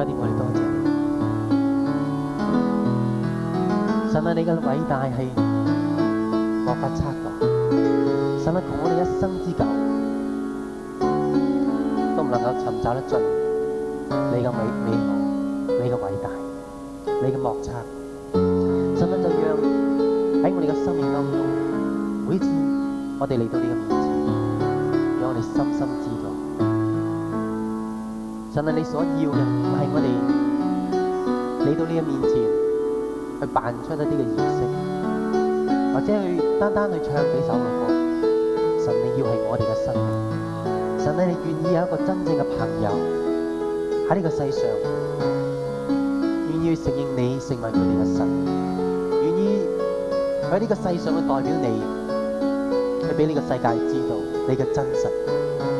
多謝你，神啊！你嘅偉大係莫法測度，神啊！我哋一生之久都唔能夠尋找得盡你嘅美美好，你嘅偉大，你嘅莫測，神啊！就讓喺我哋嘅生命當中，每次我哋嚟到你嘅面前，讓我哋深深知。神，係你所要嘅，唔係我哋嚟到你嘅面前去扮出一啲嘅儀式，或者去單單去唱幾首嘅歌。神，你要係我哋嘅生命，神你願意有一個真正嘅朋友喺呢個世上，願意去承認你成為佢哋嘅神，願意喺呢個世上去代表你，去俾呢個世界知道你嘅真實，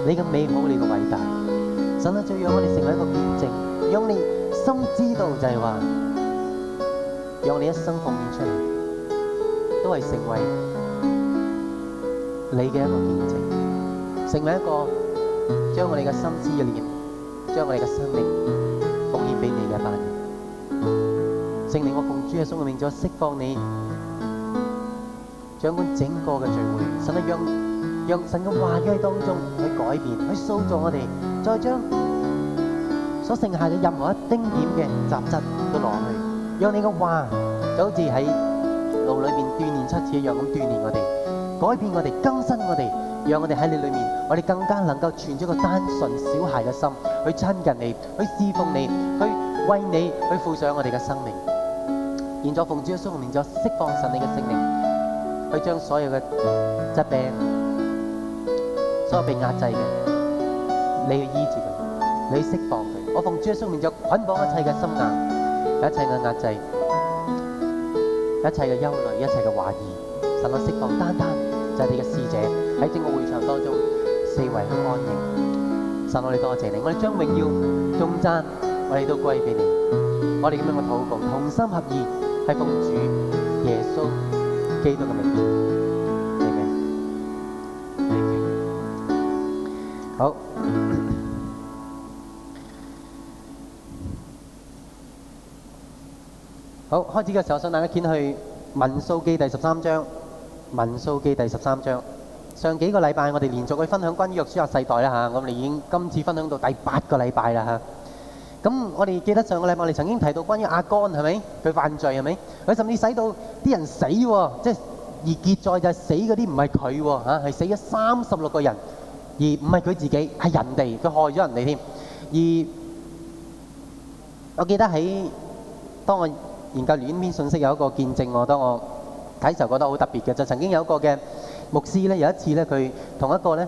你嘅美好，你嘅偉大。神啊，就讓我哋成為一個見證，讓你心知道就係話，讓你一生奉獻出嚟，都係成為你嘅一個見證，成為一個將我哋嘅心思嘅念，將我哋嘅生命奉獻俾你嘅榜樣。聖靈，我奉主耶穌嘅名，就釋放你，掌管整個嘅聚會。神啊，讓讓神嘅話喺當中去改變，去塑造我哋。再將所剩下嘅任何一丁點嘅雜質都攞去，讓你嘅話就好似喺爐裏邊鍛煉七次一樣咁鍛煉我哋，改變我哋，更新我哋，讓我哋喺你裏面，我哋更加能夠存住一個單純小孩嘅心去親近你，去侍奉你，去為你去付上我哋嘅生命。現在奉主嘅聖靈，現在釋放神你嘅聖靈，去將所有嘅疾病，所有被壓制嘅。你要醫治佢，你要釋放佢。我奉主耶穌名，就捆綁一切嘅心硬，一切嘅壓制，一切嘅憂慮，一切嘅懷疑。神，我釋放單單，就係你嘅使者喺整個會場當中四圍都安寧。神我哋多謝你，我哋將榮耀頌讚我哋都歸俾你。我哋咁樣嘅禱告，同心合意，係奉主耶穌基督嘅名。好，開始嘅時候，我想大家見去《民數記》第十三章，《民數記》第十三章。上幾個禮拜，我哋連續去分享關於約書亞世代啦嚇，咁我哋已經今次分享到第八個禮拜啦嚇。咁我哋記得上個禮拜，我哋曾經提到關於亞幹係咪？佢犯罪係咪？佢甚至使到啲人死喎，即係而結罪就係死嗰啲唔係佢嚇，係死咗三十六個人，而唔係佢自己，係人哋，佢害咗人哋添。而我記得喺當我。研究亂編信息有一個見證，我覺得我睇就覺得好特別嘅，就曾經有一個嘅牧師咧，有一次咧，佢同一個咧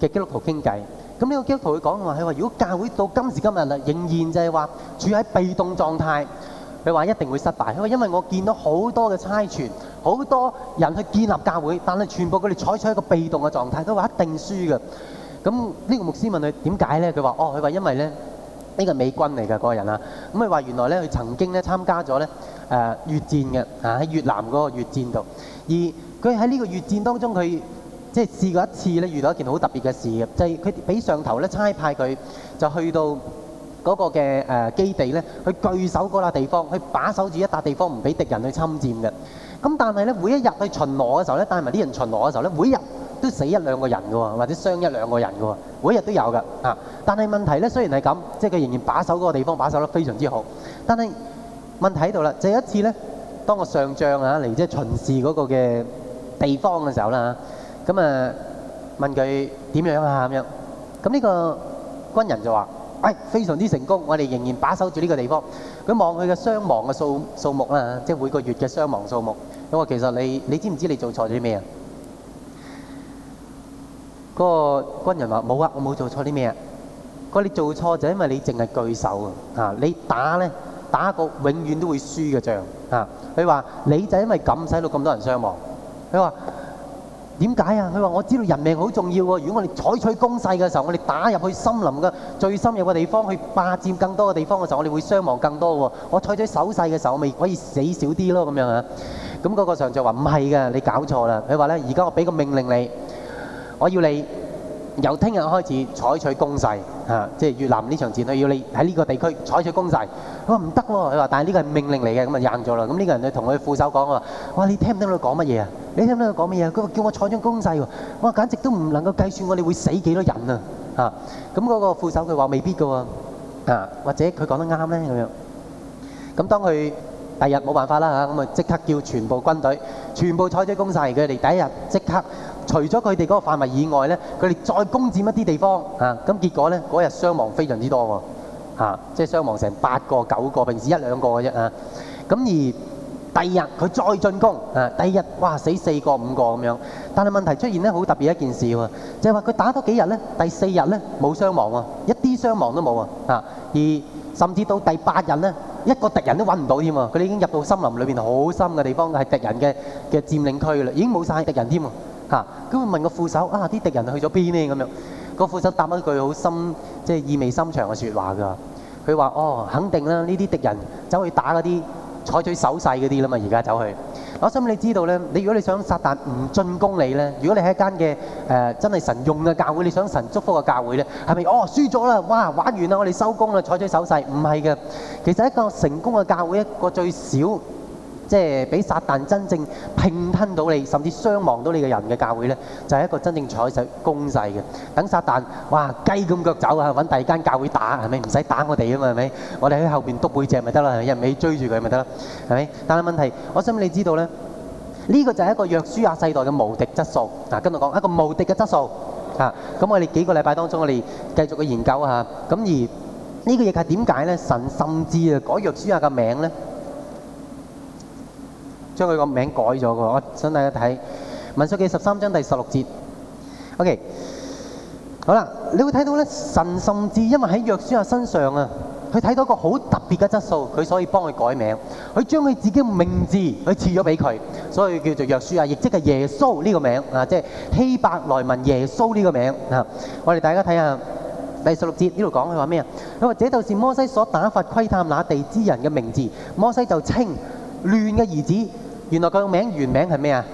嘅基督徒傾偈，咁呢個基督徒佢講話，佢話如果教會到今時今日啦，仍然就係話處喺被動狀態，佢話一定會失敗，因為因為我見到好多嘅差傳，好多人去建立教會，但係全部佢哋採取一個被動嘅狀態，佢話一定輸嘅。咁呢個牧師問佢點解咧？佢話：哦，佢話因為咧。呢個美軍嚟㗎嗰個人啊，咁佢話原來呢，佢曾經參加過呢越戰嘅，越南嗰個越戰度，喺呢個越戰當中，佢即係試過一次呢，遇到一件好特別的事，就係佢俾上頭差派佢就去到嗰個基地呢，去據守嗰笪地方，去把守住一笪地方唔俾敵人去侵佔嘅。咁但係呢，每一日去巡邏嘅時候呢，帶埋啲人巡邏嘅時候呢，每一日。都死一兩個人㗎喎，或者傷一兩個人㗎喎，每日都有㗎，但係問題呢，雖然係咁，即係佢仍然把守嗰個地方把守得非常之好，但係嗰個軍人話：冇啊，我冇做錯啲咩啊！佢話你做錯就因為你淨係據守啊！你打咧打個永遠都會輸嘅仗啊！佢話你就因為咁使到咁多人傷亡。佢話點解啊？佢話我知道人命好重要喎。如果我哋採取攻勢嘅時候，我哋打入去森林嘅最深入嘅地方去霸佔更多嘅地方嘅時候，我哋會傷亡更多喎。我採取守勢嘅時候，我咪可以死少啲咯，咁樣啊！咁嗰個上將就話唔係㗎，你搞錯啦！佢話咧，而家我俾個命令你。我要你由聽日開始採取攻勢，嚇，即係越南呢場戰，我要你喺呢個地區採取攻勢。佢話唔得喎，佢話，但係呢個係命令嚟嘅，咁就應咗啦。咁呢個人就同佢副手講話，哇！你聽唔聽到佢講乜嘢啊？你聽唔聽到佢講乜嘢啊？佢話叫我採取攻勢喎，我簡直都唔能夠計算我哋會死幾多人啊！嚇，咁嗰個副手佢話未必噶喎，啊，或者佢講得啱咧咁樣。咁當佢第二日冇辦法啦嚇，咁啊即刻叫全部軍隊全部採取攻勢，佢哋第一日即刻。除咗佢哋嗰個範圍以外咧，佢哋再攻佔一啲地方啊。咁結果咧，嗰日傷亡非常之多喎，嚇，即係傷亡成八個九個，平時一兩個嘅啫啊。咁而第二日佢再進攻啊，第二日哇死四個五個咁樣。但係問題出現咧，好特別一件事喎，就係話佢打多幾日咧，第四日咧冇傷亡喎，一啲傷亡都冇啊。而甚至到第八日咧，一個敵人都揾唔到添喎，佢哋已經入到森林裏邊好深嘅地方，係敵人嘅嘅佔領區啦，已經冇曬敵人添。咁、啊、佢問個副手：，啊，啲敵人去咗邊呢？咁樣，個副手答一句好深，即係意味深長嘅說話㗎。佢話：，哦，肯定啦，呢啲敵人走去打嗰啲採取守勢嗰啲啦嘛。而家走去，我想你知道咧，你如果你想撒旦唔進攻你咧，如果你係一間嘅、呃、真係神用嘅教會，你想神祝福嘅教會咧，係咪？哦，輸咗啦，哇，玩完啦，我哋收工啦，採取守勢。唔係嘅，其實一個成功嘅教會，一個最少。即係俾撒但真正拼吞到你，甚至傷亡到你嘅人嘅教會咧，就係一個真正採取攻勢嘅。等撒但哇雞咁腳走啊，揾第二間教會打係咪唔使打我哋啊嘛係咪我哋喺後邊篤背脊咪得啦，一味追住佢咪得啦係咪？但係問題，我想你知道咧，呢個就係一個約書亞世代嘅無敵質素嗱，跟住講一個無敵嘅質素嚇。咁我哋幾個禮拜當中，我哋繼續去研究下。咁而呢個嘢係點解咧？神甚至啊改約書亞嘅名咧。將佢個名改咗嘅，我想大家睇《民數記》十三章第十六節。OK，好啦，你會睇到咧神甚至因為喺約書亞身上啊，佢睇到一個好特別嘅質素，佢所以幫佢改名，佢將佢自己嘅名字佢賜咗俾佢，所以叫做約書亞，亦即係耶穌呢個名啊，即係希伯來文耶穌呢個名啊。我哋大家睇下第十六節呢度講佢話咩啊？佢話這就是摩西所打發窺探那地之人嘅名字，摩西就稱亂嘅兒子。原來佢個名原名係咩啊？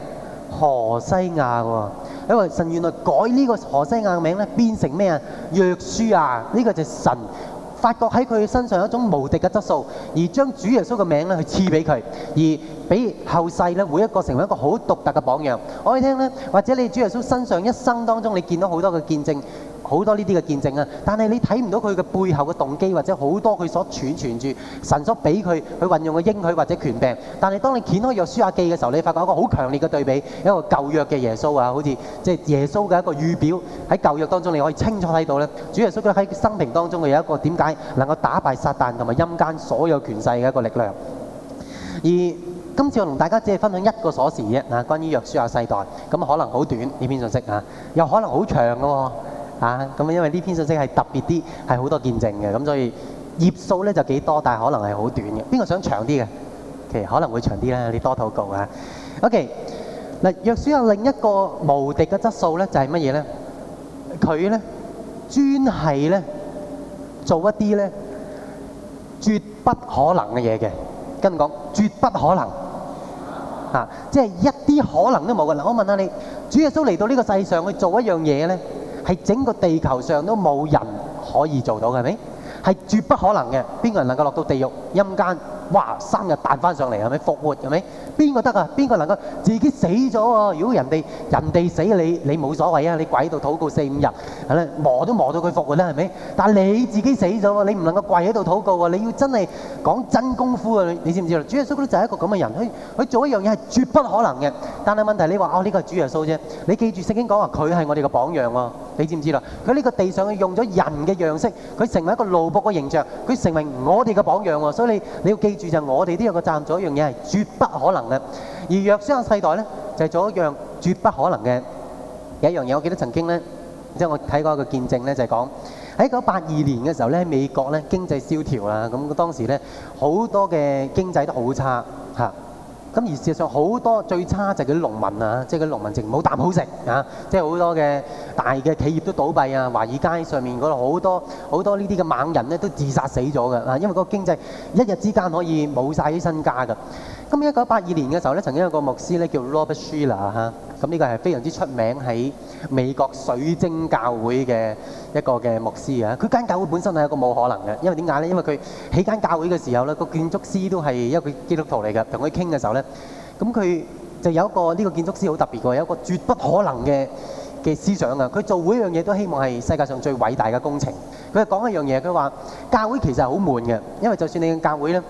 荷西亞喎，因為神原來改呢個荷西亞嘅名咧，變成咩啊？約書亞，呢個就神發覺喺佢身上一種無敵嘅質素，而將主耶穌嘅名咧去賜俾佢，而俾後世咧每一個成為一個好獨特嘅榜樣。我哋聽咧，或者你主耶穌身上一生當中，你見到好多嘅見證。好多呢啲嘅見證啊！但係你睇唔到佢嘅背後嘅動機，或者好多佢所儲存住神所俾佢去運用嘅應許或者權柄。但係當你掀開約書亞、啊、記嘅時候，你發覺一個好強烈嘅對比，一個舊約嘅耶穌啊，好似即係耶穌嘅一個預表喺舊約當中，你可以清楚睇到咧。主耶穌佢喺生命當中嘅有一個點解能夠打敗撒旦同埋陰間所有權勢嘅一個力量。而今次我同大家只係分享一個鎖匙啫，嗱，關於約書亞世代咁可能好短呢篇信息啊，又可能好長嘅啊，咁啊，因為呢篇信息係特別啲，係好多見證嘅，咁所以頁數咧就幾多，但係可能係好短嘅。邊個想長啲嘅？其實可能會長啲啦，你多啲禱告啊。OK，嗱，約書亞有另一個無敵嘅質素咧，就係乜嘢咧？佢咧專係咧做一啲咧絕不可能嘅嘢嘅。跟住講絕不可能啊，即係一啲可能都冇嘅。嗱，我問下你，主耶穌嚟到呢個世上去做一樣嘢咧？係整個地球上都冇人可以做到嘅，係咪？係絕不可能嘅。邊個人能夠落到地獄陰間？哇！三日彈翻上嚟係咪復活？係咪？邊個得啊？邊個能夠自己死咗啊？如果人哋人哋死，你你冇所謂啊！你跪喺度禱告四五日，係啦，磨都磨到佢復活啦，係咪？但你自己死咗，你唔能夠跪喺度禱告喎，你要真係講真功夫啊！你，你知唔知啊？主耶穌咧就係一個噉嘅人，佢做一樣嘢係絕不可能嘅。但係問題是你話哦，呢個係主耶穌啫。你記住聖經講話，佢係我哋嘅榜樣喎，啊。你知唔知啦？佢呢個地上佢用咗人嘅樣式，佢成為一個奴僕嘅形象，佢成為我哋嘅榜樣喎。所以你你要記住就係我哋都有個贊助一樣嘢係絕不可能嘅，而約書亞世代咧就係做一樣絕不可能嘅有一樣嘢。我記得曾經咧即係我睇過一個見證咧，就係講喺一九八二年嘅時候咧，美國咧經濟蕭條啦，咁當時咧好多嘅經濟都好差嚇。咁而事實上好多最差就係啲農民啊，即係嗰啲農民淨冇啖好食啊！即係好多嘅大嘅企業都倒閉啊，華爾街上面嗰度好多好多呢啲嘅猛人咧都自殺死咗㗎。啊！因為個經濟一日之間可以冇晒啲身家㗎。咁一九八二年嘅時候咧，曾經有一個牧師咧叫 Robert Schuller 吓，咁呢個係非常之出名喺美國水晶教會嘅。一個嘅牧師啊，佢間教會本身係一個冇可能嘅，因為點解咧？因為佢起間教會嘅時候咧，個建築師都係一個基督徒嚟嘅，同佢傾嘅時候咧，咁佢就有個呢個建築師好特別嘅，有一個絕不可能嘅嘅思想啊！佢做每一樣嘢都希望係世界上最偉大嘅工程。佢係講一樣嘢，佢話教會其實係好悶嘅，因為就算你教會咧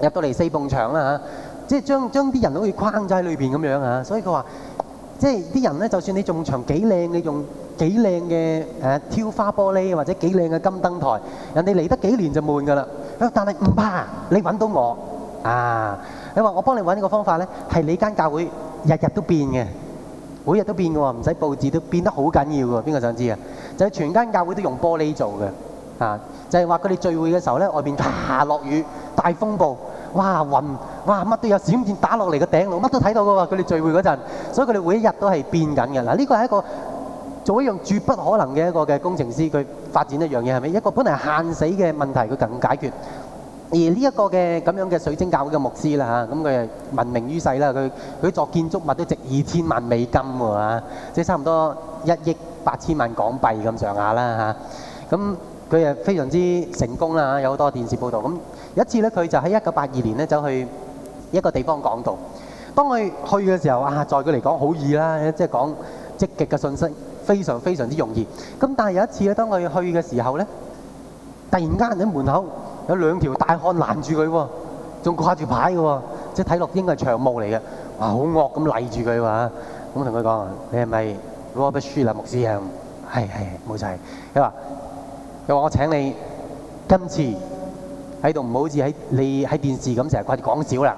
入到嚟四埲牆啦嚇，即係將將啲人好似框喺裏邊咁樣啊，所以佢話即係啲人咧，就算你埲牆幾靚，你用，幾靚嘅誒挑花玻璃或者幾靚嘅金燈台，人哋嚟得幾年就悶噶啦。啊，但係唔怕，你揾到我啊！你話我幫你揾呢個方法咧，係你間教會日日都變嘅，每日都變嘅喎，唔使佈置都變得好緊要嘅喎。邊個想知啊？就係全間教會都用玻璃做嘅啊！就係話佢哋聚會嘅時候咧，外邊下落雨、大風暴、哇雲、哇乜都有閃電打落嚟嘅頂度，乜都睇到嘅喎。佢哋聚會嗰陣，所以佢哋每一日都係變緊嘅。嗱，呢個係一個。做一樣絕不可能嘅一個嘅工程師，佢發展一樣嘢係咪一個本嚟係限死嘅問題，佢咁解決。而呢一個嘅咁樣嘅水晶教會嘅牧師啦嚇，咁佢啊聞名於世啦。佢佢作建築物都值二千萬美金喎啊，即係差唔多一億八千萬港幣咁上下啦嚇。咁佢啊非常之成功啦嚇，有好多電視報道。咁有一次咧，佢就喺一九八二年咧走去一個地方講道。當佢去嘅時候啊，在佢嚟講好易啦，即係講積極嘅信息。非常非常之容易，咁但係有一次咧，當佢去嘅時候咧，突然間喺門口有兩條大漢攔住佢喎，仲掛住牌嘅喎，即係睇落應該係長毛嚟嘅，哇，好惡咁賴住佢喎嚇，咁我同佢講：你係咪羅伯舒勒牧師啊？係係冇錯，佢話佢話我請你今次喺度唔好好似喺你喺電視咁成日掛住講笑啦，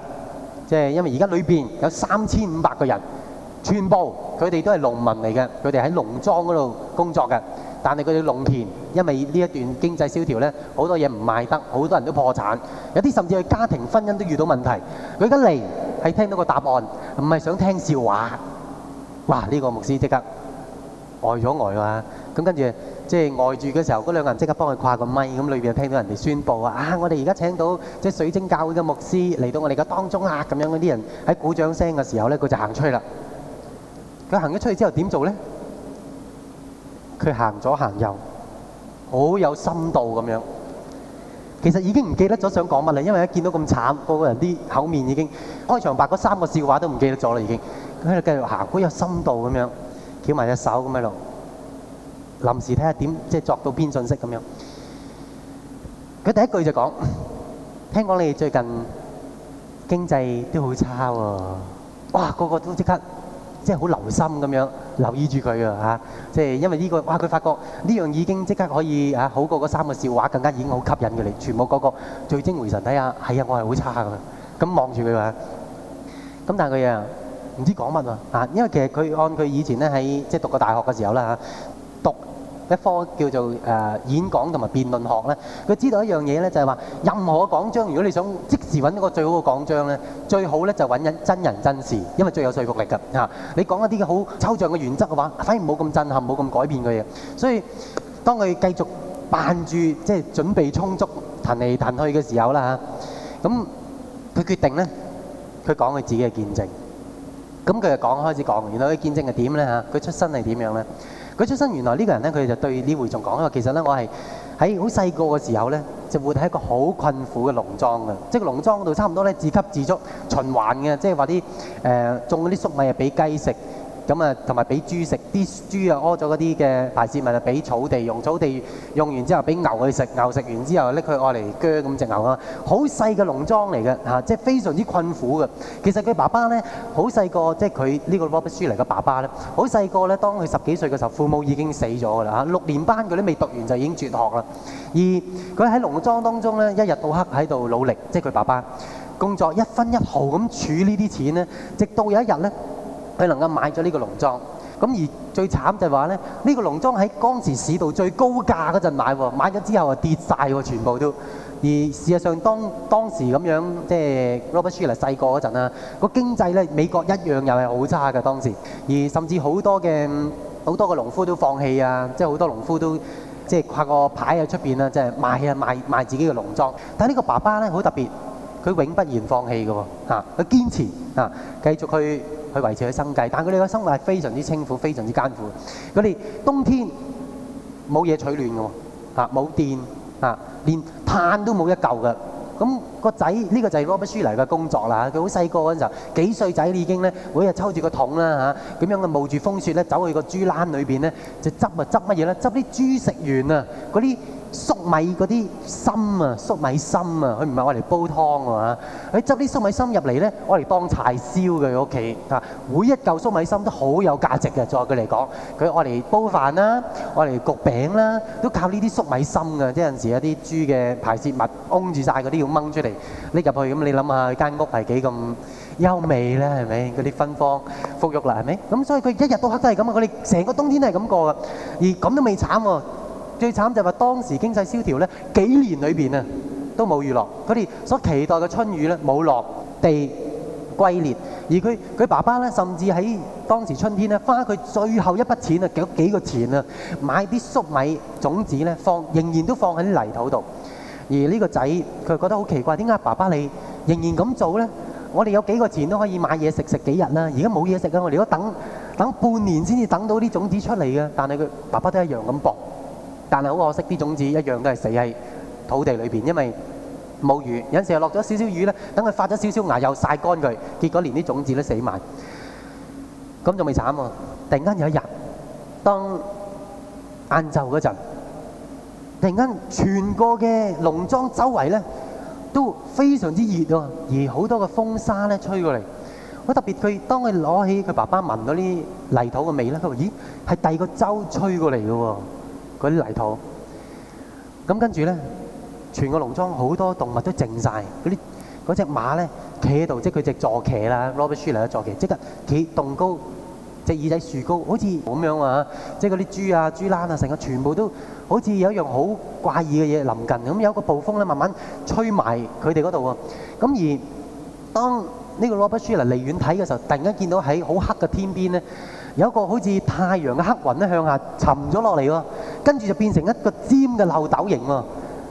即係因為而家裏邊有三千五百個人。全部佢哋都係農民嚟嘅，佢哋喺農莊嗰度工作嘅。但係佢哋農田，因為呢一段經濟蕭條呢，好多嘢唔賣得，好多人都破產，有啲甚至係家庭婚姻都遇到問題。佢而家嚟係聽到個答案，唔係想聽笑話。哇！呢個牧師即刻呆咗呆哇！咁跟住即係呆住嘅時候，嗰兩個人即刻幫佢跨個咪。咁，裏邊就聽到人哋宣佈啊！我哋而家請到即係水晶教會嘅牧師嚟到我哋嘅當中啊，咁樣嗰啲人喺鼓掌聲嘅時候呢，佢就行出去啦。佢行咗出去之後點做咧？佢行左行右，好有深度咁樣。其實已經唔記得咗想講乜啦，因為一見到咁慘，個個人啲口面已經開場白嗰三個笑話都唔記得咗啦，已經。佢喺度繼續行，好有深度咁樣，翹埋隻手咁喺度，臨時睇下點即係作到邊信息咁樣。佢第一句就講：聽講你最近經濟都好差喎。哇！個個都即刻～即係好留心咁樣留意住佢啊，嚇，即係因為呢、呢個，哇！佢發覺呢樣已經即刻可以嚇好過嗰三個笑話，更加已經好吸引佢嚟，全部個個聚精會神睇下，係啊，啊，我係好差㗎，咁望住佢話，咁但係佢啊唔知講乜啊，嚇、啊，因為其實佢按佢以前咧喺即係讀過大學嘅時候啦嚇。啊一科叫做誒演講同埋辯論學咧，佢知道一樣嘢咧，就係話任何講章，如果你想即時揾一個最好嘅講章咧，最好咧就揾一真人真事，因為最有說服力㗎嚇。你講一啲嘅好抽象嘅原則嘅話，反而冇咁震撼，冇咁改變嘅嘢。所以當佢繼續扮住即係準備充足，彈嚟彈去嘅時候啦嚇，咁佢決定咧，佢講佢自己嘅見證。咁佢就講開始講，原來佢見證係點咧嚇？佢出身係點樣咧？佢出身，原來呢個人呢，佢就對李惠仲講咧，話其實呢，我係喺好細個嘅時候呢，就活喺一個好困苦嘅農莊㗎，即係農莊嗰度差唔多呢，自給自足循環嘅，即係話啲誒種嗰啲粟米啊畀雞食。咁啊，同埋俾豬食啲豬啊，屙咗嗰啲嘅大市密啊，俾草地用，草地用完之後俾牛去食，牛食完之後拎佢愛嚟鋸咁隻牛很小的的啊，好細嘅農莊嚟嘅嚇，即係非常之困苦嘅。其實佢爸爸咧好細個，即係佢呢個 Robert Schuller 嚟嘅爸爸咧，好細個咧，當佢十幾歲嘅時候，父母已經死咗㗎啦嚇，六年班佢都未讀完就已經絕學啦。而佢喺農莊當中咧，一日到黑喺度努力，即係佢爸爸工作一分一毫咁儲呢啲錢咧，直到有一日咧。佢能夠買咗呢個農莊，咁而最慘就係話咧，呢個農莊喺當時市道最高價嗰陣買喎，買咗之後啊跌晒喎，全部都而事實上當當時咁樣即係 Robert Schuller 細個嗰陣啦，個經濟咧美國一樣又係好差嘅當時，而甚至好多嘅好多嘅農夫都放棄啊，即係好多農夫都即係跨個牌喺出邊啊，即係賣啊賣賣自己嘅農莊。但係呢個爸爸咧好特別，佢永不言放棄嘅喎。佢堅持啊，繼續去，去維持佢生計，但係佢哋嘅生活係非常之清苦、非常之艱苦。佢哋冬天冇嘢取暖嘅喎，啊、冇電啊，連炭都冇一嚿嘅。咁、嗰個仔呢、呢個就係羅伯舒嚟嘅工作啦。佢好細個嗰陣時候，幾歲仔已經咧，每日抽住個桶啦嚇，啊、咁樣嘅冒住風雪咧，走去個豬欄裏邊咧，就執啊執乜嘢咧？執啲豬食完啊，嗰啲。粟米嗰啲心啊，粟米心啊，佢唔係攞嚟煲湯㗎嘛，佢執啲粟米心入嚟咧，攞嚟當柴燒㗎。佢屋企啊，每一嚿粟米心都好有價值嘅。在佢嚟講，佢攞嚟煲飯啦，攞嚟焗餅啦，都靠呢啲粟米心嘅。即係有陣時有啲豬嘅排泄物，掹住晒嗰啲要掹出嚟，拎入去。咁你諗下，間屋係幾咁優美咧？係咪嗰啲芬芳馥郁啦？係咪？咁所以佢一日到黑都係咁，佢哋成個冬天都係咁過㗎。而咁都未慘喎。最慘就係話當時經濟蕭條咧，幾年裏面啊都冇雨落，佢哋所期待嘅春雨呢冇落，地歸年而他。而佢爸爸呢，甚至喺當時春天呢，花佢最後一筆錢啊，幾幾個錢啊，買啲粟米種子呢，放仍然都放喺泥土度。而呢個仔佢覺得好奇怪，點解爸爸你仍然咁做呢？我哋有幾個錢都可以買嘢食食幾日啦，而家冇嘢食啊！我哋都等等半年先至等到啲種子出嚟，但係佢爸爸都一樣咁搏。但係好可惜，啲種子一樣都係死喺土地裏邊，因為冇雨。有陣時落咗少少雨咧，等佢發咗少少芽，又曬乾佢，結果連啲種子都死埋。咁仲未慘喎！突然間有一日，當晏晝嗰陣，突然間全個嘅農莊周圍咧都非常之熱喎，而好多嘅風沙咧吹過嚟。好特別，佢當佢攞起佢爸爸聞到啲泥土嘅味咧，佢話：咦，係第二個州吹過嚟嘅喎！嗰啲泥土，咁跟住咧，全個農莊好多動物都靜晒。嗰啲隻馬咧，企喺度，即係佢隻坐騎啦。Robert Shirley 嘅坐騎，即刻企棟高，隻耳仔豎高，好似咁樣啊！即係嗰啲豬啊、豬欄啊，成個全部都好似有一樣好怪異嘅嘢臨近咁。有個暴風咧，慢慢吹埋佢哋嗰度啊。咁而當呢個 Robert Shirley 離遠睇嘅時候，突然間見到喺好黑嘅天邊咧。有一個好似太陽嘅黑雲咧向下沉咗落嚟喎，跟住就變成一個尖嘅漏斗形喎。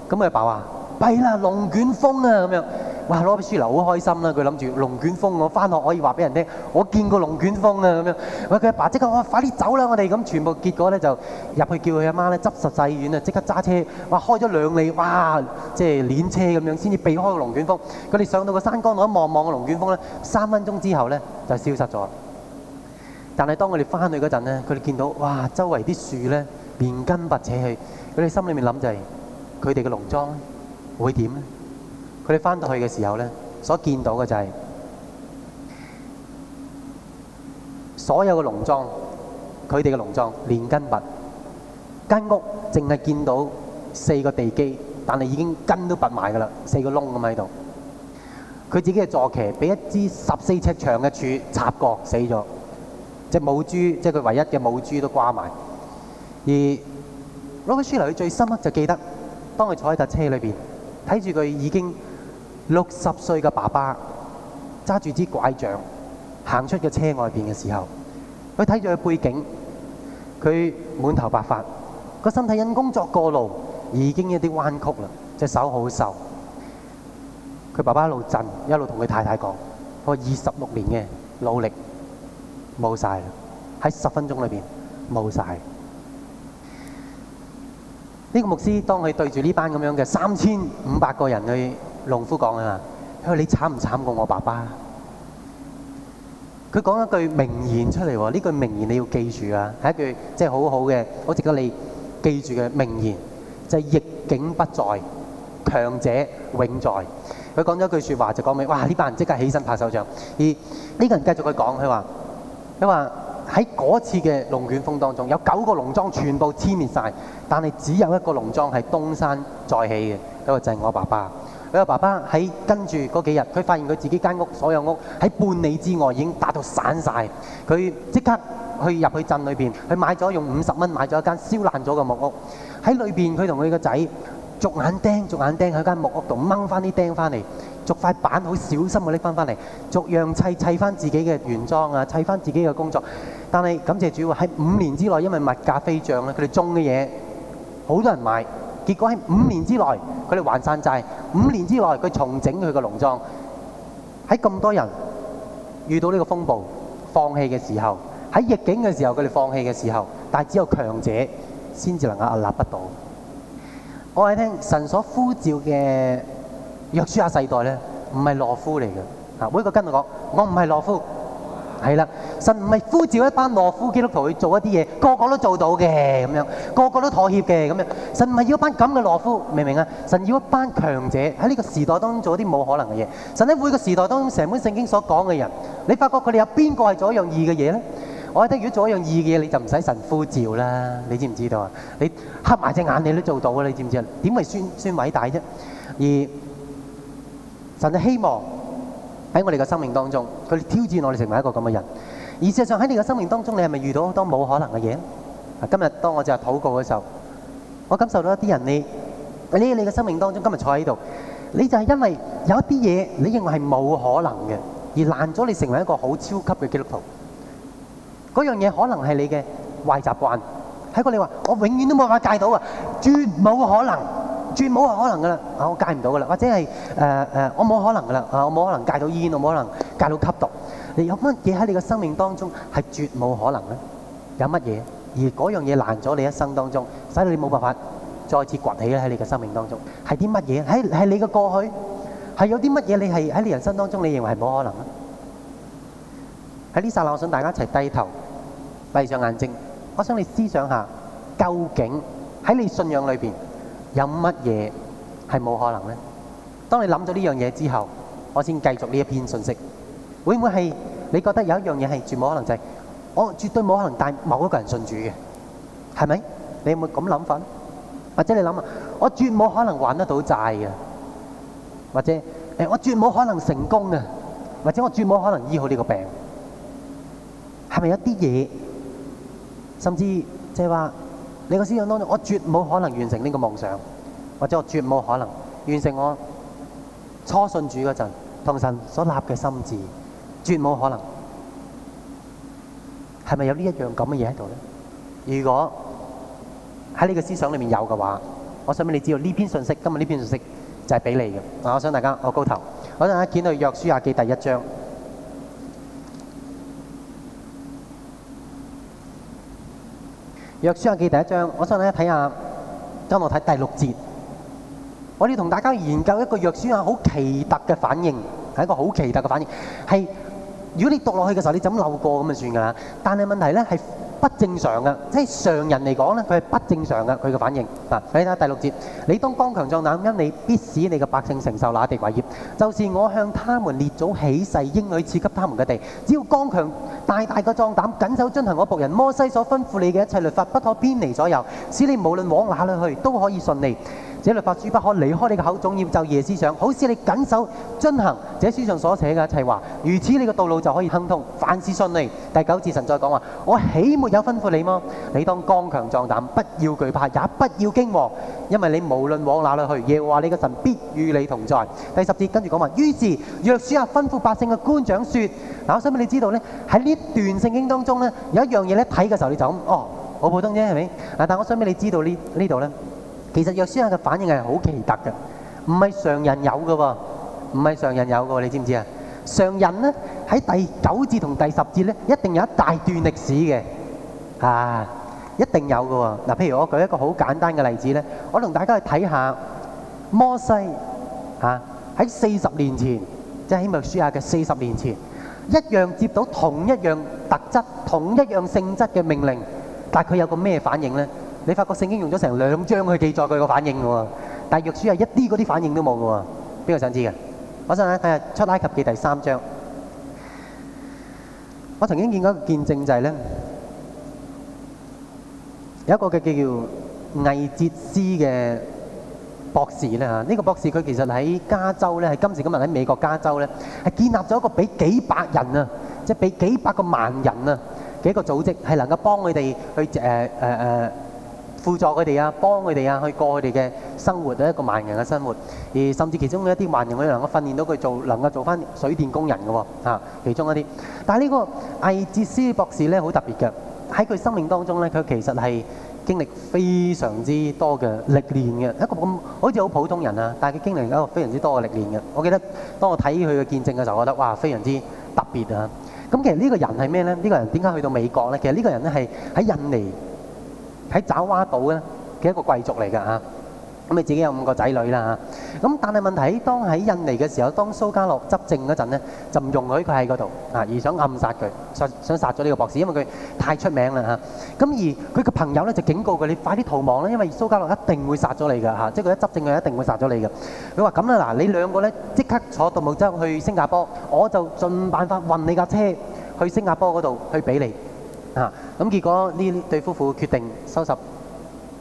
咁佢阿爸話，弊啦，龍捲風啊！咁樣，哇！羅比舒流好開心啦，佢諗住龍捲風，我返學可以話俾人聽，我見過龍捲風啊！咁樣，哇！佢阿爸即刻話，我快啲走啦！我哋咁全部結果咧就入去叫佢阿媽咧執實細軟啊！即刻揸車，哇！開咗兩里，哇！即係碾車咁樣，先至避開個龍捲風。佢哋上到個山崗度一望望個龍捲風咧，三分鐘之後咧就消失咗。但係當我哋翻去嗰陣呢，佢哋見到哇，周圍啲樹呢連根拔扯去。佢哋心裏面諗就係佢哋嘅農莊呢會點呢？佢哋翻到去嘅時候呢，所見到嘅就係、是、所有嘅農莊，佢哋嘅農莊連根拔，間屋淨係見到四個地基，但係已經根都拔埋㗎啦，四個窿咁喺度。佢自己嘅坐騎俾一支十四尺長嘅柱插過死咗。隻母豬，即係佢唯一嘅母豬都掛埋。而攞羅伯嚟，佢最深刻就記得，當佢坐喺架車裏邊，睇住佢已經六十歲嘅爸爸揸住支拐杖行出個車外邊嘅時候，佢睇住佢背景，佢滿頭白髮，個身體因工作過勞已經一啲彎曲啦，隻手好瘦。佢爸爸一路震，一路同佢太太講：我二十六年嘅努力。冇晒喇，喺十分鐘裏面，冇晒。呢、呢個牧師，當佢對住呢班咁樣嘅三千五百個人去農夫講啊，佢話你慘唔慘過我爸爸？佢講一句名言出嚟喎，呢句名言你要記住呀，係一句即係、就是、好好嘅，好值得你記住嘅名言，就係、是、逆境不在，強者永在。佢講咗一句説話，就講明哇，呢班人即刻起身拍手掌。而呢個人繼續佢講，佢話，你話喺嗰次嘅龍捲風當中，有九個農莊全部殲滅晒，但係只有一個農莊係東山再起嘅，嗰個就係我爸爸。我爸爸喺跟住嗰幾日，佢發現佢自己間屋，所有屋喺半里之外已經打到散晒。佢即刻去入去鎮裏邊，佢買咗用五十蚊買咗一間燒爛咗嘅木屋，喺裏邊佢同佢個仔逐眼釘逐眼釘喺間木屋度掹翻啲釘翻嚟。逐塊板好小心咁拎翻翻嚟，逐樣砌砌翻自己嘅原裝啊，砌翻自己嘅工作。但係感謝主要喺五年之內，因為物價飛漲咧，佢哋種嘅嘢好多人買。結果喺五年之內，佢哋還曬債。五年之內佢重整佢嘅農莊。喺咁多人遇到呢個風暴放棄嘅時候，喺逆境嘅時候佢哋放棄嘅時候，但係只有強者先至能夠屹立不倒。我係聽神所呼召嘅。約書亞世代咧，唔係懦夫嚟嘅。啊，每個跟我講，我唔係懦夫。係啦，神唔係呼召一班懦夫基督徒去做一啲嘢，個個都做到嘅咁樣，個個都妥協嘅咁樣。神唔係要一班咁嘅懦夫，明唔明啊？神要一班強者喺呢個時代當中做一啲冇可能嘅嘢。神喺每個時代當中，成本聖經所講嘅人，你發覺佢哋有邊個係做一樣易嘅嘢咧？我覺得如果做一樣易嘅嘢，你就唔使神呼召啦。你知唔知道啊？你黑埋隻眼，你都做到嘅，你知唔知啊？點會算算偉大啫？而甚至希望喺我哋嘅生命當中，佢挑戰我哋成為一個咁嘅人。而事實上喺你嘅生命當中，你係咪遇到好多冇可能嘅嘢？啊，今日當我就係禱告嘅時候，我感受到一啲人，你喺你嘅生命當中，今日坐喺度，你就係因為有一啲嘢，你認為係冇可能嘅，而攔咗你成為一個好超級嘅基督徒。嗰樣嘢可能係你嘅壞習慣。睇過你話我永遠都冇法戒到啊，絕冇可能。絕冇話可能噶啦！啊，我戒唔到噶啦，或者係誒誒，我冇可能噶啦！啊，我冇可能戒到煙，我冇可能戒到吸毒。你有乜嘢喺你嘅生命當中係絕冇可能咧？有乜嘢？而嗰樣嘢爛咗你一生當中，使到你冇辦法再次崛起咧？喺你嘅生命當中，係啲乜嘢？係係你嘅過去，係有啲乜嘢？你係喺你人生當中，你認為係冇可能咧？喺呢剎那，我想大家一齊低頭，閉上眼睛。我想你思想下，究竟喺你信仰裏邊，有乜嘢係冇可能呢？你個思想當中，我絕冇可能完成呢個夢想，或者我絕冇可能完成我初信主嗰陣同神所立嘅心志，絕冇可能。係咪有呢一樣咁嘅嘢喺度呢？如果喺呢個思想裏面有嘅話，我想畀你知道呢篇信息，今日呢篇信息就係畀你嘅。我想大家我高頭，我想大家見到約書亞記第一章。約書亞記第一章，我想大家睇下，幫我睇第六節。我要同大家研究一個約書亞好奇特嘅反應，係一個好奇特嘅反應。係如果你讀落去嘅時候，你就咁漏過就算㗎啦。但係問題呢是係。不正常嘅，即係常人嚟講，佢係不正常嘅佢嘅反應。嗱，睇下第六節，你當剛強壯膽，因你必使你嘅百姓承受那地為業，就是我向他們列祖起誓，應許賜給他們嘅地。只要剛強大大嘅壯膽，緊守遵行我僕人摩西所吩咐你嘅一切律法，不可偏離左右，使你無論往哪裏去，都可以順利。這律法書不可離開你嘅口，總要晝夜思想，好使你緊守遵行這書上所寫嘅一切話，如此你嘅道路就可以亨通，凡事順利。第九節神再講話：我豈沒有吩咐你麼？你當剛強壯膽，不要懼怕，也不要驚惶，因為你無論往哪裏去，耶和華你嘅神必與你同在。第十節跟住講話：於是約書亞吩咐百姓嘅官長說：嗱，我想俾你知道呢，喺呢段聖經當中呢，有一樣嘢呢，睇嘅時候你就噉，哦，好普通啫，係咪？嗱，但我想俾你知道呢度呢。其實約書亞嘅反應係好奇特嘅，唔係常人有嘅喎，唔係常人有嘅喎，你知唔知啊？常人呢，喺第九節同第十節呢，一定有一大段歷史嘅，嚇，一定有嘅喎。嗱，譬如我舉一個好簡單嘅例子呢，我同大家去睇下摩西嚇，喺四十年前，即係約書亞嘅四十年前，一樣接到同一樣特質、同一樣性質嘅命令，但係佢有個咩反應呢？你發覺聖經用咗成兩章去記載佢個反應㗎喎，但係約書亞一啲嗰啲反應都冇㗎喎。邊個想知嘅？我想睇下出埃及記第三章。我曾經見過一個見證就係咧，有一個嘅叫做魏哲斯嘅博士咧嚇。呢個博士佢其實喺加州咧，喺今時今日喺美國加州咧，係建立咗一個俾幾百人啊，即係俾幾百個萬人啊嘅一個組織，係能夠幫佢哋去誒誒誒。輔助佢哋啊，幫佢哋啊，去過佢哋嘅生活，一個盲人嘅生活，而甚至其中嘅一啲盲人，佢能夠訓練到佢做，能夠做翻水電工人嘅喎，啊，其中一啲。但係呢個艾哲斯博士咧，好特別嘅。喺佢生命當中咧，佢其實係經歷非常之多嘅歷練嘅，一個咁好似好普通人啊，但係佢經歷一個非常之多嘅歷練嘅。我記得當我睇佢嘅見證嘅時候，我覺得哇，非常之特別啊。咁其實呢個人係咩咧？呢個人點解去到美國咧？其實呢個人咧係喺印尼。喺爪哇島咧嘅一個貴族嚟㗎嚇，咁你自己有五個仔女啦嚇，咁但係問題當喺印尼嘅時候，當蘇加諾執政嗰陣咧，就唔容許佢喺嗰度啊，而想暗殺佢，想想殺咗呢個博士，因為佢太出名啦嚇。咁而佢個朋友咧就警告佢：你快啲逃亡啦，因為蘇加諾一定會殺咗你㗎嚇，即係佢一執政佢一定會殺咗你㗎。佢話：咁啦嗱，你兩個咧即刻坐獨木舟去新加坡，我就盡辦法運你架車去新加坡嗰度去俾你。嚇、啊！咁結果呢對夫婦決定收拾，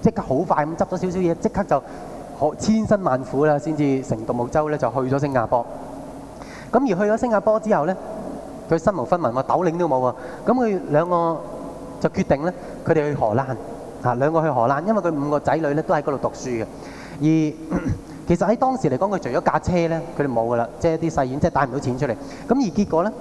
即刻好快咁執咗少少嘢，即刻就可千辛萬苦啦，先至乘獨木舟咧就去咗新加坡。咁而去咗新加坡之後咧，佢身無分文喎，斗零都冇喎。咁佢兩個就決定咧，佢哋去荷蘭，嚇、啊、兩個去荷蘭，因為佢五個仔女咧都喺嗰度讀書嘅。而 其實喺當時嚟講，佢除咗架車咧，佢哋冇㗎啦，即係啲細軟，即係帶唔到錢出嚟。咁而結果咧。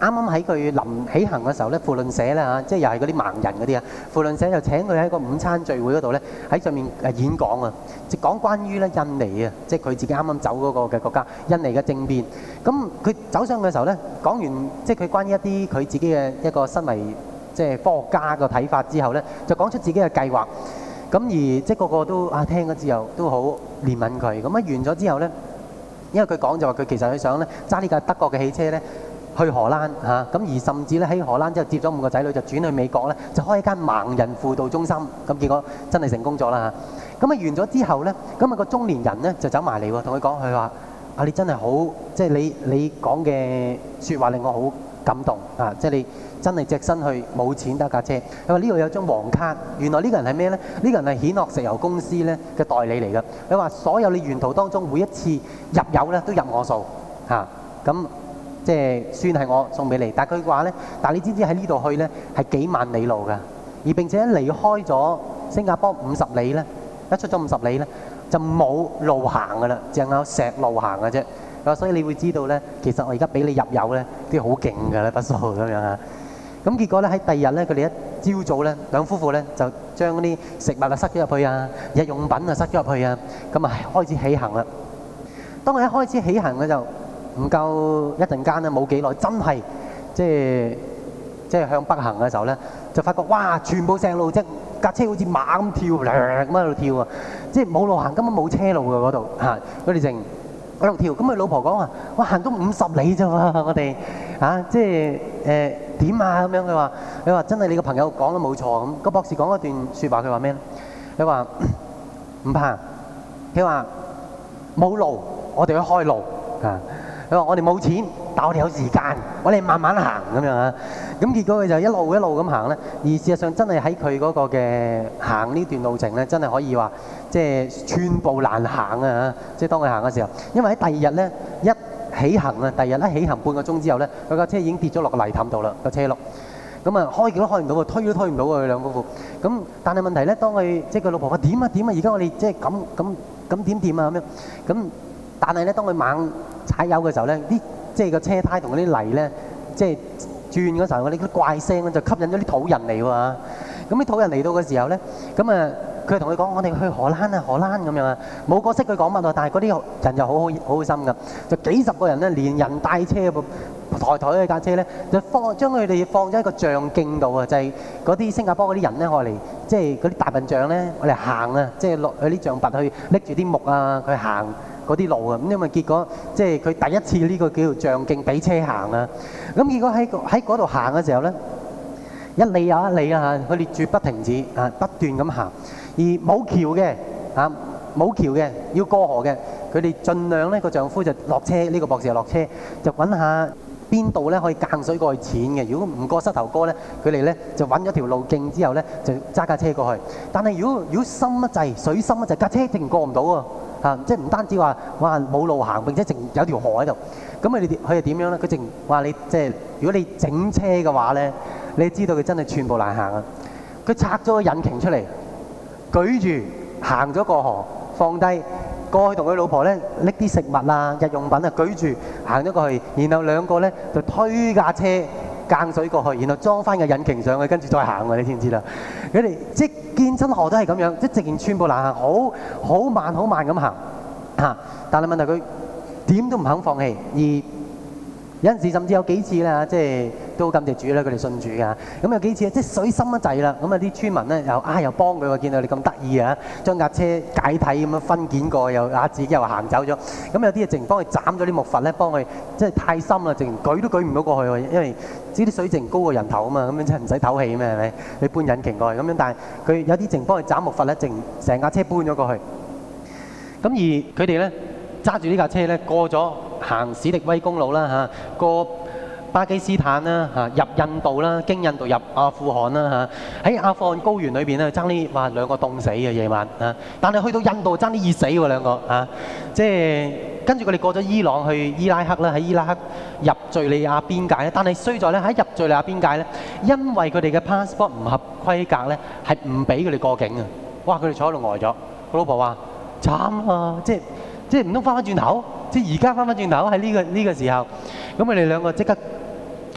啱啱喺佢臨起行嘅時候咧，扶輪社咧嚇，即係又係嗰啲盲人嗰啲啊。扶輪社就請佢喺個午餐聚會嗰度咧，喺上面誒演講啊，即係講關於咧印尼啊，即係佢自己啱啱走嗰個嘅國家印尼嘅政變。咁佢走上嘅時候咧，講完即係佢關於一啲佢自己嘅一個身為，即係科學家嘅睇法之後咧，就講出自己嘅計劃。咁而即係個個都啊聽咗之後都好憐憫佢。咁啊完咗之後咧，因為佢講就話佢其實佢想咧揸呢架德國嘅汽車咧。去荷蘭嚇，咁、啊、而甚至咧喺荷蘭之後接咗五個仔女，就轉去美國咧，就開一間盲人輔導中心。咁、啊、結果真係成功咗啦嚇。咁啊，啊完咗之後咧，咁、那、啊個中年人咧就走埋嚟喎，同佢講佢話：啊，你真係好，即係你你講嘅説話令我好感動啊！即係你真係隻身去，冇錢得架車。佢話呢度有一張黃卡，原來呢個人係咩咧？呢、這個人係蜆殼石油公司咧嘅代理嚟噶。佢話所有你沿途當中每一次入油咧都入我數嚇咁。啊啊啊即係算係我送俾你，但佢話咧，但你知唔知喺呢度去咧係幾萬里路噶？而並且一離開咗新加坡五十里咧，一出咗五十里咧就冇路行噶啦，淨有石路行噶啫。啊，所以你會知道咧，其實我而家俾你入油咧，都好勁噶啦，不素咁樣啊。咁結果咧喺第二日咧，佢哋一朝早咧，兩夫婦咧就將嗰啲食物啊塞咗入去啊，日用品啊塞咗入去啊，咁啊開始起行啦。當我一開始起行咧就。唔夠一陣間咧，冇幾耐，真係即係即係向北行嘅時候咧，就發覺哇，全部石路啫，架車好似馬咁跳，咁喺度跳啊！即係冇路行，根本冇車路嘅嗰度嚇，佢哋成喺度跳。咁佢老婆講話，我，行咗五十里啫喎，我哋啊，即係誒點啊咁樣佢話，你話真係你個朋友講得冇錯咁。個博士講一段説話，佢話咩咧？佢話唔怕，佢話冇路，我哋去開路嚇。佢話：我哋冇錢，但係我哋有時間，我哋慢慢行咁樣啊。咁結果佢就一路一路咁行咧。而事實上真係喺佢嗰個嘅行呢段路程咧，真係可以話即係寸步難行啊！嚇，即係當佢行嘅時候，因為喺第二日咧一起行啊。第二日起行半個鐘之後咧，佢架車已經跌咗落個泥潭度啦，個車轆咁啊，開都開唔到啊，推都推唔到啊，佢兩公婆咁。但係問題咧，當佢即係佢老婆話點啊點啊，而家我哋即係咁咁咁點點啊咁樣咁。但係咧，當佢猛。踩油嘅時候咧，啲即係個車胎同嗰啲泥咧，即係轉嗰時候，嗰啲怪聲就吸引咗啲土人嚟喎。咁啲土人嚟到嘅時候咧，咁啊，佢同佢講：我哋去荷蘭啊，荷蘭咁樣啊。冇角色佢講乜，但係嗰啲人就好好好開心㗎。就幾十個人咧，連人帶車，抬抬佢架車咧，就將佢哋放咗喺個象徑度啊，就係嗰啲新加坡嗰啲人咧，我嚟即係嗰啲大笨象咧，我嚟行啊，即係落去啲象拔去拎住啲木啊，佢行，嗰啲路啊，咁因為結果即係佢第一次呢個叫象徑俾車行啊，咁結果喺喺嗰度行嘅時候咧，一嚟又一嚟啊，佢列住不停止啊，不斷咁行，而冇橋嘅啊，冇橋嘅要過河嘅，佢哋儘量咧，個丈夫就落車，呢個博士就落車，就揾下邊度咧可以揀水過去淺嘅，如果唔過膝頭哥咧，佢哋咧就揾咗條路徑之後咧，就揸架車過去，但係如果如果深一滯，水深一滯架車一定過唔到喎。啊、即係唔單止話，哇！冇路行，並且淨有條河喺度。咁你哋佢係點樣咧？佢淨話你即係，如果你整車嘅話咧，你知道佢真係寸步難行啊！佢拆咗個引擎出嚟，舉住行咗過河，放低過去同佢老婆咧拎啲食物啊、日用品啊，舉住行咗過去，然後兩個咧就推架車。掹水過去，然後裝翻個引擎上去，跟住再行喎，你知唔知啦。佢、嗯、哋即見親河都係咁樣，即直情寸步難行，好好慢好慢咁行嚇。但係問題佢點都唔肯放棄，而有陣時甚至有幾次咧嚇，即係都感謝主咧，佢哋信主噶。咁有幾次咧，即係水深得滯啦。咁啊啲村民咧又啊又幫佢喎，見到你咁得意啊，將架車解體咁樣分件過，又啊自己又行走咗。咁有啲嘢淨幫佢斬咗啲木筏咧，幫佢即係太深啦，淨舉都舉唔到過去喎，因為知啲水淨高過人頭啊嘛，咁樣即係唔使唞氣啊嘛，係咪？你搬引擎過去咁樣，但係佢有啲淨幫佢斬木筏咧，淨成架車搬咗過去。咁而佢哋咧揸住呢架車咧過咗。行史迪威公路啦吓、啊，過巴基斯坦啦吓、啊，入印度啦、啊，經印度入阿富汗啦吓，喺、啊、阿富汗高原裏邊咧爭啲哇兩個凍死嘅夜晚啊！但係去到印度爭啲熱死喎兩個啊！即係跟住佢哋過咗伊朗去伊拉克啦，喺伊拉克入敘利亞邊界咧，但係衰在咧喺入敘利亞邊界咧，因為佢哋嘅 passport 唔合規格咧，係唔俾佢哋過境啊。哇！佢哋坐喺度呆咗，個老婆話：慘啊！即係。即係唔通翻返轉頭？即係而家翻返轉頭喺呢個呢個時候，咁你哋兩個即刻。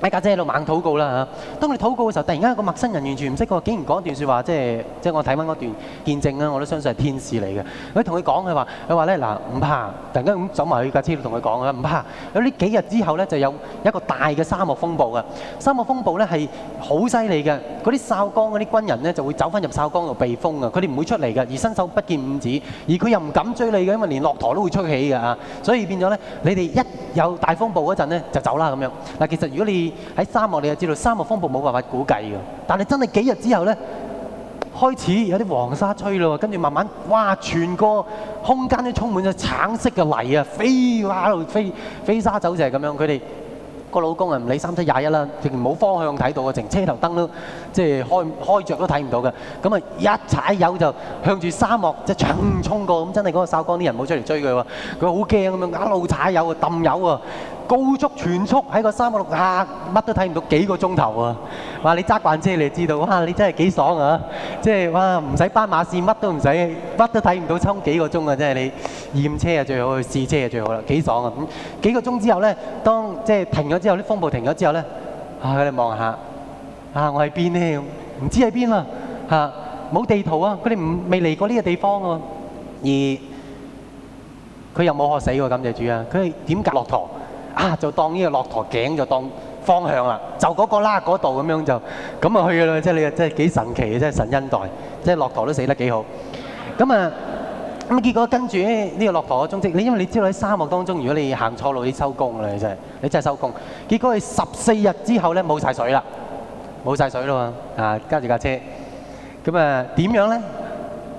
喺架車度猛禱告啦嚇！當你禱告嘅時候，突然間有一個陌生人完全唔識個，竟然講一段説話，即係即係我睇翻嗰段見證啦，我都相信係天使嚟嘅。佢同佢講，佢話：佢話咧，嗱，唔怕，突然間咁走埋去架車度同佢講啊，唔怕。有呢幾日之後咧，就有一個大嘅沙漠風暴啊，沙漠風暴咧係好犀利嘅。嗰啲哨崗嗰啲軍人咧就會走翻入哨崗度避風啊，佢哋唔會出嚟嘅，而伸手不見五指，而佢又唔敢追你嘅，因為連駱駝都會吹起嘅啊！所以變咗咧，你哋一有大風暴嗰陣咧就走啦咁樣。嗱，其實如果你喺沙漠你就知道沙漠風暴冇辦法估計㗎，但係真係幾日之後咧，開始有啲黃沙吹咯，跟住慢慢，哇！全個空間都充滿咗橙色嘅泥啊，飛哇喺度飛，飛沙走石咁樣。佢哋個老公啊，唔理三七廿一啦，直情冇方向睇到啊，淨車頭燈都即係開開著都睇唔到嘅。咁啊，一踩油就向住沙漠即係衝衝過，咁真係嗰個哨崗啲人冇出嚟追佢喎，佢好驚咁樣，一路踩油啊，揼油啊！高速，全速喺個三百六十，乜都睇唔到，幾個鐘頭啊！話你揸慣車你係知道，哇！你真係幾爽啊！即係哇，唔使斑馬線，乜都唔使，乜都睇唔到，衝幾個鐘啊！即係你驗車啊，最好去試車啊，最好啦，幾爽啊！咁幾個鐘之後咧，當即係停咗之後，啲風暴停咗之後咧，啊！佢哋望下，啊！我喺邊咧？唔知喺邊啊！嚇！冇地圖啊！佢哋唔未嚟過呢個地方啊！而佢又冇學死喎，感謝主啊！佢係點？落堂。啊！就當呢個駱駝頸就當方向啦，就嗰個啦，嗰度咁樣就咁啊去啦！即係你啊，即係幾神奇嘅，即係神恩待，即係駱駝都死得幾好。咁啊咁啊，結果跟住呢呢個駱駝嘅蹤跡，你因為你知道喺沙漠當中，如果你行錯路，你收工啦！你真係你真係收工。結果係十四日之後咧，冇曬水啦，冇曬水啦嘛啊！揸住架車咁啊，點樣咧？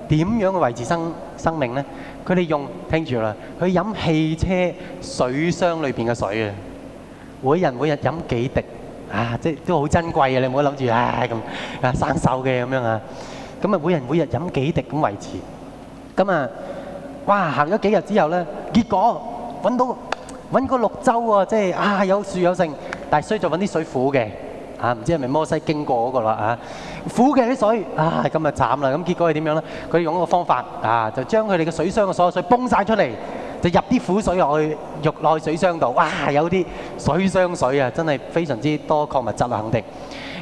點樣去維持生生命咧？佢哋用聽住啦，去飲汽車水箱裏邊嘅水啊！每人每日飲幾滴啊，即係都好珍貴啊！你唔好諗住啊咁啊生銹嘅咁樣啊，咁啊每人每日飲幾滴咁維持，咁啊哇行咗幾日之後咧，結果揾到揾個綠洲喎，即係啊有樹有剩，但係需要再揾啲水庫嘅。啊，唔知係咪摩西經過嗰個啦？啊，苦嘅啲水，啊，咁咪慘啦！咁結果係點樣咧？佢哋用一個方法，啊，就將佢哋嘅水箱嘅所有水崩曬出嚟，就入啲苦水落去肉內水箱度。哇，有啲水箱水啊，真係非常之多礦物質啊，肯定。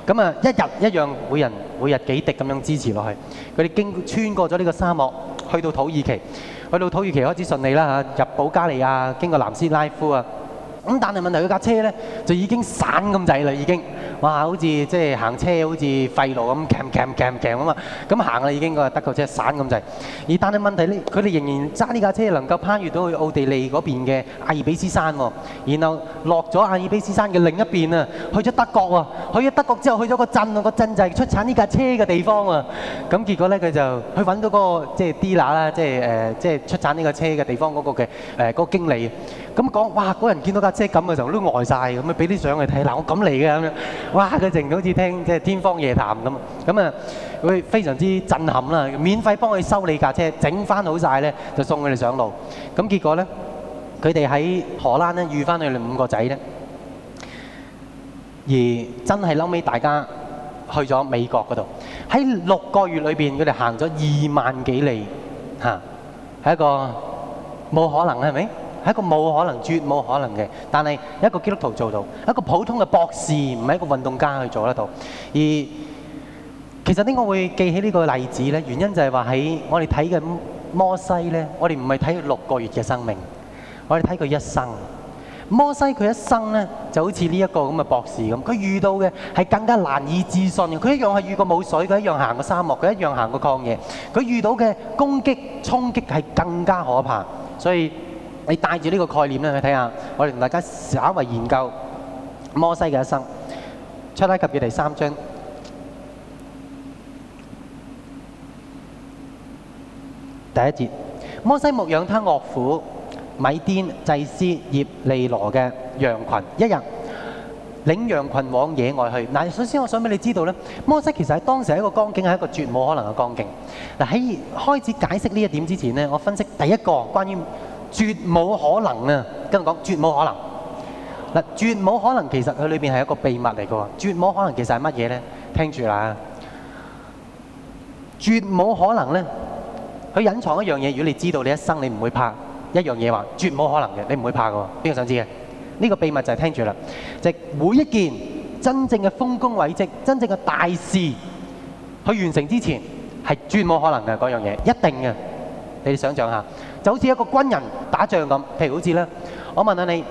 咁啊，一日一樣，每人每日幾滴咁樣支持落去。佢哋經穿過咗呢個沙漠，去到土耳其，去到土耳其開始順利啦嚇，入保加利亞，經過南斯拉夫啊。咁但係問題是，佢架車咧就已經散咁滯啦，已經哇，好似即係行車好似廢路咁，咁行啊已經個德國車散咁滯。而但係問題咧，佢哋仍然揸呢架車能夠攀越到去奧地利嗰邊嘅阿爾卑斯山喎。然後落咗阿爾卑斯山嘅另一邊啊，去咗德國啊。去咗德國之後，去咗個鎮啊，個鎮就係出產呢架車嘅地方啊。咁結果咧，佢就去揾到、個即係 DNA 啦，即係誒、呃，即係出產呢個車嘅地方嗰個嘅誒嗰個經理。咁講，哇！嗰人見到架車咁嘅時候都呆曬，咁啊俾啲相佢睇。嗱，我咁嚟嘅咁樣，哇！佢靜好似聽即係天方夜談咁。咁啊，佢非常之震撼啦。免費幫佢修理架車，整翻好曬咧，就送佢哋上路。咁結果咧，佢哋喺荷蘭咧遇翻佢哋五個仔咧，而真係後尾大家去咗美國嗰度。喺六個月裏邊，佢哋行咗二萬幾里嚇，係一個冇可能係咪？係一個冇可能、絕冇可能嘅，但係一個基督徒做到，一個普通嘅博士唔係一個運動家去做得到。而其實呢，我會記起呢個例子咧，原因就係話喺我哋睇嘅摩西咧，我哋唔係睇佢六個月嘅生命，我哋睇佢一生。摩西佢一生咧就好似呢一個咁嘅博士咁，佢遇到嘅係更加難以置信嘅。佢一樣係遇過冇水，佢一樣行過沙漠，佢一樣行過曠野，佢遇到嘅攻擊衝擊係更加可怕，所以。你帶住呢個概念咧，去睇下我哋同大家稍為研究摩西嘅一生，出埃及嘅第三章第一節。摩西牧養他岳父米甸祭司葉利羅嘅羊羣，一日，領羊羣往野外去。嗱，首先我想俾你知道咧，摩西其實喺當時係一個光景，係一個絕無可能嘅光景。嗱，喺開始解釋呢一點之前咧，我分析第一個關於。絕冇可能啊！跟我講，絕冇可能嗱，絕冇可能其實佢裏面係一個秘密嚟嘅喎。絕冇可能其實係乜嘢呢？聽住啦，絕冇可能呢，佢隱藏一樣嘢。如果你知道，你一生你唔會怕一樣嘢話，絕冇可能嘅，你唔會怕嘅。邊個想知嘅？呢個秘密就係聽住啦。即係每一件真正嘅豐功偉績、真正嘅大事，去完成之前係絕冇可能嘅嗰樣嘢，一定嘅。你哋想象下。就好似一個軍人打仗咁，譬如好似咧，我問下你，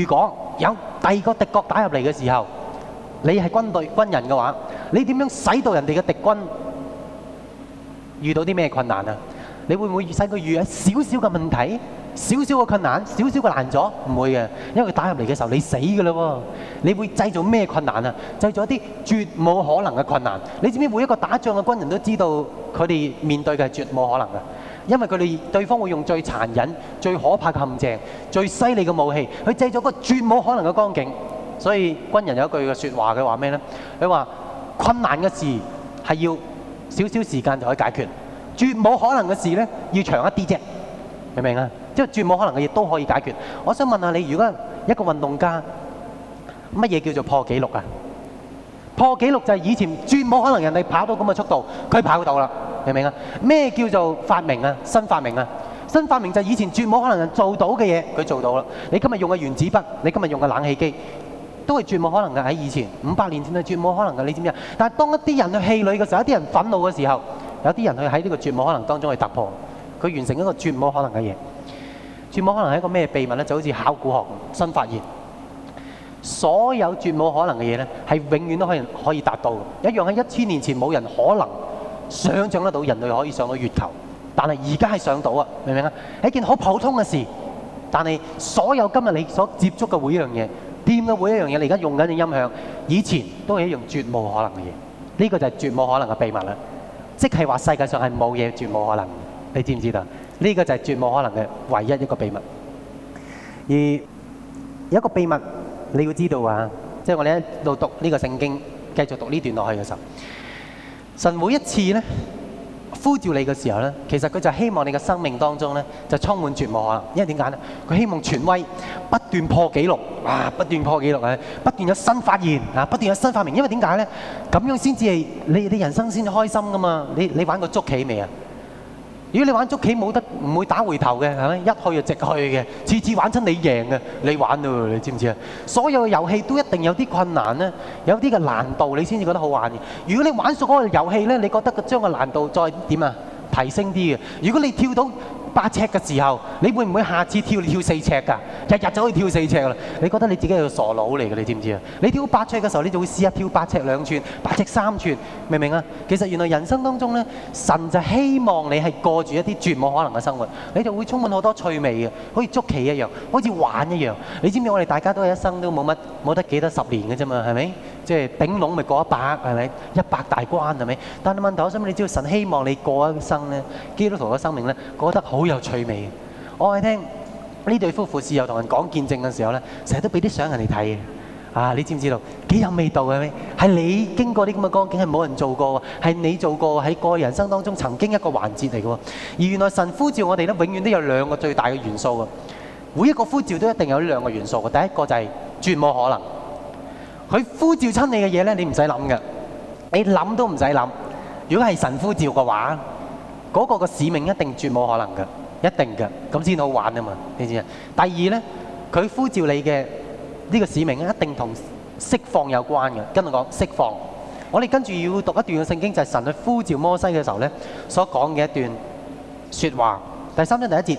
如果有第二個敵國打入嚟嘅時候，你係軍隊軍人嘅話，你點樣使到人哋嘅敵軍遇到啲咩困難啊？你會唔會使佢遇有少少嘅問題、少少嘅困難、少少嘅難阻？唔會嘅，因為佢打入嚟嘅時候你死㗎喇喎！你會製造咩困難啊？製造一啲絕冇可能嘅困難。你知唔知每一個打仗嘅軍人都知道佢哋面對嘅係絕冇可能嘅？因為佢哋對方會用最殘忍、最可怕嘅陷阱、最犀利嘅武器去製造一個絕無可能嘅光景，所以軍人有一句說話，佢話咩呢？佢話困難嘅事係要少少時間就可以解決，絕無可能嘅事呢要長一啲啫，明唔明啊？即絕無可能嘅嘢都可以解決。我想問下你，如果一個運動家，乜嘢叫做破紀錄啊？破紀錄就係以前絕冇可能人哋跑到咁嘅速度，佢跑到啦，明唔明啊？咩叫做發明啊？新發明啊？新發明就係以前絕冇可能人做到嘅嘢，佢做到啦。你今日用嘅原子筆，你今日用嘅冷氣機，都係絕冇可能嘅。喺以前，五百年前係絕冇可能嘅。你知唔知啊？但係當一啲人去氣餒嘅時候，一啲人憤怒嘅時候，有啲人去喺呢個絕冇可能當中去突破，佢完成一個絕冇可能嘅嘢。絕冇可能係一個咩秘密呢？就好似考古學新發現。所有絕冇可能嘅嘢呢，係永遠都可以可以達到。一樣喺一千年前冇人可能想像得到人類可以上到月球，但係而家係上到啊，明唔明啊？係一件好普通嘅事。但係所有今日你所接觸嘅每一樣嘢，掂到每一樣嘢，你而家用緊嘅音響，以前都係一樣絕冇可能嘅嘢。呢個就係絕冇可能嘅秘密啦。即係話世界上係冇嘢絕冇可能。你知唔知道？呢個就係絕冇可能嘅唯一一個秘密。而有一個秘密。你要知道啊，即係我哋喺度讀呢個聖經，繼續讀呢段落去嘅時候，神每一次咧呼召你嘅時候咧，其實佢就希望你嘅生命當中咧就充滿絕望啊！因為點解咧？佢希望權威不斷破紀錄，哇！不斷破紀錄啊，不斷有新發現啊，不斷有新發明。因為點解咧？咁樣先至係你你人生先開心㗎嘛？你你玩過捉棋未啊？如果你玩八尺嘅時候，你會唔會下次跳跳四尺㗎？日日就可以跳四尺㗎啦！你覺得你自己係個傻佬嚟嘅，你知唔知啊？你跳八尺嘅時候，你就會試下跳八尺兩寸、八尺三寸，明唔明啊？其實原來人生當中咧，神就希望你係過住一啲絕無可能嘅生活，你就會充滿好多趣味嘅，好似捉棋一樣，好似玩一樣。你知唔知我哋大家都係一生都冇乜冇得幾多十年嘅啫嘛？係咪？即係頂籠咪過一百係咪？一百大關係咪？但係問題我想問你知道神希望你過一生呢，基督徒嘅生命呢，過得好有趣味嘅。我係聽呢對夫婦事後同人講見證嘅時候呢，成日都俾啲相人哋睇嘅。啊，你知唔知道幾有味道嘅？係你經過啲咁嘅光景係冇人做過的，係你做過喺個人生當中曾經一個環節嚟嘅。而原來神呼召我哋呢，永遠都有兩個最大嘅元素嘅。每一個呼召都一定有呢兩個元素嘅。第一個就係絕無可能。佢呼召親你嘅嘢咧，你唔使諗嘅，你諗都唔使諗。如果係神呼召嘅話，嗰個個使命一定絕冇可能嘅，一定嘅，咁先好玩啊嘛，你知啊？第二咧，佢呼召你嘅呢個使命一定同釋放有關嘅。跟我講釋放，我哋跟住要讀一段嘅聖經，就係神去呼召摩西嘅時候咧，所講嘅一段説話。第三章第一節。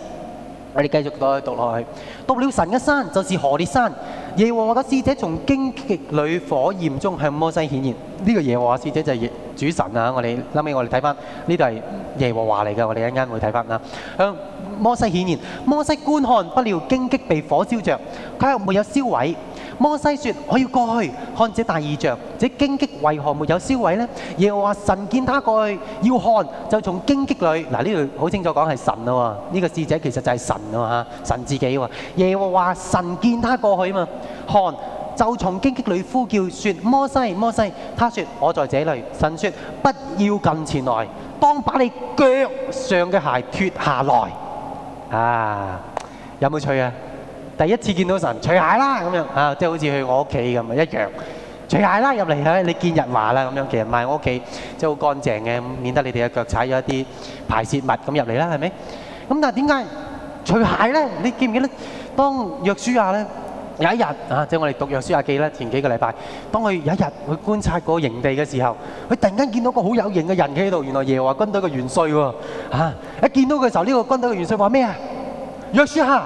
我哋繼續讀落去，讀了神嘅山就是何烈山。耶和華嘅使者從荊棘裏火焰中向摩西顯現，呢個耶和華使者就係主神啊！我哋後尾我哋睇翻呢度係耶和華嚟㗎，我哋一陣間會睇翻啦。向摩西顯現，摩西觀看，不料荊棘被火燒著，佢又沒有燒毀。摩西說：我要過去看這大異象，這荊棘為何沒有燒毀呢？耶和華神見他過去要看，就從荊棘裏嗱，呢度好清楚講係神咯、啊、呢、這個使者其實就係神啊嘛，神自己、啊、耶和華神見他過去嘛，看就從荊棘裏呼叫說：摩西，摩西，他說：我在這裏。神說：不要近前來，當把你腳上嘅鞋脱下來。啊，有冇趣啊？第一次見到神，除鞋啦咁樣啊，即係好似去我屋企咁啊一樣，除鞋啦入嚟啊！你見人話啦咁樣，其實埋我屋企即係好乾淨嘅，免得你哋嘅腳踩咗一啲排泄物咁入嚟啦，係咪？咁但係點解除鞋咧？你記唔記得當約書亞咧有一日啊，即係我哋讀約書亞記咧前幾個禮拜，當佢有一日去觀察個營地嘅時候，佢突然間見到個好有型嘅人喺度，原來耶和華軍隊嘅元帥喎啊！一見到佢嘅時候，呢個軍隊嘅元帥話咩啊？約書亞。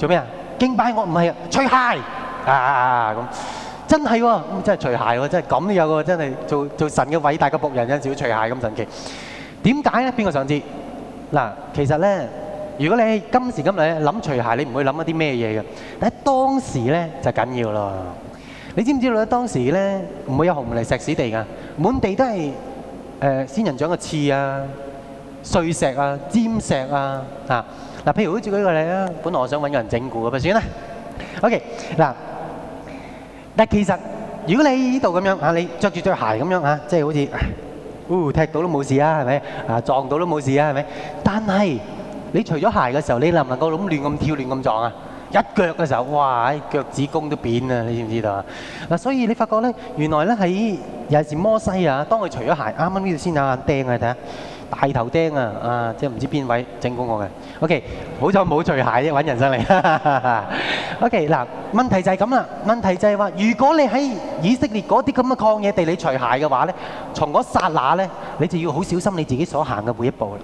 做咩啊？敬拜我，唔係啊，除鞋啊咁，真係喎，咁真係除鞋喎，真係咁都有喎，真係做做神嘅偉大嘅僕人真係要除鞋，咁神奇。點解咧？邊個想知？嗱，其實咧，如果你係今時今日咧諗除鞋，你唔會諗一啲咩嘢嘅，但係當時咧就緊要咯。你知唔知道咧？當時咧唔會有紅泥石屎地㗎，滿地都係誒仙人掌嘅刺啊、碎石啊、尖石啊啊！嗱，譬如好似舉個例啊，本來我想揾個人整蠱嘅，咪算啦。OK，嗱，但其實如果你呢度咁樣嚇，你著住對鞋咁樣嚇，即係好似，哦踢到都冇事啊，係咪？啊撞到都冇事啊，係咪？但係，你除咗鞋嘅時候，你能唔能夠咁亂咁跳亂咁撞啊？一腳嘅時候，哇！腳趾公都扁啊，你知唔知道啊？嗱，所以你發覺咧，原來咧喺有時摩西啊，當佢除咗鞋，啱啱呢度先有眼釘啊，睇下。大頭釘啊！啊，即係唔知邊位整蠱我嘅？OK，好彩冇除鞋啫，揾人上嚟。 OK，嗱，問題就係咁啦。問題就係話，如果你喺以色列嗰啲咁嘅曠野地，你除鞋嘅話咧，從嗰剎那咧，你就要好小心你自己所行嘅每一步啦。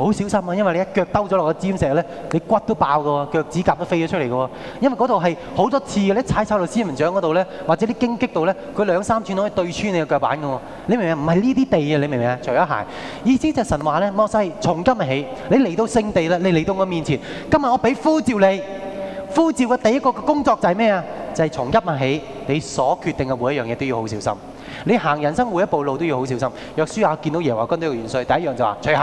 好小心啊！因為你一腳兜咗落個尖石咧，你骨都爆㗎喎，腳趾甲都飛咗出嚟㗎喎。因為嗰度係好多刺嘅，一踩踩到仙人掌嗰度咧，或者啲荊棘度咧，佢兩三寸都可以對穿你嘅腳板㗎喎。你明唔明啊？唔係呢啲地啊，你明唔明啊？除咗鞋，意思就神話咧，摩西從今日起，你嚟到聖地啦，你嚟到我面前，今日我俾呼召你，呼召嘅第一個嘅工作就係咩啊？就係從今日起，你所決定嘅每一樣嘢都要好小心。你行人生每一步路都要好小心。約書亞見到耶和華軍隊嘅元帥，第一樣就話除鞋。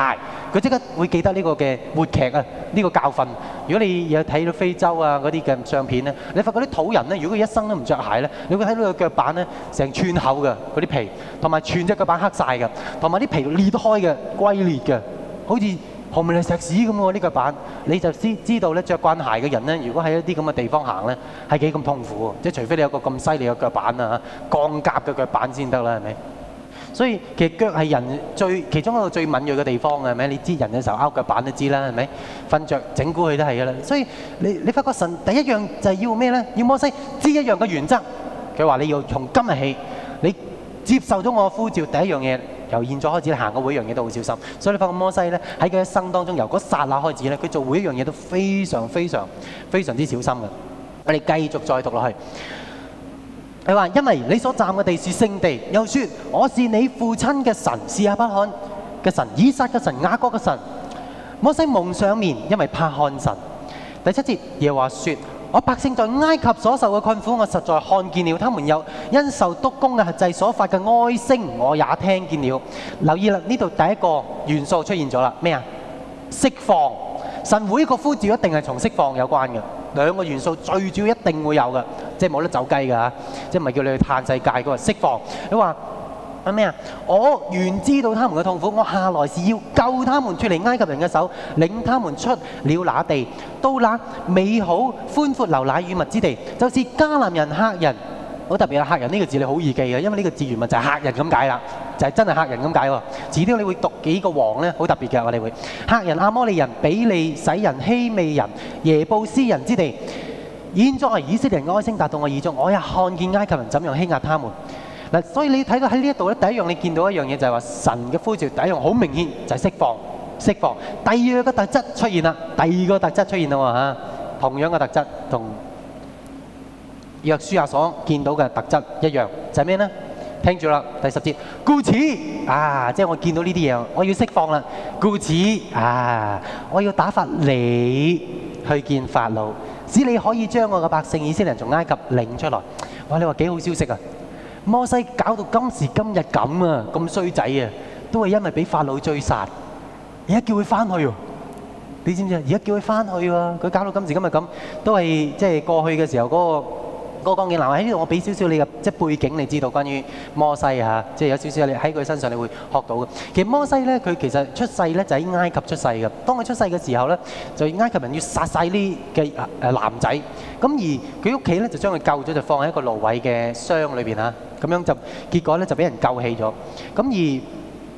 佢即刻會記得呢個嘅活劇啊，呢個教訓。如果你有睇到非洲啊嗰啲嘅相片咧，你發覺啲土人咧，如果佢一生都唔着鞋咧，你會睇到佢腳板咧成寸厚嘅嗰啲皮，同埋全隻腳板黑晒嘅，同埋啲皮裂開嘅，龜裂嘅，好似～後面你石屎咁喎，呢腳板你就知知道咧，著慣鞋嘅人呢如果喺一啲咁嘅地方行呢，係幾咁痛苦喎！即除非你有個咁犀利嘅腳板啊，鋼夾嘅腳板先得啦，係咪？所以其實腳係人最其中一個最敏銳嘅地方係咪？你知人嘅時候拗腳板都知啦，係咪？瞓著整蠱佢都係嘅啦。所以你你發覺神第一樣就係要咩呢？要摩西知一樣嘅原則。佢話你要從今日起，你接受咗我的呼召第一樣嘢。由現在開始，行個會一樣嘢都好小心，所以你發覺摩西呢，喺佢一生當中，由嗰剎那開始呢，佢做會一樣嘢都非常非常非常之小心嘅。我哋繼續再讀落去，佢話：因為你所站嘅地是聖地，又説我是你父親嘅神，是亞伯拉罕嘅神，以撒嘅神，雅各嘅神。摩西蒙上面，因為怕看神。第七節，耶和華説。我百姓在埃及所受的困苦，我實在看見了他們有，因受督工，轄制所發的哀聲，我也聽見了。留意了，這裏第一個元素出現了，什麼？釋放，神會個呼召一定是從釋放有關的，兩個元素最主要一定會有的，即是冇得走雞的，即是唔係叫你去嘆世界的釋放，你說，咩啊？我原知道他們嘅痛苦，我下來是要救他們脫離埃及人嘅手，領他們出了那地，到那美好寬闊流奶與蜜之地，就是迦南人、赫人，好特別啊！赫人呢個字你好易記嘅，因為呢個字原文就係客人咁解啦，就係真係客人咁解喎。只雕你會讀幾個王呢，好特別嘅，我哋會赫人、阿摩利人、比利洗人、希未人、耶布斯人之地。現在以色列人哀聲達到我耳中，我也看見埃及人怎樣欺壓他們。嗱，所以你睇到喺呢一度咧，第一樣你見到一樣嘢就係話神嘅呼召。第一樣好明顯就係釋放、釋放。第二樣嘅特質出現啦，第二個特質出現啦，嚇，同樣嘅特質同約書亞所見到嘅特質一樣，就係咩呢？聽住啦，第十節，故此啊，即係我見到呢啲嘢，我要釋放啦，故此啊，我要打發你去見法老，使你可以將我嘅百姓以色列人從埃及領出來。哇，你話幾好消息啊！摩西搞到今時今日咁啊，咁衰仔啊，都係因為俾法老追殺。而家叫佢翻去喎，啊，你知唔知啊？而家叫佢翻去喎，佢搞到今時今日咁，都係即係過去嘅時候嗰個。個講嘅難喎喺呢度，我俾少少你嘅即係背景，你知道關於摩西啊，即係有少少你喺佢身上，你會學到嘅。其實摩西咧，佢其實出世咧就喺埃及出世嘅。當佢出世嘅時候咧，就埃及人要殺曬呢嘅誒男仔，咁而佢屋企咧就將佢救咗，就放喺一個蘆葦嘅箱裏邊啊，咁樣就結果咧就俾人救起咗。咁而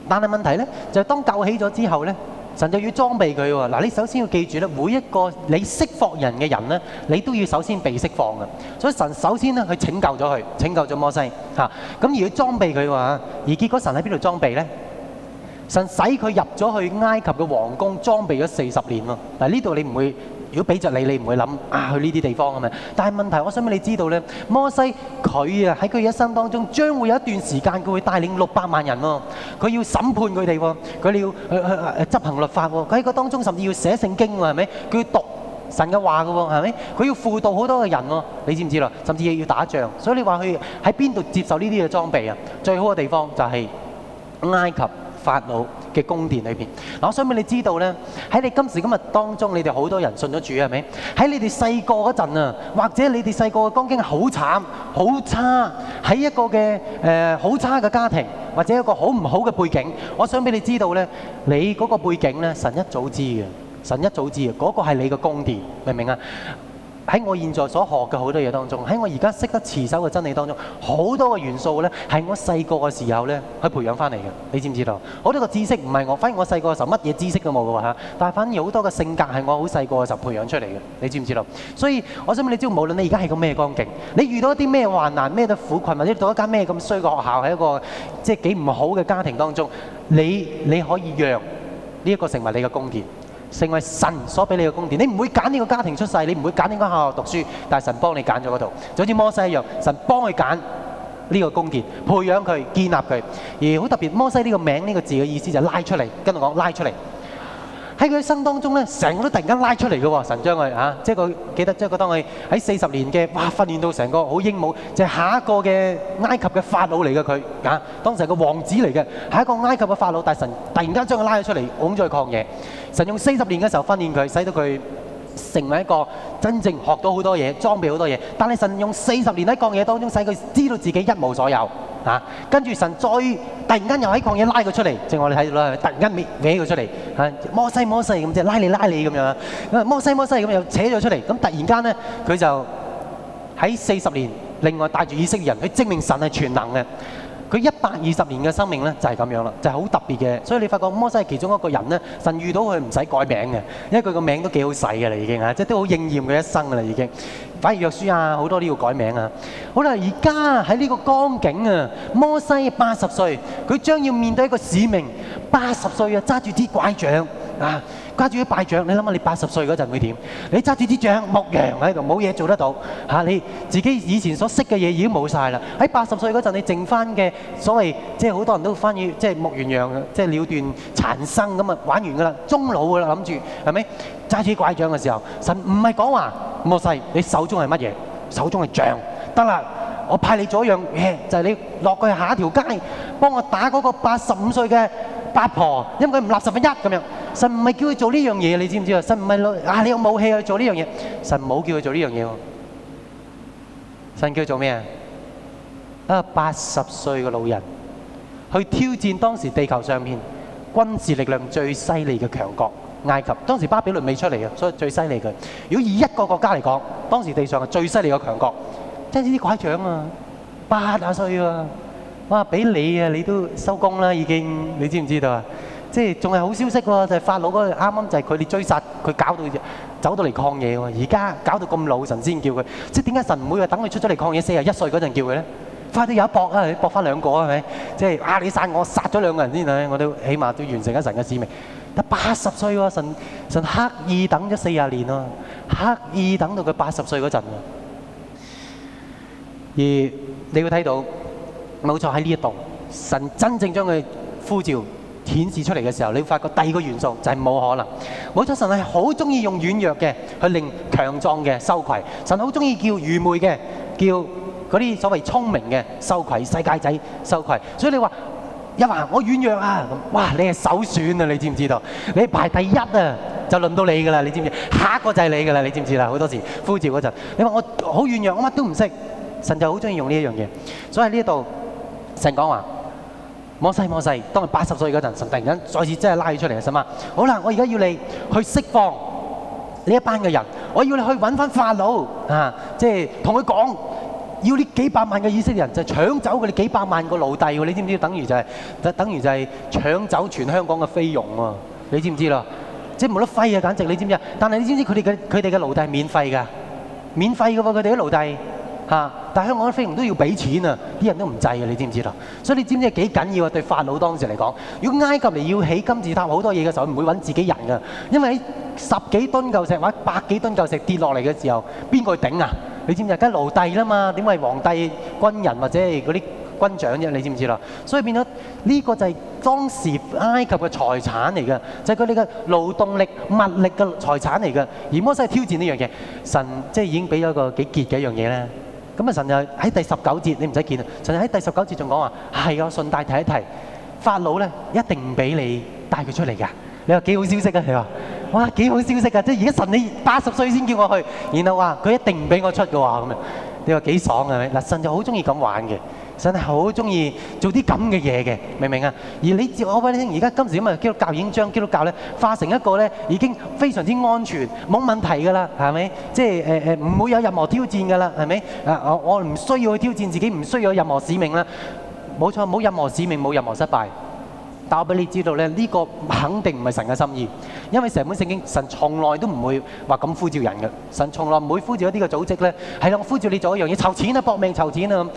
但係問題咧就係當救起咗之後咧。神就要裝備佢喎嗱你首先要記住咧，每一個你釋放人嘅人呢，你都要首先被釋放嘅。所以神首先去拯救咗佢，去拯救咗摩西吓。咁而要裝備佢嘅話，而結果神喺邊度裝備呢？神使佢入咗去埃及嘅皇宮裝備咗四十年喎如果俾著你，你唔會諗啊去呢啲地方咁啊！但係問題，我想俾你知道咧，摩西佢啊喺佢一生當中，將會有一段時間，佢會帶領六百萬人喎，佢要審判佢哋喎，佢要去去執行律法喎，佢喺個當中甚至要寫聖經喎，係咪？佢要讀神嘅話嘅喎，係咪？佢要輔導好多嘅人喎，你知唔知咯？甚至要打仗，所以你話佢喺邊度接受呢啲嘅裝備啊？最好嘅地方就係埃及法老嘅宮殿裏邊，嗱，我想俾你知道呢，喺你今時今日當中，你哋好多人信咗主係咪？喺你哋細個嗰陣啊，或者你哋細個嘅光景好慘好差，喺一個嘅誒好差嘅家庭，或者一個好唔好嘅背景，我想俾你知道呢，你嗰個背景呢，神一早知嘅，神一早知嘅，嗰個係你嘅宮殿，明唔明啊？喺我現在所學嘅好多嘢當中，喺我而家識得持守嘅真理當中，好多嘅元素咧係我細個嘅時候咧去培養翻嚟嘅。你知唔知道？好多個知識唔係我，反而我細個嘅時候乜嘢知識都冇嘅嚇。但係反而好多嘅性格係我好細個嘅時候培養出嚟嘅。你知唔知道？所以我想問你知道，知，係無論你而家係個咩光景，你遇到一啲咩患難、咩都苦困，或者到一間咩咁衰嘅學校，喺一個即係幾唔好嘅家庭當中，你你可以讓呢一個成為你嘅功業。成為神所俾你嘅宮殿，你唔會揀呢個家庭出世，你唔會揀呢間學校，校讀書，但係神幫你揀咗嗰度，就好似摩西一樣，神幫佢揀呢個宮殿，培養佢，建立佢，而好特別，摩西呢個名呢、呢個字嘅意思就是拉出嚟，跟住講拉出嚟。喺佢一生當中咧，成個都突然間拉出嚟嘅喎，神將佢嚇，即係佢記得，即係佢當佢喺四十年嘅，哇訓練到成個好英武，就係下一個嘅埃及嘅法老嚟嘅佢啊，當時係個王子嚟嘅，係一個埃及嘅法老，但神突然間將佢拉咗出嚟，㧬咗去曠野。神用四十年嘅時候訓練佢，使到佢成為一個真正學到好多嘢，裝備好多嘢。但係神用四十年喺曠野當中，使佢知道自己一無所有。啊！跟住神再突然間又喺曠野拉佢出嚟，即係我哋睇到啦，突然間搣搣佢出嚟嚇，摩西摩西咁即係拉你拉你咁樣，咁啊摩西摩西咁又扯咗出嚟，咁突然間咧佢就喺四十年另外帶住以色列人去證明神係全能嘅，佢一百二十年嘅生命咧就係咁樣啦，就係好特別嘅，所以你發覺摩西係其中一個人咧，神遇到佢唔使改名嘅，因為佢個名都幾好使嘅啦，已經啊，即係都好應驗佢一生嘅啦，已經。反而約書亞，好多都要改名啊！好啦，而家喺呢個光景啊，摩西八十歲，佢將要面對一個使命。八十歲啊，揸住啲枴杖，啊揸住啲拐杖，你諗下你八十歲嗰陣會點？你揸住啲杖，牧羊喺度，冇嘢做得到嚇。你自己以前所識嘅嘢已經冇晒啦。喺八十歲嗰陣，你剩翻嘅所謂即係好多人都翻譯，即係牧完羊，即係了斷殘生咁啊，玩完噶啦，終老噶啦，諗住係咪？揸住拐杖嘅時候，神唔係講話，摩西，你手中係乜嘢？手中係杖得啦，我派你做一樣嘢，就係你落去下一條街，幫我打嗰個八十五歲嘅。八婆，因為佢唔立十分一咁樣，神唔係叫佢做呢樣嘢，你知唔知啊？神唔係咯，啊你有武器去做呢樣嘢，神冇叫佢做呢樣嘢。神叫佢做咩啊？啊八十歲嘅老人去挑戰當時地球上面軍事力量最犀利嘅強國埃及，當時巴比倫未出嚟嘅，所以最犀利嘅。如果以一個國家嚟講，當時地上係最犀利嘅強國，真係啲誇張啊！八啊歲啊！哇！俾你啊，你都收工啦，已經，你知唔知道啊？即係仲係好消息喎，就係法老嗰個啱啱就係佢哋追殺佢，搞到走到嚟抗嘢喎。而家搞到咁老，神先叫佢。即係點解神唔會話等佢出咗嚟抗嘢四十一歲嗰陣叫佢咧？快啲有一搏啊！搏翻兩個啊係咪？即係啊！你殺我，殺咗兩個人先啦！我都起碼都完成咗神嘅使命。得八十歲喎，神神刻意等咗四十年喎，刻意等到佢八十歲嗰陣喎。而你會睇到。冇錯，喺呢一度，神真正將佢呼召顯示出嚟嘅時候，你會發覺第二個元素就係冇可能。冇錯，神係好鍾意用軟弱嘅去令強壯嘅羞愧，神好鍾意叫愚昧嘅，叫嗰啲所謂聰明嘅羞愧世界仔羞愧。所以你話一話我軟弱啊，哇！你係首選啊，你知唔知道？你係排第一啊，就輪到你噶啦，你知唔知道？下一個就係你噶啦，你知唔知道？好多時呼召嗰陣，你話我好軟弱，我乜都唔識，神就好鍾意用呢一樣嘢。所以喺呢度。神講話、啊，摩西摩西，當佢八十歲嗰陣，神突然間再次真係拉佢出嚟啊！神話，好啦，我而家要你去釋放呢一班嘅人，我要你去揾翻法老啊！即係同佢講，要呢幾百萬嘅以色列人就是、搶走佢哋幾百萬個奴隸，你知唔知？等於就係、是，等等於就係搶走全香港嘅菲傭喎！你知唔知啦？即係冇得揮啊！簡直你知唔知啊？但係你知唔知佢哋嘅佢哋嘅奴隸係免費㗎？免費嘅喎，佢哋嘅奴隸。嚇、啊！但係香港啲飛龍都要俾錢啊！啲人都唔制啊！你知唔知咯？所以你知唔知幾緊要啊？對法老當時嚟講，如果埃及嚟要起金字塔好多嘢嘅時候，唔會揾自己人㗎，因為喺十幾噸舊石或者百幾噸舊石跌落嚟嘅時候，邊個頂啊？你知唔知？梗係奴隸啦嘛，點會皇帝、軍人或者係嗰啲軍長啫？你知唔知咯？所以變咗呢個就係當時埃及嘅財產嚟嘅，就係佢哋嘅勞動力物力嘅財產嚟嘅。而摩西係挑戰呢樣嘢，神即係已經俾咗個幾傑嘅一樣嘢咧。咁神就喺第十九節，你唔使見了神，神喺第十九節仲講話，係、哎、啊！順帶提一提，法老呢一定唔俾你帶佢出嚟嘅。你話幾好消息啊？你話哇幾好消息啊！即係而家神你八十歲先叫我去，然後話佢一定唔俾我出嘅話，咁你話幾爽啊？嗱，神就好鍾意噉樣玩嘅。真係好鍾意做啲咁嘅嘢嘅，明唔明啊？而你我畀你聽而家今時今日基督教已經將基督教化成一個已經非常之安全，冇問題㗎啦，係咪？即係唔會有任何挑戰㗎啦，係咪、呃？我不唔需要去挑戰自己，唔需要有任何使命啦。冇錯，冇任何使命，冇任何失敗。打俾你知道咧，呢個肯定唔係神嘅心意，因為成本聖經，神從來都唔會話咁呼召人嘅，神從來唔會呼召一啲組織咧，係啦，我呼召你做一樣嘢，籌錢啊，搏命籌錢啊咁，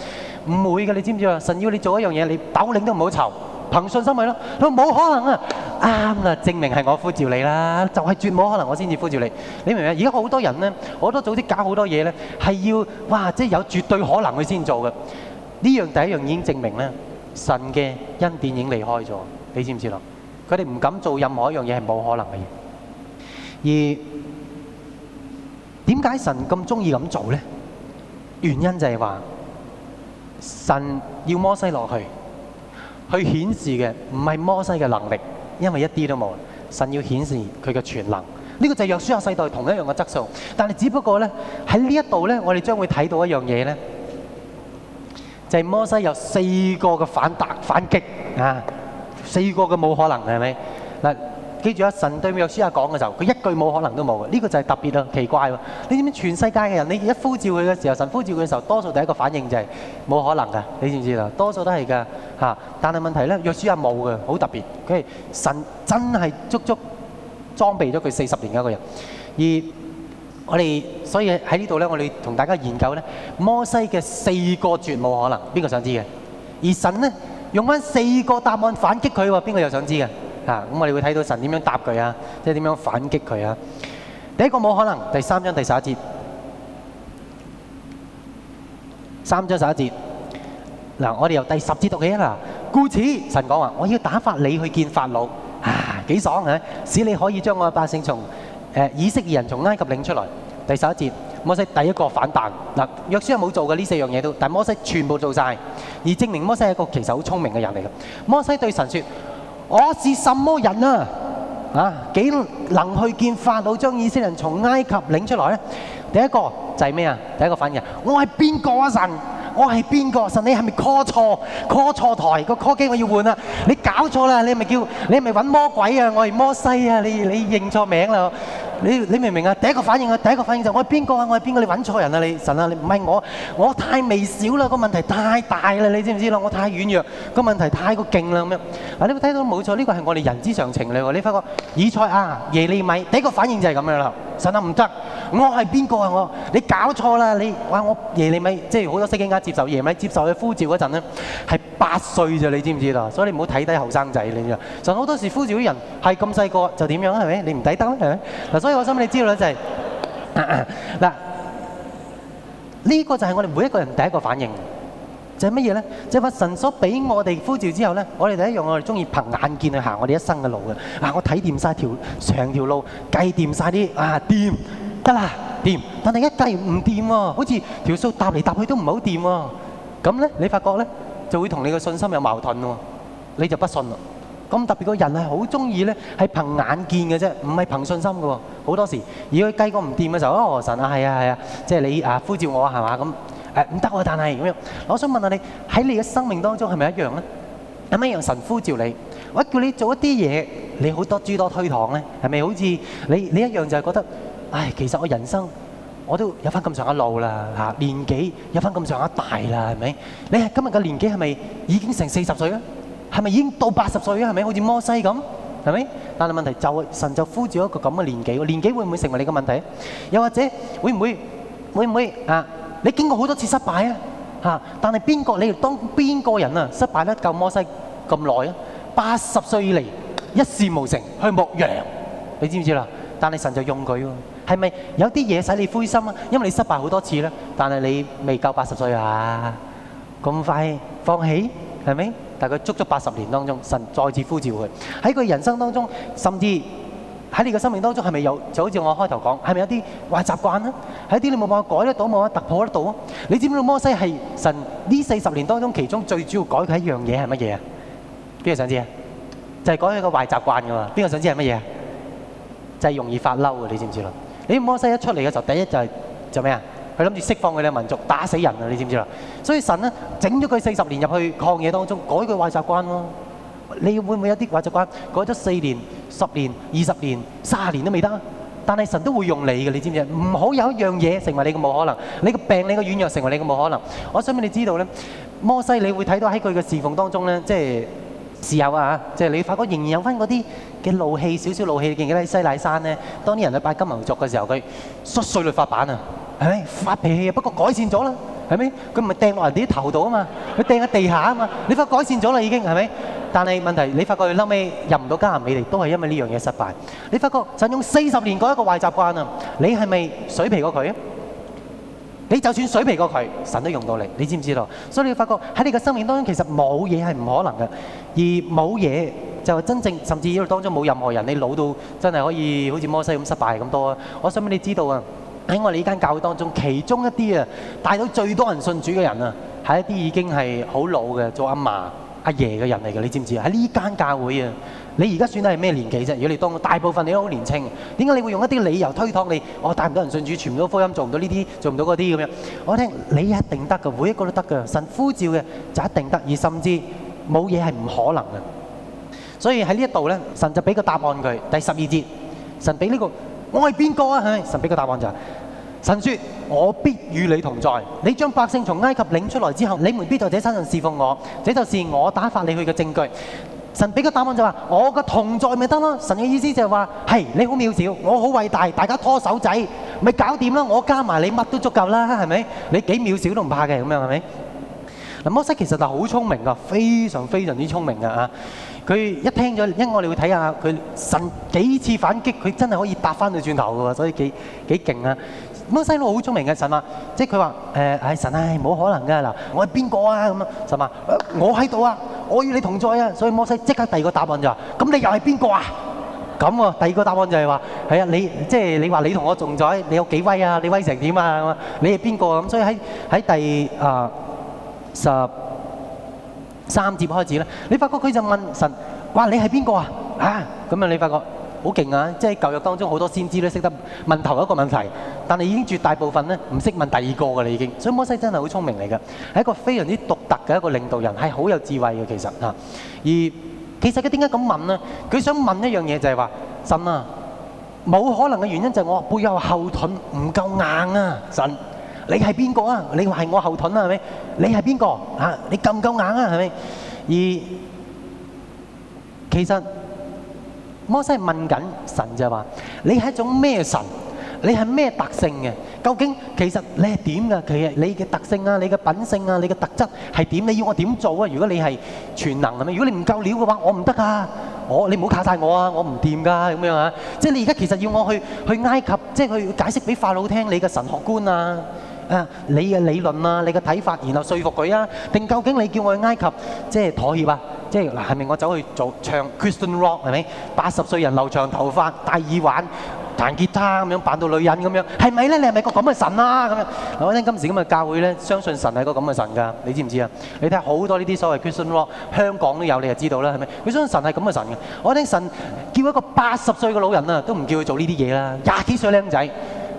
唔會嘅，你知唔知啊？神要你做一樣嘢，你斗零都唔好籌，憑信心咪咯。佢話冇可能啊，啱啦，證明係我呼召你啦，就係絕冇可能我先至呼召你。你明唔明啊？而家好多人咧，好多組織搞好多嘢咧，係要哇，即係有絕對可能佢先做嘅。呢樣第一樣已經證明咧，神嘅恩典已經離開咗。你知唔知道？佢哋唔敢做任何一樣嘢，係冇可能嘅嘢。而點解神咁中意咁做呢？原因就係話神要摩西落去，去顯示嘅唔係摩西嘅能力，因為一啲都冇。神要顯示佢嘅全能，呢、這個就係約書亞世代同一樣嘅質素。但係只不過呢，喺呢一度呢，我哋將會睇到一樣嘢呢，就係、是、摩西有四個嘅反彈反擊啊！四個嘅冇可能係咪？嗱，記住啊，神對約書亞講嘅時候，佢一句冇可能都冇嘅。呢個就係特別啊，奇怪喎！你知唔知全世界嘅人，你一呼召佢嘅時候，神呼召佢嘅時候，多數第一個反應就係冇可能㗎，你知唔知啊？多數都係噶嚇。但係問題咧，約書亞冇嘅，好特別。佢係神真係足足裝備咗佢四十年嘅一個人。而我哋所以喺呢度咧，我哋同大家研究咧，摩西嘅四個絕冇可能，邊個想知嘅？而神咧。用翻四個答案反擊佢喎，邊個又想知嘅？啊，咁我哋會睇到神點樣答佢啊，即係點樣反擊佢啊。第一個冇可能，第三章第十一節，三章十一節。嗱，我哋由第十節讀起啦。故此，神講話，我要打發你去見法老，啊，幾爽啊！使你可以將我嘅百姓從誒以色列人從埃及領出來。第十一節，摩西第一個反彈。嗱，約書亞冇做嘅呢四樣嘢都，但係摩西全部做晒。而證明摩西係一個其實好聰明嘅人嚟嘅。摩西對神說：「我係什麼人啊？啊，幾能去見法老將以色列人從埃及領出來咧？第一個就係咩啊？第一個反應，我係邊個啊？神，我係邊個？神，你係咪 call 錯？call 錯台？個 call 機我要換啊！」你搞錯啦！你係咪叫？你係咪揾魔鬼啊？我係摩西啊！你你認錯名啦！你你明唔明啊？第一個反應啊，第一個反應就我係邊個啊？我係邊個？你揾錯人啦！你神啊！你唔係我，我太微小啦，個問題太大啦！你知唔知咯？我太軟弱，個問題太過勁啦咁樣。嗱，你會睇到冇錯，呢個係我哋人之常情嚟喎。你發覺以賽亞、耶利米第一個反應就係咁樣啦。神啊，唔得！我係邊個啊？我你搞錯啦！你哇！我耶利米即係好多釋經家接受耶利米接受你呼召嗰陣咧，係八歲咋？你知唔知啦？所以你唔好睇低後生仔嚟嘅。神好多時呼召啲人係咁細個就點樣係咪？你唔抵得咧係咪？嗱，所以。我心你知道啦，就係、是、嗱，呢、啊啊啊這個就係我哋每一個人第一個反應的，就係乜嘢咧？即係話神所俾我哋呼召之後咧，我哋第一樣我哋中意憑眼見去行我哋一生嘅路嘅。嗱、啊，我睇掂晒條成條路，計掂晒啲啊掂得啦掂，但係一計唔掂喎，好似條數搭嚟搭去都唔好掂喎。咁咧，你發覺咧就會同你嘅信心有矛盾喎，你就不信咯。咁特別，個人係好中意咧，係憑眼見嘅啫，唔係憑信心嘅喎。好多時，如果佢計過唔掂嘅時候，啊，神啊，係啊，係啊，即係你啊，呼召我係嘛，咁誒，唔得喎，但係咁樣，我想問下你，喺你嘅生命當中係咪一樣咧？係咪一樣神呼召你？我叫你做一啲嘢，你好多諸多推搪咧，係咪好似你你一樣就係覺得，唉，其實我人生我都有翻咁上下路啦，吓，年紀有翻咁上下大啦，係咪？你係今日嘅年紀係咪已經成四十歲咧？係咪已經到八十歲啊？係咪好似摩西咁係咪？但係問題就神就呼住一個咁嘅年紀，年紀會唔會成為你嘅問題？又或者會唔會，會唔會啊？你經過好多次失敗啊嚇，但係邊個你要當邊個人啊？失敗得夠摩西咁耐啊？八十歲以嚟一事無成去牧羊，你知唔知啦？但係神就用佢喎，係咪有啲嘢使你灰心啊？因為你失敗好多次啦，但係你未夠八十歲啊，咁快放棄係咪？但係佢足足八十年當中，神再次呼召佢喺佢人生當中，甚至喺你嘅生命當中，係咪有就好似我開頭講，係咪有啲壞習慣啊？喺啲你冇辦法改得到，冇辦法突破得到啊？你知唔知摩西係神呢四十年當中其中最主要改嘅一樣嘢係乜嘢啊？邊個想知啊？就係改佢嘅壞習慣噶嘛？邊個想知係乜嘢？就係容易發嬲啊！你知唔知咯？你摩西一出嚟嘅時候，第一就係做咩啊？佢諗住釋放佢哋民族，打死人啊！你知唔知啊？所以神咧整咗佢四十年入去曠野當中，改佢壞習慣咯。你會唔會有啲壞習慣？改咗四年、十年、二十年、三十年都未得，但係神都會用你嘅。你知唔知啊？唔好有一樣嘢成為你嘅冇可能，你個病、你嘅軟弱成為你嘅冇可能。我想俾你知道咧，摩西，你會睇到喺佢嘅侍奉當中咧，即係侍候啊，即係你發覺仍然有翻嗰啲嘅怒氣，少少怒氣。你記唔記得喺西乃山咧？當啲人去拜金牛犢嘅時候，佢摔碎律法板啊！係咪發脾氣啊？不過改善咗啦，係咪？佢唔係掟落人哋啲頭度啊嘛，佢掟喺地下啊嘛。你發覺改善咗啦，已經係咪？但係問題，你發覺佢嬲尾入唔到迦南美地，都係因為呢樣嘢失敗。你發覺神用四十年改一個壞習慣啊！你係咪水皮過佢？你就算水皮過佢，神都用到你。你知唔知道？所以你要發覺喺你嘅生命當中，其實冇嘢係唔可能嘅，而冇嘢就係真正甚至於當中冇任何人，你老到真係可以好似摩西咁失敗咁多。我想俾你知道啊！喺我哋呢間教會當中，其中一啲啊帶到最多人信主嘅人啊，係一啲已經係好老嘅做阿嫲阿爺嘅人嚟嘅，你知唔知啊？喺呢間教會啊，你而家算得係咩年紀啫？如果你當大部分你都好年輕，點解你會用一啲理由推託你？我、哦、帶唔到人信主，全部都福音，做唔到呢啲，做唔到嗰啲咁樣？我聽你一定得嘅，每一個都得嘅，神呼召嘅就一定得，而甚至冇嘢係唔可能嘅。所以喺呢一度咧，神就俾個答案佢。第十二節，神俾呢、呢個。我係邊個啊？係神俾個答案就係神説：我必與你同在。你將百姓從埃及領出來之後，你們必在這山上侍奉我。這就是我打發你去嘅證據。神俾個答案就話：我嘅同在咪得咯？神嘅意思就係話：係你好渺小，我好偉大，大家拖手仔咪搞掂咯。我加埋你乜都足夠啦，係咪？你幾渺小都唔怕嘅咁樣，係咪？嗱，摩西其實就好聰明㗎，非常非常之聰明㗎嚇。佢一聽咗，因為我哋會睇下佢神幾次反擊，佢真係可以搭翻佢轉頭㗎喎，所以幾幾勁啊！摩西佬好聰明嘅神啊，即係佢話誒，唉神啊，冇可能㗎嗱，我係邊個啊？咁啊，神啊，我喺度啊，我與你同在啊，所以摩西即刻第二個答案就話：咁你又係邊個啊？咁喎，第二個答案就係話：係啊，你即係你話你同我同在，你有幾威啊？你威成點啊？你係邊個咁？所以喺喺第啊十。三節開始咧，你發覺佢就問神：話你係邊個啊？嚇咁啊！你發覺好勁啊！即係舊約當中好多先知都識得問頭一個問題，但係已經絕大部分咧唔識問第二個㗎啦已經。所以摩西真係好聰明嚟㗎，係一個非常之獨特嘅一個領導人，係好有智慧嘅其實嚇、啊。而其實佢點解咁問咧？佢想問一樣嘢就係、是、話神啊，冇可能嘅原因就係我背後後盾唔夠硬啊，神。你係邊個啊,你話係我後盾啊,係咪?你係邊個,你咁夠硬啊,係咪?你誒、啊，你嘅理論啊，你嘅睇法，然後說服佢啊，定究竟你叫我去埃及，即係妥協啊？即係嗱，係咪我走去做唱 Christian Rock 係咪？八十歲人留長頭髮，戴耳環，彈吉他咁樣扮到女人咁樣，係咪咧？你係咪個咁嘅神啊？咁樣，我聽今時咁嘅教會咧，相信神係個咁嘅神噶，你知唔知啊？你睇下好多呢啲所謂 Christian Rock，香港都有，你就知道啦，係咪？佢相信神係咁嘅神嘅。我聽神叫一個八十歲嘅老人啊，都唔叫佢做呢啲嘢啦，廿幾歲靚仔。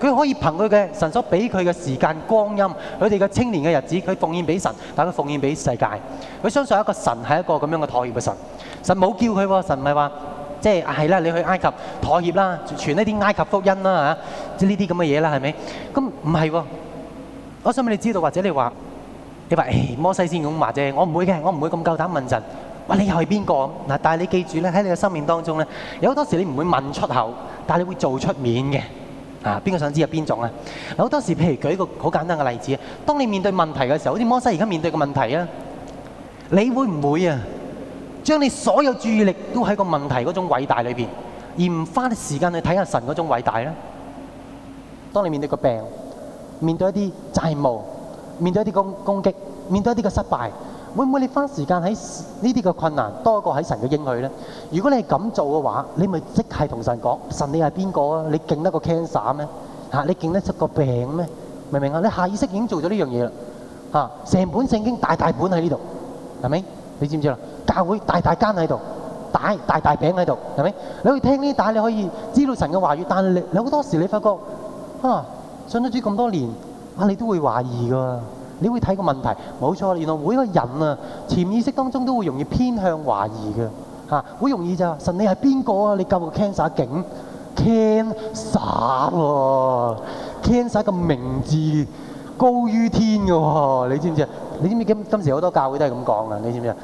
佢可以憑佢嘅神所俾佢嘅時間光陰，佢哋嘅青年嘅日子，佢奉獻俾神，但佢奉獻俾世界。佢相信一個神係一個咁樣嘅妥協嘅神。神冇叫佢喎，神唔係話，即係係啦，你去埃及妥協啦，傳呢啲埃及福音啦、啊、即係呢啲咁嘅嘢啦，係咪？咁唔係喎，我想俾你知道，或者你話你話唉、哎，摩西先咁話啫，我唔會嘅，我唔會咁夠膽問神。喂，你又係邊個？嗱，但係你記住咧，喺你嘅生命當中咧，有好多時你唔會問出口，但係你會做出面嘅。啊！邊個想知係邊種咧？好多時，譬如舉一個好簡單嘅例子啊。當你面對問題嘅時候，好似摩西而家面對嘅問題啊，你會唔會啊，將你所有注意力都喺個問題嗰種偉大裏邊，而唔花啲時間去睇下神嗰種偉大咧？當你面對個病，面對一啲債務，面對一啲攻攻擊，面對一啲嘅失敗。會唔會你花時間喺呢啲嘅困難多過喺神嘅應許咧？如果你係咁做嘅話，你咪即係同神講：神你係，你係邊個啊？你勁得個 cancer 咩？嚇，你勁得出個病咩？明唔明啊？你下意識已經做咗呢樣嘢啦！嚇，成本聖經大大本喺呢度，係咪？你知唔知啦？教會大大間喺度，帶大，大大餅喺度，係咪？你可以聽呢啲帶，你可以知道神嘅話語，但係你好多時你發覺啊，信咗主咁多年啊，你都會懷疑㗎。你會睇個問題，冇錯，原來每個人啊，潛意識當中都會容易偏向懷疑嘅，嚇，好容易就話神，你係邊個啊？你救個 Cancer 警，Cancer、啊、Cancer 個名字高於天嘅喎，你知唔知啊？你知唔知,知,知今今時好多教會都係咁講噶？你知唔知啊？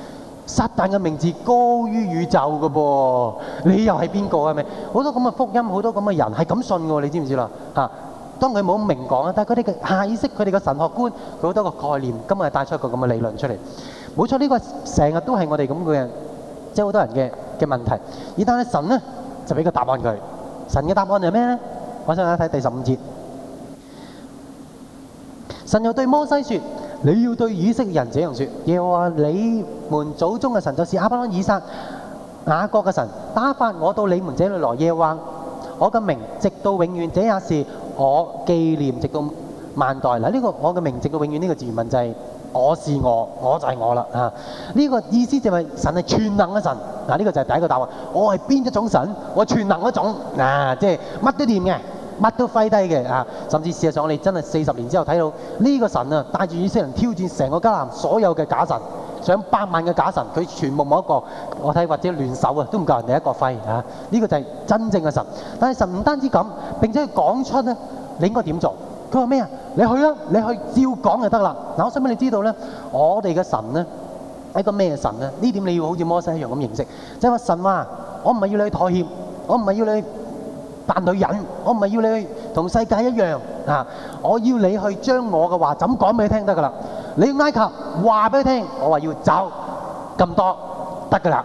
撒旦嘅名字高於宇宙嘅噃、啊，你又係邊個係咪？好多咁嘅福音，好多咁嘅人係咁信嘅喎，你知唔知啦？當佢冇咁明講啊，但係佢哋嘅下意識，佢哋嘅神學觀，佢好多個概念，今日帶出一個咁嘅理論出嚟。冇錯，呢個成日都係我哋咁嘅人，即係好多人嘅嘅問題。而但係神呢就俾個答案佢。神嘅答案係咩呢？我想睇睇第十五節。神又對摩西説：你要對以色列人這樣説，耶和華你們祖宗嘅神就是亞伯拉罕、以撒、雅各嘅神，打發我到你們這裏來。耶和華我嘅名直到永遠，這也是。我紀念直到萬代嗱，呢、這個我嘅名直到永遠呢個字文，文就係、是、我是我，我就係我了，啊，這呢個意思就係神係全能嘅神，啊，這呢個就係第一個答案。我係邊一種神？我全能嗰種啊，即係乜都掂嘅，乜都揮低嘅，甚至事實上，我哋真係四十年之後睇到呢、這個神，啊，帶住以色列人挑戰成個迦南所有嘅假神。上百萬嘅假神，佢全部冇一個，我睇或者聯手啊，都唔夠人哋一個廢嚇。呢個就係真正嘅神。但係神唔單止咁，並且講出咧，你應該點做？佢話咩啊？你去啦，你去照講就得啦。嗱，我想俾你知道咧，我哋嘅神咧係個咩神咧？呢點你要好似摩西一樣咁認識。即係話神話，我唔係要你去妥協，我唔係要你去扮女人，我唔係要你去同世界一樣啊！我要你去將我嘅話咁講俾佢聽得噶啦。你要埃及話俾佢聽，我話要走咁多得噶啦，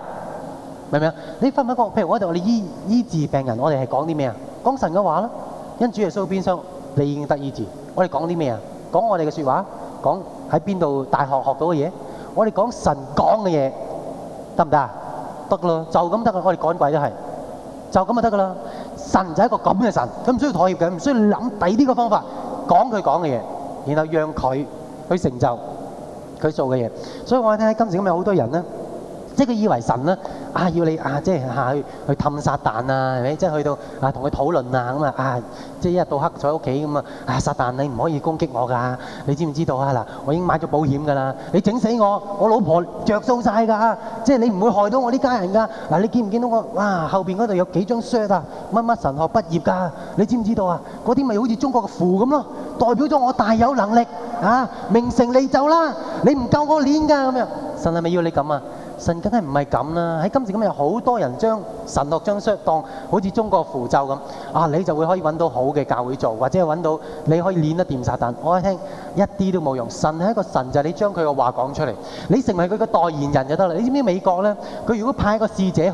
明唔明啊？你分唔分科？譬如我哋我哋醫醫治病人，我哋係講啲咩啊？講神嘅話咯，因主耶穌鞭傷你已經得醫治。我哋講啲咩啊？講我哋嘅説話，講喺邊度大學學到嘅嘢，我哋講神講嘅嘢得唔得？得咯，就咁得噶，我哋趕鬼都係就咁就得噶啦！神就係一個咁嘅神，咁唔需要妥協嘅，唔需要諗第呢個方法，講佢講嘅嘢，然後讓佢，去成就佢做嘅嘢，所以我哋睇睇今時今日好多人咧。即係佢以為神咧啊，要你啊，即係下去去氹撒旦啊，係咪？即係去到啊，同佢討論啊咁啊啊，即係一日到黑坐喺屋企咁啊！撒旦，你唔可以攻擊我㗎，你知唔知道啊？嗱，我已經買咗保險㗎啦，你整死我，我老婆著數曬㗎，即係你唔會害到我呢家人㗎嗱。你見唔見到我哇？後邊嗰度有幾張 shirt 啊？乜乜神學畢業㗎？你知唔知道啊？嗰啲咪好似中國嘅符咁咯，代表咗我大有能力啊！名成利就啦，你唔夠我鏈㗎咁樣。神係咪要你咁啊？神梗係唔係咁啦？喺今時今日，有好多人將神落張相當好似中國符咒咁啊！你就會可以揾到好嘅教會做，或者揾到你可以練得掂撒旦。我一聽。一啲都冇用，神係一個神，就係你將佢個話講出嚟，你成為佢個代言人就得啦。你知唔知美國呢？佢如果派一個使者去，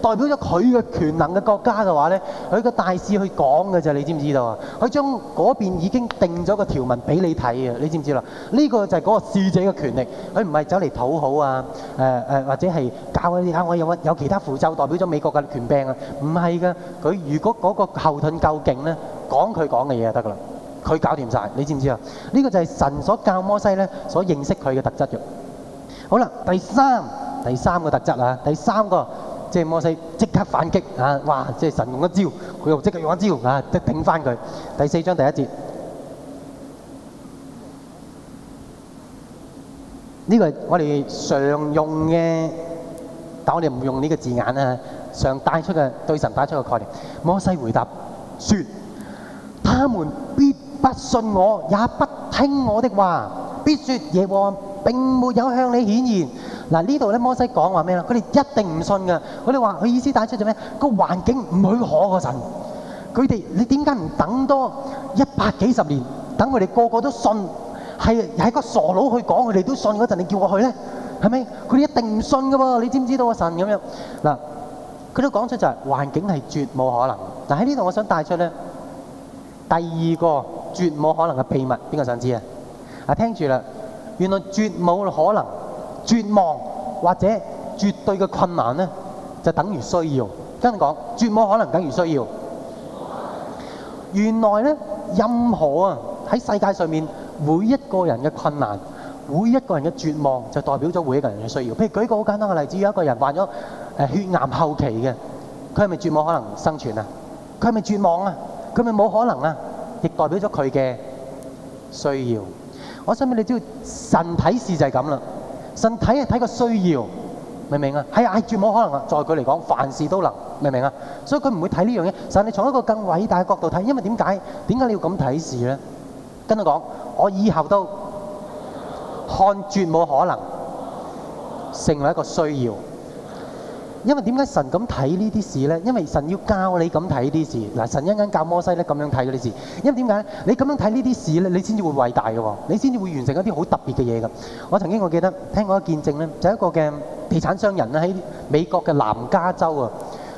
代表咗佢嘅權能嘅國家嘅話呢，佢個大使去講嘅啫。你知唔知道啊？佢將嗰邊已經定咗個條文俾你睇啊！你知唔知啦？呢、呢個就係嗰個使者嘅權力，佢唔係走嚟討好呀、啊呃，或者係教我教、啊、我有乜有其他符咒代表咗美國嘅權柄啊？唔係噶，佢如果嗰個後盾夠勁咧，講佢講嘅嘢就得噶啦。佢搞掂曬，你知唔知啊？呢個就係神所教摩西咧，所認識佢嘅特質嘅。好啦，第三第三個特質啊，第三個即係摩西即刻反擊啊！哇！即係神用一招，佢又即刻用一招啊，即係頂返佢。第四章第一節，呢個係我哋常用嘅，但我哋唔用呢個字眼啊。常帶出嘅對神帶出嘅概念，摩西回答説：他們必不信我，也不聽我的話。必說耶和並沒有向你顯現。嗱，呢度咧摩西講話咩啦？佢哋一定唔信㗎。佢哋話，佢意思帶出就咩？個環境唔許可個神。佢哋，你點解唔等多一百幾十年，等佢哋個個都信？係喺個傻佬去講，佢哋都信嗰陣，你叫我去咧？係咪？佢哋一定唔信㗎喎！你知唔知道啊？神咁樣嗱，佢都講出就係環境係絕冇可能。但喺呢度，我想帶出咧第二個。絕冇可能嘅秘密，邊個想知啊？啊，聽住啦！原來絕冇可能絕望或者絕對嘅困難咧，就等於需要。跟住講，絕冇可能等於需要。原來咧，任何啊喺世界上面，每一個人嘅困難，每一個人嘅絕望，就代表咗每一個人嘅需要。譬如舉個好簡單嘅例子，有一個人患咗誒血癌後期嘅，佢係咪絕冇可能生存啊？佢係咪絕望啊？佢係咪冇可能啊？亦代表咗佢嘅需要。我想問你知唔知神睇事就係咁啦？神睇係睇個需要，明唔明啊？係嗌絕冇可能啊，在佢嚟講，凡事都能，明唔明啊？所以佢唔會睇呢樣嘢。神你從一個更偉大嘅角度睇，因為點解？點解你要咁睇事咧？跟佢講，我以後都看絕冇可能成為一個需要。因為點解神咁睇呢啲事咧？因為神要教你咁睇呢啲事。嗱，神一陣教摩西咧咁樣睇嗰啲事。因為點解咧？你咁樣睇呢啲事咧，你先至會偉大嘅喎，你先至會完成一啲好特別嘅嘢㗎。我曾經我記得聽過一個見證咧，就係、一個嘅地產商人咧喺美國嘅南加州啊，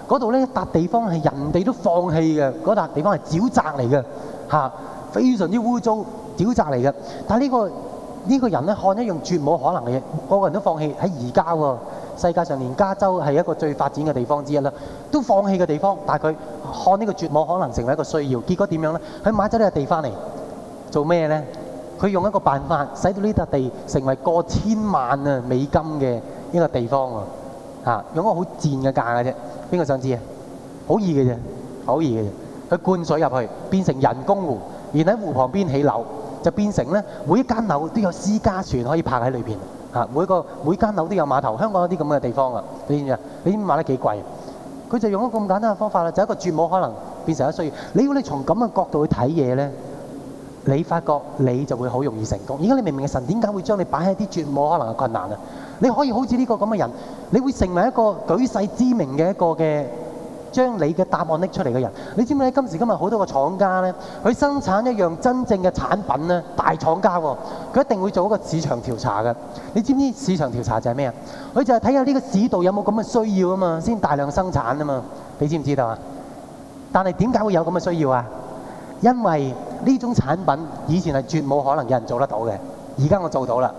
嗰度咧一笪地方係人哋都放棄嘅嗰笪地方係沼澤嚟嘅嚇，非常之污糟，沼澤嚟嘅。但係、這、呢個呢、這個人咧，看一樣絕冇可能嘅嘢，個個人都放棄喺而家喎。世界上連加州係一個最發展嘅地方之一啦，都放棄嘅地方，但係佢看呢個絕無可能成為一個需要。結果點樣呢？佢買咗呢笪地翻嚟，做咩呢？佢用一個辦法，使到呢笪地成為過千萬啊美金嘅一個地方啊。嚇，用一個好賤嘅價嘅啫，邊個想知啊？好易嘅啫，好易嘅啫。佢灌水入去，變成人工湖，而喺湖旁邊起樓，就變成呢每一間樓都有私家船可以泊喺裏邊。嚇！每個每間樓都有碼頭，香港有啲咁嘅地方啊！你知唔知買啊？你買得幾貴？佢就用咗咁簡單嘅方法啦，就一個絕無可能變成一需要。你要你從咁嘅角度去睇嘢咧，你發覺你就會好容易成功。而家你明唔明嘅？神點解會將你擺喺啲絕無可能嘅困難啊？你可以好似呢個咁嘅人，你會成為一個舉世知名嘅一個嘅。將你嘅答案拎出嚟嘅人，你知唔知道今時今日好多個廠家呢？佢生產一樣真正嘅產品呢？大廠家喎，佢一定會做一個市場調查嘅。你知唔知市場調查就係咩啊？佢就係睇下呢個市道有冇咁嘅需要啊嘛，先大量生產啊嘛。你知唔知道啊？但係點解會有咁嘅需要啊？因為呢種產品以前係絕冇可能有人做得到嘅，而家我做到啦。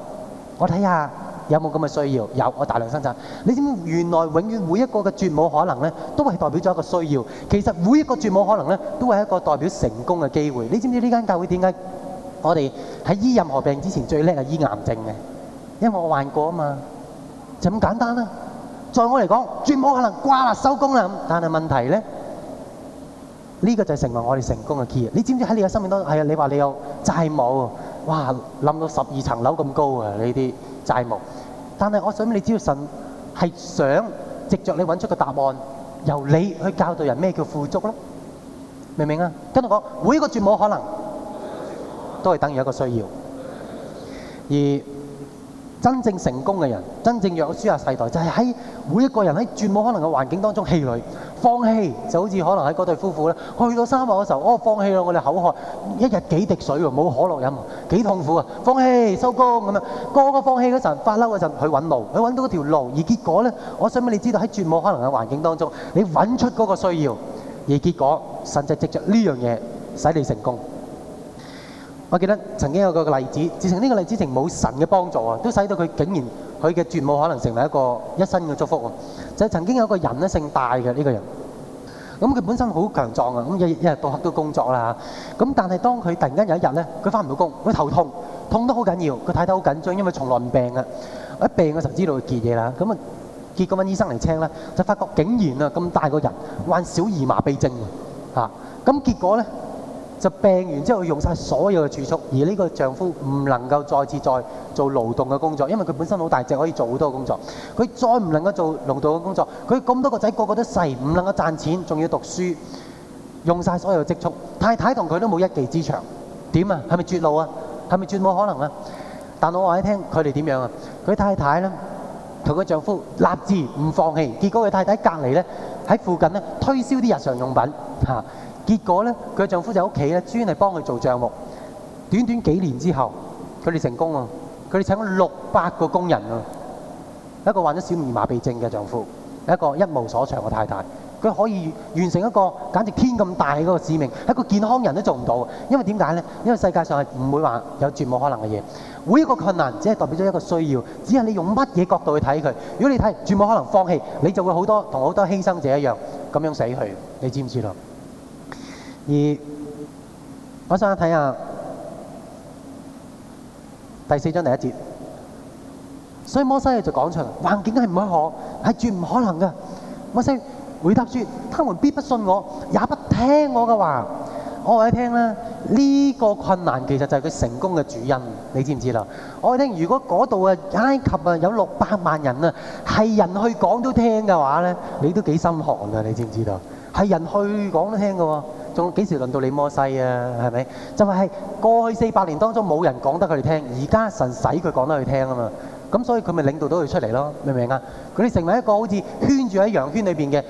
我睇下。有冇咁嘅需要？有，我大量生產。你知唔知原來永遠每一個嘅絕無可能咧，都係代表咗一個需要。其實每一個絕無可能咧，都係一個代表成功嘅機會。你知唔知呢間教會點解我哋喺醫任何病之前最叻係醫癌症嘅？因為我患過啊嘛，就咁簡單啦。在我嚟講，絕無可能掛啦收工啦。但係問題咧，呢個就成為我哋成功嘅 key。你知唔知喺你嘅生命當中？係啊，你話你有債務，哇，冧到十二層樓咁高啊！呢啲債務。但係我想，你知道神係想藉著你揾出個答案，由你去教導人咩叫富足咯？明唔明啊？跟住我講，每一個絕無可能，都係等於一個需要。而真正成功嘅人，真正約書亞世代，就係喺每一個人喺絕無可能嘅環境當中氣餒。放棄就好似可能喺嗰對夫婦咧，去到沙漠嘅時候，哦，放棄啦，我哋口渴，一日幾滴水喎，冇可樂飲，幾痛苦啊！放棄收工咁樣，個個放棄嗰陣，發嬲嗰陣去揾路，去揾到一條路，而結果咧，我想俾你知道喺絕無可能嘅環境當中，你揾出嗰個需要，而結果甚至藉著呢樣嘢使你成功。我記得曾經有個例子，自從呢個例子，從冇神嘅幫助啊，都使到佢竟然。佢嘅絕無可能成為一個一生嘅祝福喎，就曾經有個人咧，姓戴嘅呢個人，咁佢本身好強壯啊，咁一一日到黑都工作啦嚇，咁但係當佢突然間有一日咧，佢翻唔到工，佢頭痛，痛得好緊要，佢睇得好緊張，因為從來唔病嘅，我一病我就知道佢結嘢啦，咁啊結果問醫生嚟聽咧，就發覺竟然啊咁大個人患小兒麻痹症嚇，咁結果咧。就病完之後，用晒所有嘅儲蓄，而呢個丈夫唔能夠再次再做勞動嘅工作，因為佢本身好大隻，可以做好多工作，佢再唔能夠做勞動嘅工作，佢咁多個仔個個都細，唔能夠賺錢，仲要讀書，結果呢，佢嘅丈夫就喺屋企呢，專係幫佢做帳目。短短幾年之後，佢哋成功啊！佢哋請咗六百個工人啊！一個患咗小兒麻痹症嘅丈夫，一個一無所長嘅太太，佢可以完成一個簡直天咁大嗰個使命，一個健康人都做唔到。因為點解呢？因為世界上係唔會話有絕無可能嘅嘢，每一個困難只係代表咗一個需要，只係你用乜嘢角度去睇佢。如果你睇絕無可能放棄，你就會好多同好多犧牲者一樣咁樣死去。你知唔知道？而我想下睇下第四章第一節，所以摩西就講出了環境係唔可係絕唔可能嘅。摩西回答說，他們必不信我，也不聽我嘅話。我話你聽啦，呢、這個困難其實就係佢成功嘅主因，你知唔知道？我話你聽，如果嗰度嘅埃及啊有六百萬人啊係人去講都聽嘅話呢，你都幾心寒㗎？你知唔知道係人去講都聽嘅喎？你都挺仲幾時輪到你摩西啊？係咪就係過去四百年當中冇人講得佢哋聽，而家神使佢講得佢聽啊嘛。咁所以佢咪領導到佢出嚟咯？明唔明啊？佢哋成為一個好似圈住喺羊圈裏邊嘅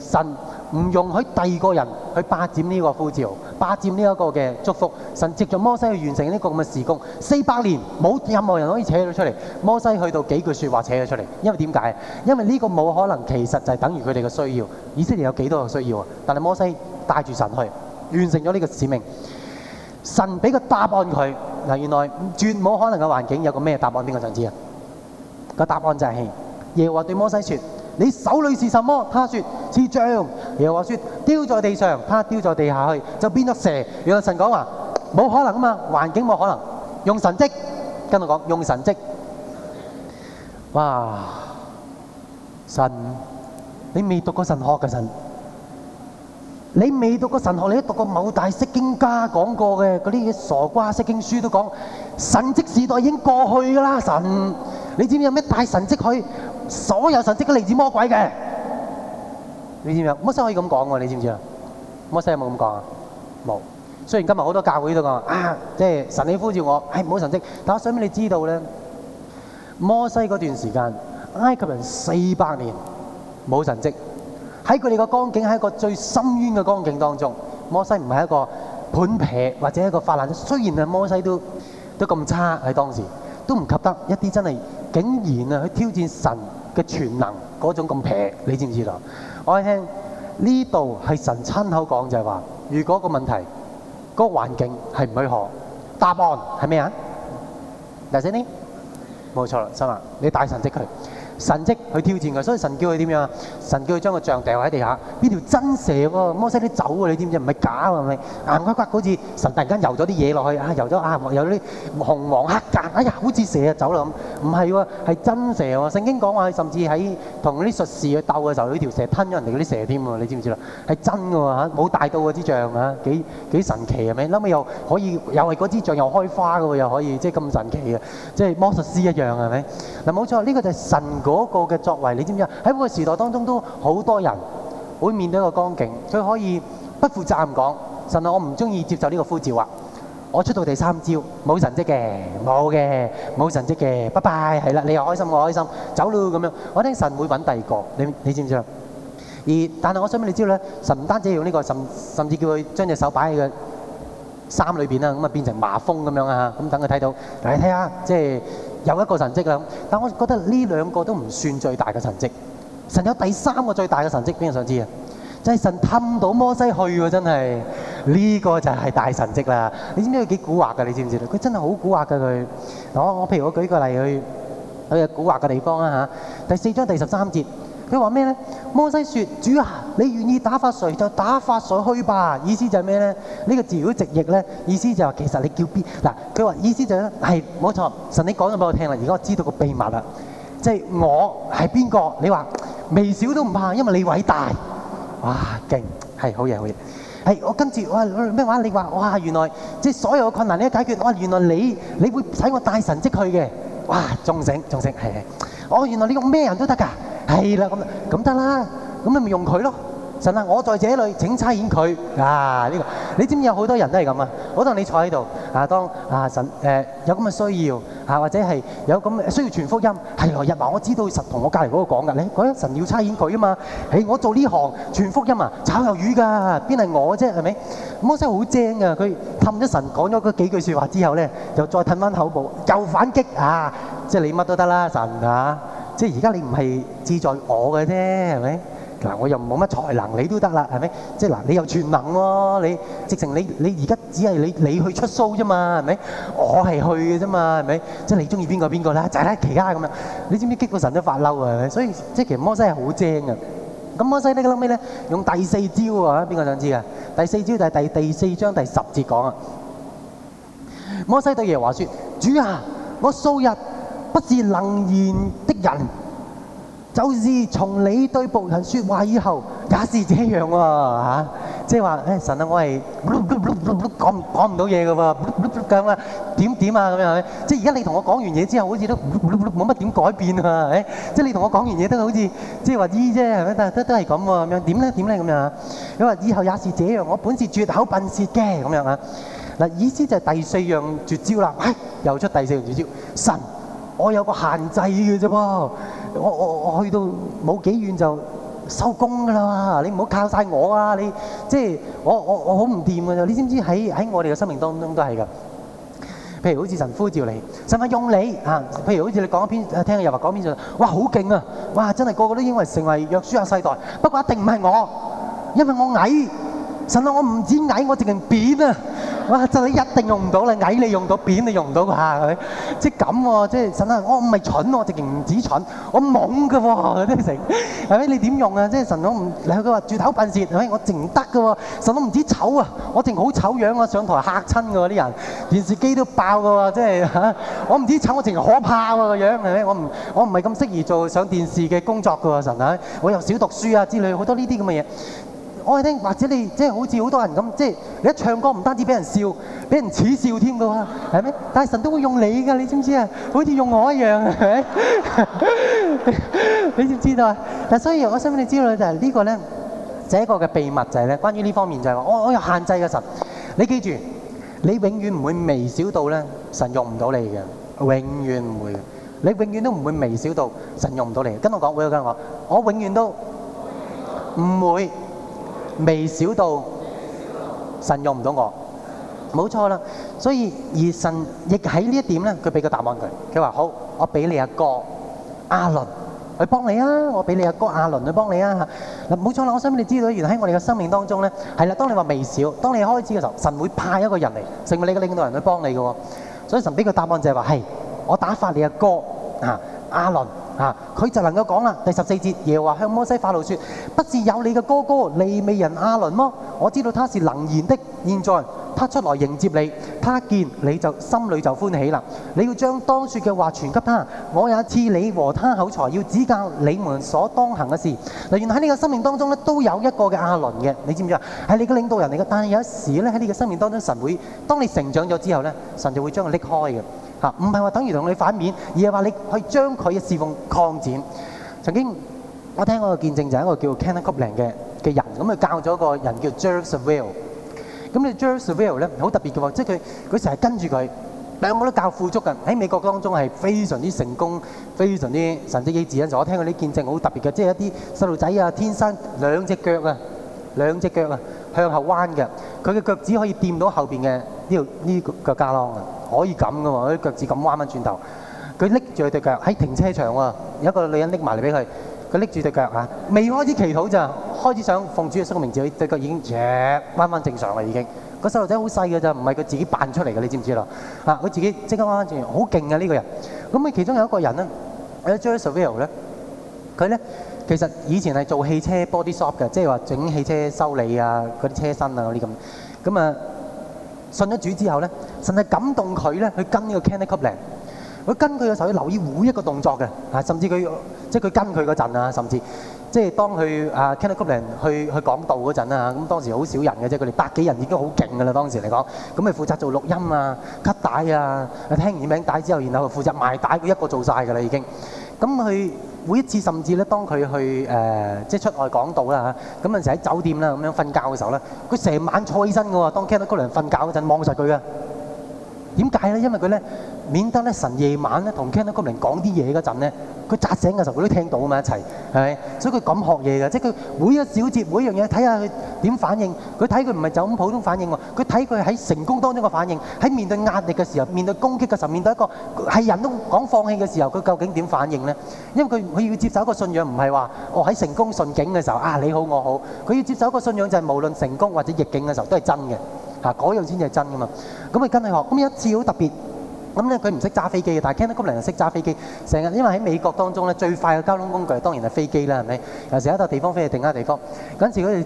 神，唔容許第二個人去霸佔呢個呼召，霸佔呢一個嘅祝福。神藉著摩西去完成呢個咁嘅事工，四百年冇任何人可以扯咗出嚟。摩西去到幾句説話扯咗出嚟，因為點解？因為呢個冇可能，其實就係等於佢哋嘅需要。以色列有幾多個需要啊？但係摩西。帶住神去完成咗呢個使命，神俾個答案佢嗱，原來絕冇可能嘅環境有個咩答案？邊個想知啊？個答案就係耶和華對摩西説：你手裏是什麼？他說是杖。耶和華説丟在地上，他丟在地下去就變咗蛇。原來神講話冇可能啊嘛，環境冇可能。用神蹟，跟我講用神蹟。哇！神，你未讀過神學嘅神。你未讀過神學，你都讀過某大釋經家講過嘅嗰啲嘢，傻瓜釋經書都講神蹟時代已經過去㗎啦！神，你知唔知有咩大神蹟去？佢所有神蹟都嚟自魔鬼嘅。你知唔知啊？摩西可以咁講喎，你知唔知啊？摩西有冇咁講啊？冇。雖然今日好多教會都講啊，即係神你呼召我，唉，冇神蹟。但我想俾你知道咧，摩西嗰段時間，埃及人四百年冇神蹟。喺佢哋個光景喺一個最深淵嘅光景當中，摩西唔係一個判平或者一個發爛。雖然啊，摩西都都咁差喺當時，都唔及得一啲真係竟然啊去挑戰神嘅全能嗰種咁平，你知唔知啊？我哋聽呢度係神親口講，就係話，如果個問題嗰個環境係唔許可，答案係咩啊？嗱，仔呢？冇錯啦，森啊，你大神職佢。神跡去挑戰佢，所以神叫佢點樣啊？神叫佢將個杖掉喺地下，呢條真蛇喎，魔術師走喎，你知唔知？唔係假喎，係咪？硬骨骨好似神突然間游咗啲嘢落去啊，游咗啊，有啲紅黃黑格，哎呀，好似蛇啊走啦咁，唔係喎，係真蛇喎。聖經講話，甚至喺同嗰啲術士去鬥嘅時候，呢條蛇吞咗人哋嗰啲蛇添喎，你知唔知啦？係真㗎喎嚇，冇大到嗰支杖嚇，幾幾神奇係咪？諗起又可以，又係嗰支杖又開花㗎喎，又可以，即係咁神奇嘅，即係魔術師一樣係咪？嗱冇錯，呢個就係神。嗰個嘅作為，你知唔知啊？喺每個時代當中都好多人會面對一個光景，佢可以不負責任講：神啊，我唔中意接受呢個呼召，我出到第三招，冇神跡嘅，冇嘅，冇神跡嘅，拜拜，係啦，你又開心，我開心，走啦咁樣。我聽神會揾第二個，你你知唔知啊？而但係我想問你知唔知咧？神唔單止用呢個，甚甚至叫佢將隻手擺喺佢衫裏邊啦，咁啊變成麻風咁樣啊，咁等佢睇到，嚟睇下，即係。有一個神迹啦，但我覺得呢兩個都唔算最大嘅神迹。神有第三個最大嘅神蹟，邊個想知啊？就係、是、神氹到摩西去喎，真係呢、這個就係大神迹啦。你知唔知佢幾古惑嘅？你知唔知？佢真係好古惑嘅佢、哦。我譬如我舉個例去去古惑嘅地方啊。第四章第十三節。佢話咩咧？摩西説：主啊，你願意打發誰就打發誰去吧。意思就係咩咧？呢個字如果直譯咧，意思就係其實你叫別。嗱，佢話意思就係咧，係冇錯。神你講咗俾我聽啦，而家我知道個秘密啦。即係我係邊個？你話微小都唔怕，因為你偉大。哇，勁係好嘢，好嘢。係我跟住哇，咩話？你話哇，原來即係所有困難你都解決。哇，原來你你會使我帶神蹟去嘅。哇，仲醒仲醒係係。哦，原來你用咩人都得㗎。係啦，咁咁得啦，咁咪用佢咯。神啊，我在這裡，請差遣佢啊！呢個你知唔知有好多人都係咁啊？好多你坐喺度啊，當啊神誒有咁嘅需要啊，或者係有咁需要傳福音，係來日話我知道神同我隔離嗰個講㗎，你講神要差遣佢啊嘛？誒，我做呢行傳福音啊，炒魷魚㗎，邊係我啫？係咪？摩西好精啊，佢氹咗神講咗嗰幾句説話之後咧，又再氹翻口部，又反擊啊！即係你乜都得啦，神啊！即係而家你唔係志在我嘅啫，係咪？嗱，我又冇乜才能，你都得啦，係咪？即係嗱，你有全能喎，你直情你你而家只係你你去出 show 啫嘛，係咪？我係去嘅啫嘛，係咪？即係你中意邊個邊個啦，就係啦，其他咁樣。你知唔知激到神都發嬲啊？係咪？所以即係其實摩西係好精嘅。咁摩西咧嘅後尾咧，用第四招啊，邊個想知啊？第四招就係第第四章第十節講啊。摩西對耶和華說：主啊，我素日。不是能言的人，就是從你對僕人説話以後，也是這樣喎嚇。即係話誒神啊，我係講講唔到嘢嘅喎，咁啊點點啊咁樣，係咪？即係而家你同我講完嘢之後，好似都冇乜點改變啊！誒，即係你同我講完嘢都好似即係話依啫係咪？但係都都係咁喎，咁樣點咧點咧咁樣嚇。佢話以後也是這樣，我本是拙口笨舌嘅咁樣啊。嗱意思就係第四樣絕招啦，又出第四樣絕招，神。我有個限制嘅啫噃，我我我去到冇幾遠就收工噶啦嘛，你唔好靠曬我啊！你即係我我我好唔掂嘅啫，你知唔知喺喺我哋嘅生命當中都係噶？譬如好似神呼召你，神咪用你啊！譬如好似你講一篇，聽日又話講篇就，哇好勁啊！哇真係個個都因為成為約書亞世代，不過一定唔係我，因為我矮。神啊！我唔止矮，我直情扁啊！哇！就你一定用唔到啦，矮你用到，扁你用唔到下佢。即係咁喎，即係神啊！我唔係蠢我直情唔止蠢，我懵嘅喎啲成係咪？你點用啊？即係神，我唔你佢話豬頭笨舌係咪？我淨得嘅喎、啊，神我唔止醜啊！我淨好醜樣啊，上台嚇親嘅啲人，電視機都爆嘅喎、啊，即係嚇！我唔止醜，我淨可怕嘅樣係咪？我唔我唔係咁適宜做上電視嘅工作嘅喎、啊、神啊！我又少讀書啊之類，好多呢啲咁嘅嘢。我哋聽，或者你即係好似好多人咁，即係你一唱歌唔單止俾人笑，俾人恥笑添嘅喎，係咪？但係神都會用你嘅，你知唔知啊？好似用我一樣，係咪？ 你知唔知道啊？但係，所以我想你知道就係呢個咧，這個嘅秘密就係、是、咧，關於呢方面就係、是、話，我我有限制嘅神，你記住，你永遠唔會微小到咧，神用唔到你嘅，永遠唔會。你永遠都唔會微小到神用唔到你嘅。跟我講，會跟我？我永遠都唔會。微小到神用唔到我，冇錯啦。所以而神亦喺呢一點呢，佢俾個答案佢。佢話：好，我俾你阿哥阿倫去幫你啊！我俾你阿哥阿倫去幫你啊！嗱，冇錯啦。我想你知道，原來喺我哋嘅生命當中呢，係啦。當你話微小，當你開始嘅時候，神會派一個人嚟成為你嘅領導人去幫你嘅、啊。所以神俾個答案就係、是、話：我打發你阿哥、啊、阿倫。啊！佢就能夠講啦。第十四節，耶和華向摩西發怒説：不是有你嘅哥哥利未人阿倫麼？我知道他是能言的。現在他出來迎接你，他見你就心裏就歡喜了。你要將當説嘅話傳給他，我也賜你和他口才，要指教你們所當行嘅事。原來喺你個生命當中呢，都有一個嘅阿倫嘅。你知唔知道？係你嘅領導人嚟嘅。但係有時呢，喺你嘅生命當中，神會當你成長咗之後呢，神就會將佢拎開的。嚇，唔係話等於同你反面，而係話你可以將佢嘅侍奉擴展。曾經我聽過個見證就係一個叫 Kenneth Copeland 嘅嘅人，咁佢教咗個人叫 Jerry Savelle。咁呢 Jerry Savelle 咧好特別嘅喎，即係佢佢成日跟住佢，兩個都教富足嘅，喺美國當中係非常之成功，非常之神跡嘅指引。我聽過啲見證好特別嘅，即係一啲細路仔啊，天生兩隻腳啊，兩隻腳啊。向後彎嘅，佢嘅腳趾可以掂到後邊嘅呢度呢個腳架咯，可以咁嘅喎，佢啲腳趾咁彎翻轉頭，佢拎住佢對腳喺、哎、停車場喎、啊，有一個女人拎埋嚟俾佢，佢拎住對腳啊，未開始祈禱就開始想奉主嘅聖名，對腳已經斜彎翻正常啦已經，個細路仔好細嘅咋，唔係佢自己扮出嚟嘅，你知唔知啦？啊，佢自己即刻彎翻轉，好勁呀呢個人。咁佢其中有一個人咧，阿 Joseph 咧，佢咧。其實以前係做汽車 body shop 嘅，即係話整汽車修理啊，嗰啲車身啊嗰啲咁。咁啊信咗主之後咧，神係感動佢咧，去跟呢個 Kenneth Copeland。佢跟佢嘅時候要留意每一個動作嘅，啊，甚至佢即係佢跟佢嗰陣啊，甚至即係當佢啊 Kenneth Copeland 去去講道嗰陣啊，咁當時好少人嘅啫，佢哋百幾人已經好勁噶啦，當時嚟講。咁咪負責做錄音啊、cut 帶啊、聽完名帶之後，然後負責賣帶，佢一個做曬噶啦已經。咁佢。每一次甚至咧，當佢去誒，即係出外講道啦嚇，咁啊成喺酒店啦咁樣瞓覺嘅時候咧，佢成晚坐起身嘅喎，當聽到嗰個人瞓覺嗰陣，望實佢嘅。點解咧？因為佢咧，免得咧，神夜晚咧，同 Ken 和 Glen 講啲嘢嗰陣咧，佢扎醒嘅時候佢都聽到啊嘛一齊，係咪？所以佢咁學嘢嘅，即係佢每一小節每一樣嘢睇下佢點反應。佢睇佢唔係就咁普通反應喎，佢睇佢喺成功當中個反應，喺面對壓力嘅時候，面對攻擊嘅時候，面對一個係人都講放棄嘅時候，佢究竟點反應咧？因為佢佢要接受一個信仰，唔係話哦喺成功順境嘅時候啊你好我好，佢要接受一個信仰就係無論成功或者逆境嘅時候都係真嘅嚇，嗰樣先至係真噶嘛。咁佢跟佢學，咁一次好特別。咁咧佢唔識揸飛機嘅，但係 Kenneth Copeland 識揸飛機，成日因為喺美國當中咧，最快嘅交通工具當然係飛機啦，係咪？有時喺度地方飛去定下地方。嗰陣時佢哋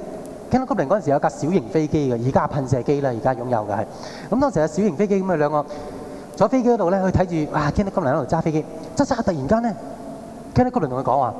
，Kenneth Copeland 嗰陣時有架小型飛機嘅，而家噴射機啦，而家擁有嘅係。咁當時有小型飛機，咁啊兩個坐飛機嗰度咧，佢睇住哇 Kenneth Copeland 喺度揸飛機，即刻突然間咧，Kenneth Copeland 同佢講話：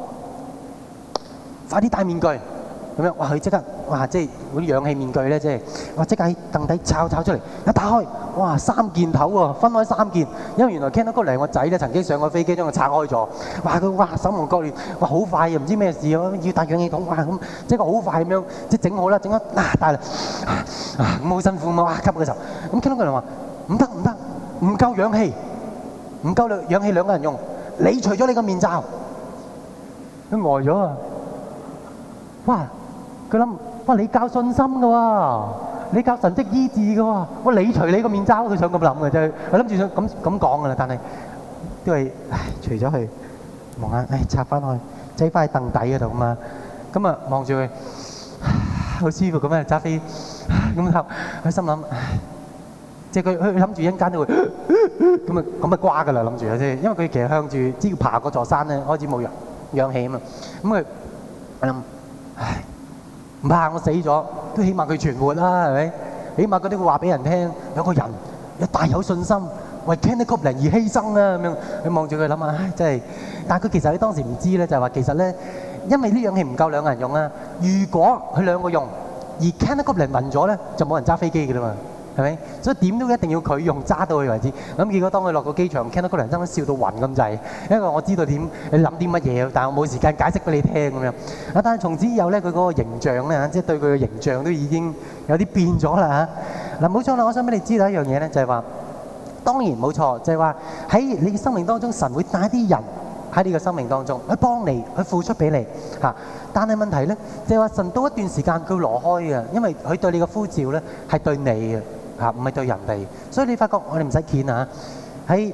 快啲戴面具咁樣。哇！佢即刻。哇！即係嗰啲氧氣面具咧，即係哇！即刻喺凳底摷摷出嚟，一打開，哇！三件頭喎，分開三件，因為原來傾多哥兩個仔咧，曾經上過飛機將佢拆開咗。話佢哇手忙腳亂，話好快又唔知咩事咯，要戴氧氣筒哇咁，即係好快咁樣即係整好啦，整咗啊大啦，唔好辛苦嘛！哇！吸嘅時候，咁傾多哥人話唔得唔得，唔夠氧氣，唔夠氧氣兩個人用，你除咗你個面罩，佢呆咗啊！哇！佢諗。哇！你教信心嘅喎，你教神蹟醫治嘅喎，哇！你除你個面罩，佢想咁諗嘅，就係我諗住想咁咁講嘅啦。但係都係唉，除咗佢望眼，唉插翻去擠翻喺凳底嗰度嘛。咁啊望住佢好舒服咁啊，揸飛咁黑。佢心諗，即係佢佢諗住一間都會咁啊咁啊瓜嘅啦諗住啊先，因為佢其實向住只要爬過座山咧，開始冇氧氧氣啊嘛。咁佢我諗唉。唔怕，我死咗都起碼佢存活啦，係咪？起碼嗰啲會話俾人聽，有個人有大有信心為 c a n n i c o b l i n 而犧牲啊！咁樣，你望住佢諗下，唉，真係。但係佢其實佢當時唔知道就係、是、話其實呢，因為呢樣氣唔夠兩個人用啊。如果佢兩個用，而 c a n n i c o b l i n 暈咗咧，就冇人揸飛機嘅啦嘛。係咪？所以點都一定要佢用揸到佢為止。咁結果當佢落到機場，見到個梁生笑到暈咁滯。因為我知道點，你諗啲乜嘢，但我冇時間解釋俾你聽咁樣。啊！但係從此以後咧，佢嗰個形象咧，即係對佢嘅形象都已經有啲變咗啦嚇。嗱，冇錯啦，我想俾你知道一樣嘢咧，就係話當然冇錯，就係話喺你嘅生命當中，神會帶啲人喺你嘅生命當中去幫你，去付出俾你嚇。但係問題咧，就係話神到一段時間佢會攞開嘅，因為佢對你嘅呼召咧係對你嘅。嚇，唔係對人哋，所以你發覺我哋唔使見啊！喺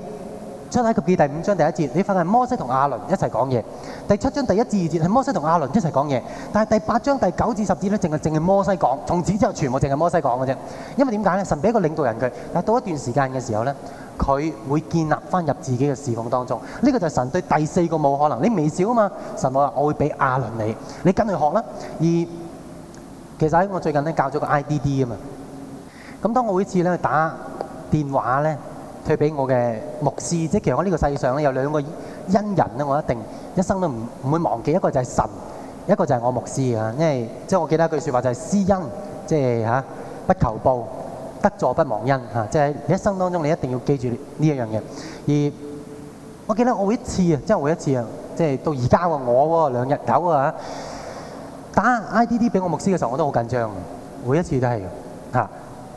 出埃及記第五章第一節，你發現摩西同亞倫一齊講嘢；第七章第一至二節係摩西同亞倫一齊講嘢，但係第八章第九至十節咧，淨係淨係摩西講。從此之後，全部淨係摩西講嘅啫。因為點解咧？神俾一個領導人佢，但到一段時間嘅時候咧，佢會建立翻入自己嘅事奉當中。呢個就係神對第四個冇可能。你微小啊嘛？神話：我會俾亞倫你，你跟佢學啦。而其實喺我最近咧教咗個 IDD 啊嘛。咁當我每次去打電話呢，佢俾我嘅牧師，即其實我呢個世上呢，有兩個恩人呢，我一定一生都唔唔會忘記，一個就係神，一個就係我牧師啊。因為即我記得一句説話就係施恩，即係、啊、不求報，得助不忘恩、啊、即係一生當中你一定要記住呢一樣嘢。而我記得我一每一次啊，即係每一次啊，即係到而家我喎、哦、兩日有啊，打 IDD 俾我牧師嘅時候我都好緊張，每一次都係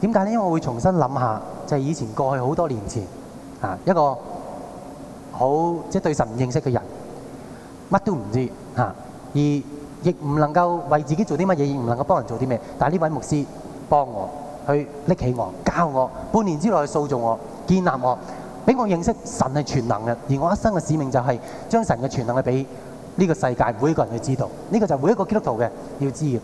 點解呢？因為我會重新諗下，就係、是、以前過去好多年前，啊一個好即、就是、對神唔認識嘅人，乜都唔知道、啊、而亦唔能夠為自己做啲乜嘢，亦唔能夠幫人做啲咩。但係呢位牧師幫我去拎起我，教我半年之內去塑造我、建立我，俾我認識神係全能嘅，而我一生嘅使命就係、是、將神嘅全能俾這呢個世界每一個人去知道。呢、這個就係每一個基督徒嘅要知道。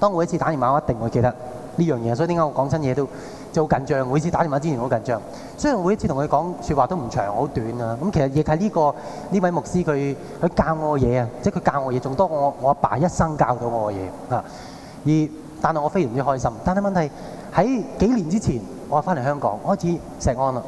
當我每一次打電話，我一定會記得。呢樣嘢，所以點解我講親嘢都就好緊張。每次打電話之前好緊張。雖然我每一次同佢講説話都唔長，好短啊。咁其實亦係呢個呢位牧師佢佢教我嘅嘢啊，即係佢教我嘢仲多過我我阿爸一生教到我嘅嘢啊。而但係我非常之開心。但係問題喺幾年之前，我翻嚟香港，我開始石安啦。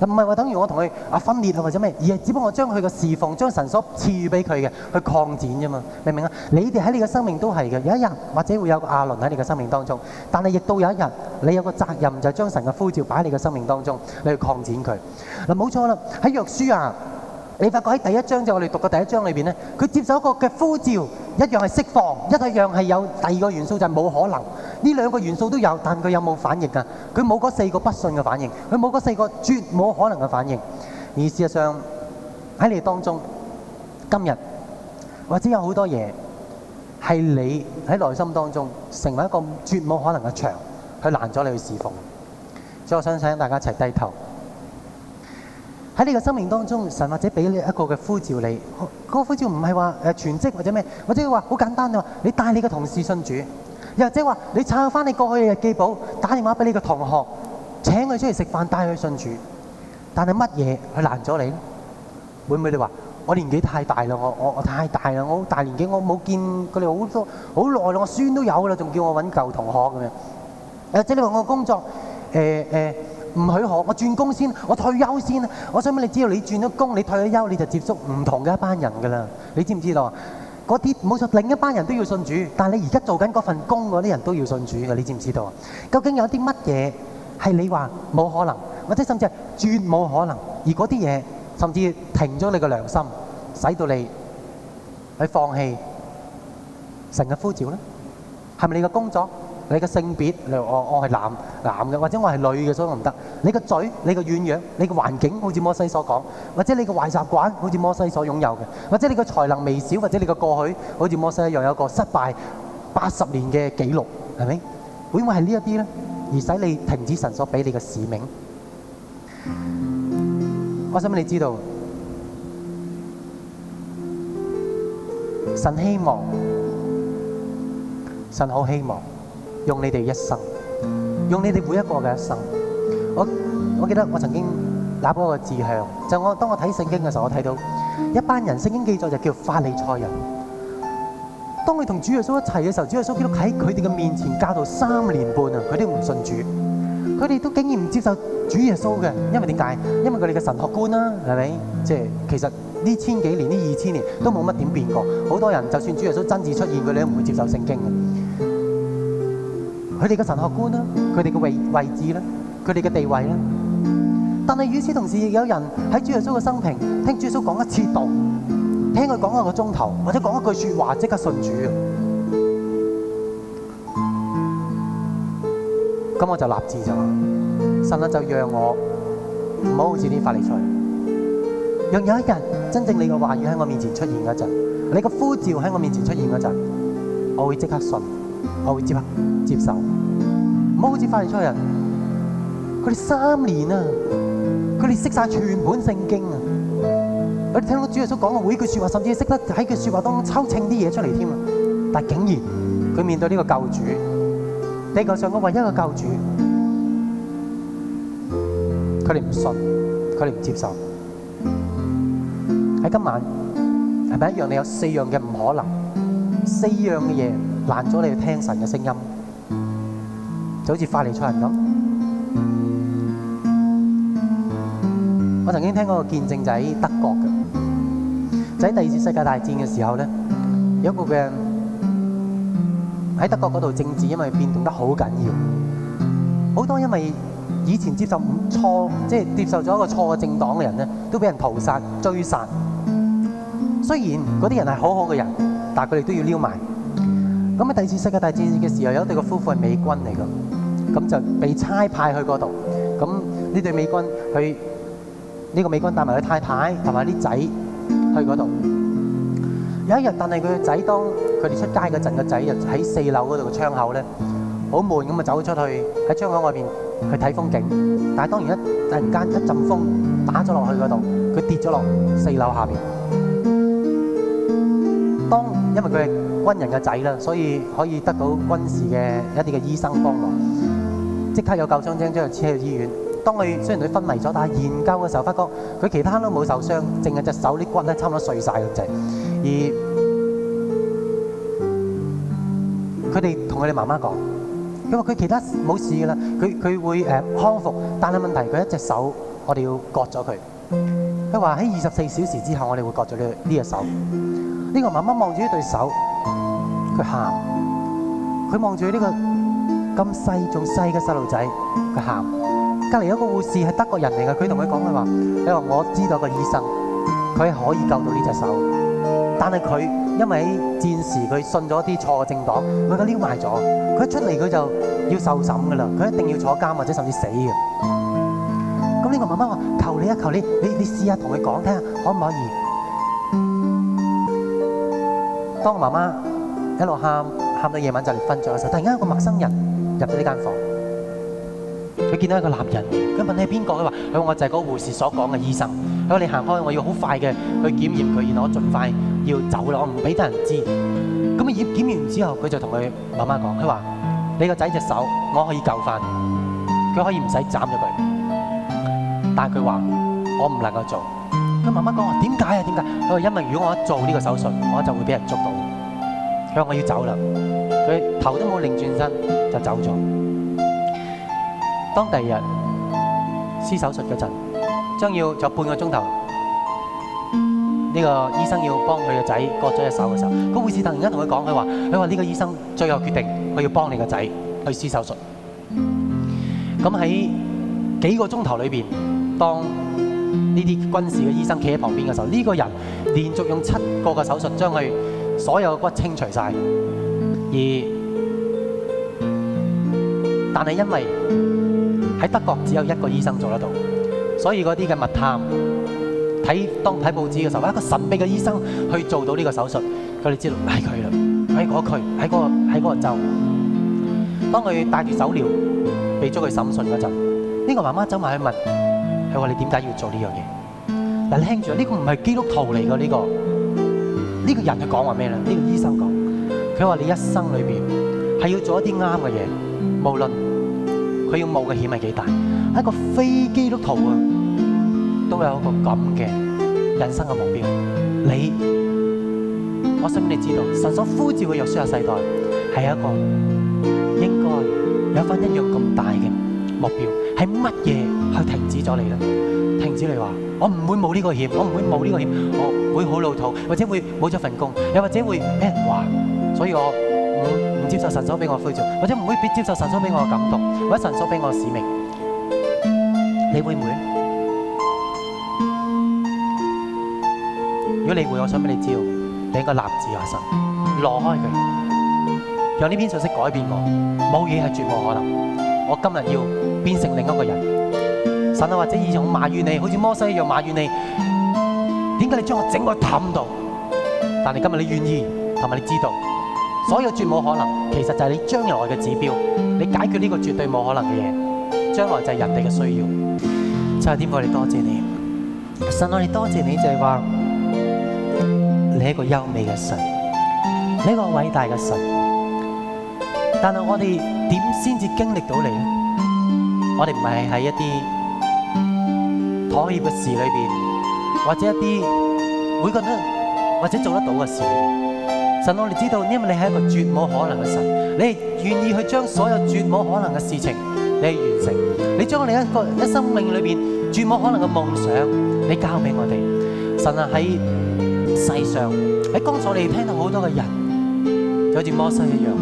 嗱，唔係話等於我同佢分裂啊或者咩，而係只不過我將佢嘅侍奉、將神所賜予俾佢嘅去擴展嘛，明唔明啊？你哋喺你嘅生命都係嘅，有一日或者會有個阿倫喺你嘅生命當中，但係亦到有一日，你有個責任就係，將神嘅呼召擺喺你嘅生命當中，你去擴展佢。嗱，冇錯啦，喺約書亞你發覺喺第一章就係我哋讀嘅第一章裏邊咧，佢接受一個嘅呼召，一樣係釋放，一個一樣係有第二個元素就係冇可能。呢兩個元素都有，但佢有冇反應啊？佢冇嗰四個不信嘅反應，佢冇嗰四個絕冇可能嘅反應。而事實上喺你當中，今日或者有好多嘢係你喺內心當中成為一個絕冇可能嘅牆，去攔咗你去釋放。所以我想請大家一齊低頭。喺你嘅生命當中，神或者俾你一個嘅呼召你，嗰個呼召唔係話誒全職或者咩，或者話好簡單啊！你帶你嘅同事信主，又或者話你撐翻你過去嘅日記簿，打電話俾你嘅同學，請佢出嚟食飯，帶佢去信主。但係乜嘢佢難咗你咧？會唔會你話我年紀太大啦？我我我太大啦！我好大年紀，我冇見佢哋好多好耐啦！我孫都有啦，仲叫我揾舊同學咁樣。或者你話我工作誒誒。欸欸唔許可，我轉工先，我退休先。我想問你，只要你轉咗工，你退咗休，你就接觸唔同嘅一班人㗎啦。你知唔知道啊？嗰啲冇錯，另一班人都要信主。但係你而家做緊嗰份工，嗰啲人都要信主㗎。你知唔知道啊？究竟有啲乜嘢係你話冇可能，或者甚至係絕冇可能？而嗰啲嘢甚至停咗你嘅良心，使到你去放棄神嘅呼召呢？係咪你嘅工作？你嘅性別，例如我我係男男嘅，或者我係女嘅，所以我唔得。你個嘴，你個軟弱，你個環境，好似摩西所講，或者你個壞習慣，好似摩西所擁有嘅，或者你個才能微小，或者你個過去，好似摩西一樣有個失敗八十年嘅記錄，係咪？會唔會係呢一啲咧，而使你停止神所俾你嘅使命？我想問你知道，神希望，神好希望。用你哋一生，用你哋每一個嘅一生。我我記得我曾經立過一個志向，就我當我睇聖經嘅時候，我睇到一班人聖經記載就叫法利賽人。當你同主耶穌一齊嘅時候，主耶穌基督喺佢哋嘅面前教導三年半啊，佢哋唔信主，佢哋都竟然唔接受主耶穌嘅，因為點解？因為佢哋嘅神學觀啦，係咪？即係其實呢千幾年呢二千年都冇乜點變過，好多人就算主耶穌真正出現，佢哋都唔會接受聖經嘅。佢哋嘅神學觀啦，佢哋嘅位位置啦，佢哋嘅地位啦。但係與此同時，亦有人喺主耶穌嘅生平聽主耶穌講一次道，聽佢講一個鐘頭，或者講一句説話，即刻順主。咁我就立志咗，神咧就讓我唔好好似啲法利賽，讓有一日真正你嘅話語喺我面前出現嗰陣，你嘅呼召喺我面前出現嗰陣，我會即刻信。我會接啊，接受。唔好好似發現錯人，佢哋三年啊，佢哋識晒全本聖經啊，佢哋聽到主耶穌講嘅每句説話，甚至識得喺佢説話當中抽清啲嘢出嚟添啊。但係竟然佢面對呢個救主，地球上嘅唯一嘅救主，佢哋唔信，佢哋唔接受。喺今晚係咪一樣？你有四樣嘅唔可能，四樣嘅嘢。難咗，你要聽神嘅聲音，就好似發嚟出人咁。我曾經聽過個見證就喺德國嘅，就喺第二次世界大戰嘅時候咧，有一個嘅喺德國嗰度政治因為變動得好緊要，好多因為以前接受唔錯，即係接受咗一個錯嘅政黨嘅人咧，都俾人屠殺、追殺。雖然嗰啲人係好好嘅人，但係佢哋都要撩埋。咁啊！第二次世界大戰嘅時候，有一對個夫婦係美軍嚟㗎，咁就俾差派去嗰度。咁呢對美軍去呢個美軍帶埋佢太太同埋啲仔去嗰度。有一日，但係佢嘅仔當佢哋出街嗰陣，個仔就喺四樓嗰度嘅窗口咧，好悶咁啊，走出去喺窗口外邊去睇風景。但係當然一突然間一陣風打咗落去嗰度，佢跌咗落四樓下邊。當因為佢係。軍人嘅仔啦，所以可以得到軍事嘅一啲嘅醫生幫忙。佢喊，佢望住呢個咁細仲細嘅細路仔，佢喊。隔籬有一個護士係德國人嚟嘅，佢同佢講佢話：，你話我知道一個醫生，佢可以救到呢隻手，但係佢因為喺戰時佢信咗啲錯嘅政黨，佢搞僂壞咗，佢一出嚟佢就要受審㗎喇，佢一定要坐監或者甚至死嘅。咁呢個媽媽話：，求你啊，求你，你你試下同佢講聽，看看可唔可以？當媽媽。喺度喊，喊到夜晚就嚟瞓著嘅時候，突然間有個陌生人入咗呢間房，佢見到一個男人，佢問，你係邊個？佢話：，佢話我就係個護士所講嘅醫生，佢話你行開，我要好快嘅去檢驗佢，然後我盡快要走啦，我唔俾得人知。咁啊，檢檢驗完之後，佢就同佢媽媽講，佢話：你個仔隻手我可以救翻，佢可以唔使斬咗佢，但係佢話我唔能夠做。佢媽媽講話點解啊？點解？佢話因為如果我做呢個手術，我就會俾人捉到。佢話：我要走啦！佢頭都冇擰轉身就走咗。當第二日施手術嗰陣，將要就半個鐘頭呢個醫生要幫佢個仔割咗隻手嘅時候，個護士突然間同佢講：佢話，佢話呢個醫生最後決定，佢要幫你個仔去施手術。咁喺幾個鐘頭裏邊，當呢啲軍事嘅醫生企喺旁邊嘅時候，呢個人連續用七個嘅手術將佢。所有的骨清除晒，而但係因為喺德國只有一個醫生做得到，所以嗰啲嘅密探睇當睇報紙嘅時候，一個神秘嘅醫生去做到呢個手術，佢哋知道係佢啦，喺嗰佢喺嗰個喺嗰個州，當佢帶住手錶俾咗佢審訊嗰陣，呢個媽媽走埋去問，佢話你點解要做呢樣嘢？嗱，你聽住，呢個唔係基督徒嚟嘅呢個。呢個人佢講話咩咧？呢個醫生講，佢話你一生裏邊係要做一啲啱嘅嘢，無論佢要冒嘅險係幾大，一個非基督徒啊都有一個咁嘅人生嘅目標。你，我想你知道，神所呼召嘅約書亞世代係一個應該有翻一樣咁大嘅目標，係乜嘢去停止咗你咧？唔知你話，我唔會冒呢個險，我唔會冒呢個險，我會好老土，或者會冇咗份工，又或者會俾人話，所以我唔唔接受神所俾我嘅呼召，或者唔會接接受神所俾我嘅感動，或者神所俾我嘅使命。你會唔會？如果你會，我想俾你知道，你應該立志阿神，挪開佢，讓呢篇信息改變我，冇嘢係絕無可能。我今日要變成另一個人。啊、或者以前我埋怨你，好似摩西一樣埋怨你，點解你將我整個冧到？但係今日你願意，同埋你知道，所有絕冇可能，其實就係你將來嘅指標，你解決呢個絕對冇可能嘅嘢，將來就係人哋嘅需要。七號天父，我哋多謝你，神，我哋多謝你就係話，你一個優美嘅神，你一個偉大嘅神，但係我哋點先至經歷到你咧？我哋唔係喺一啲。妥協嘅事裏邊，或者一啲每個人或者做得到嘅事。神，我哋知道，因為你係一個絕無可能嘅神，你係願意去將所有絕無可能嘅事情，你去完成。你將我哋一個一生命裏邊絕無可能嘅夢想，你交俾我哋。神啊，喺世上喺剛才我哋聽到好多嘅人，就好似摩西一樣，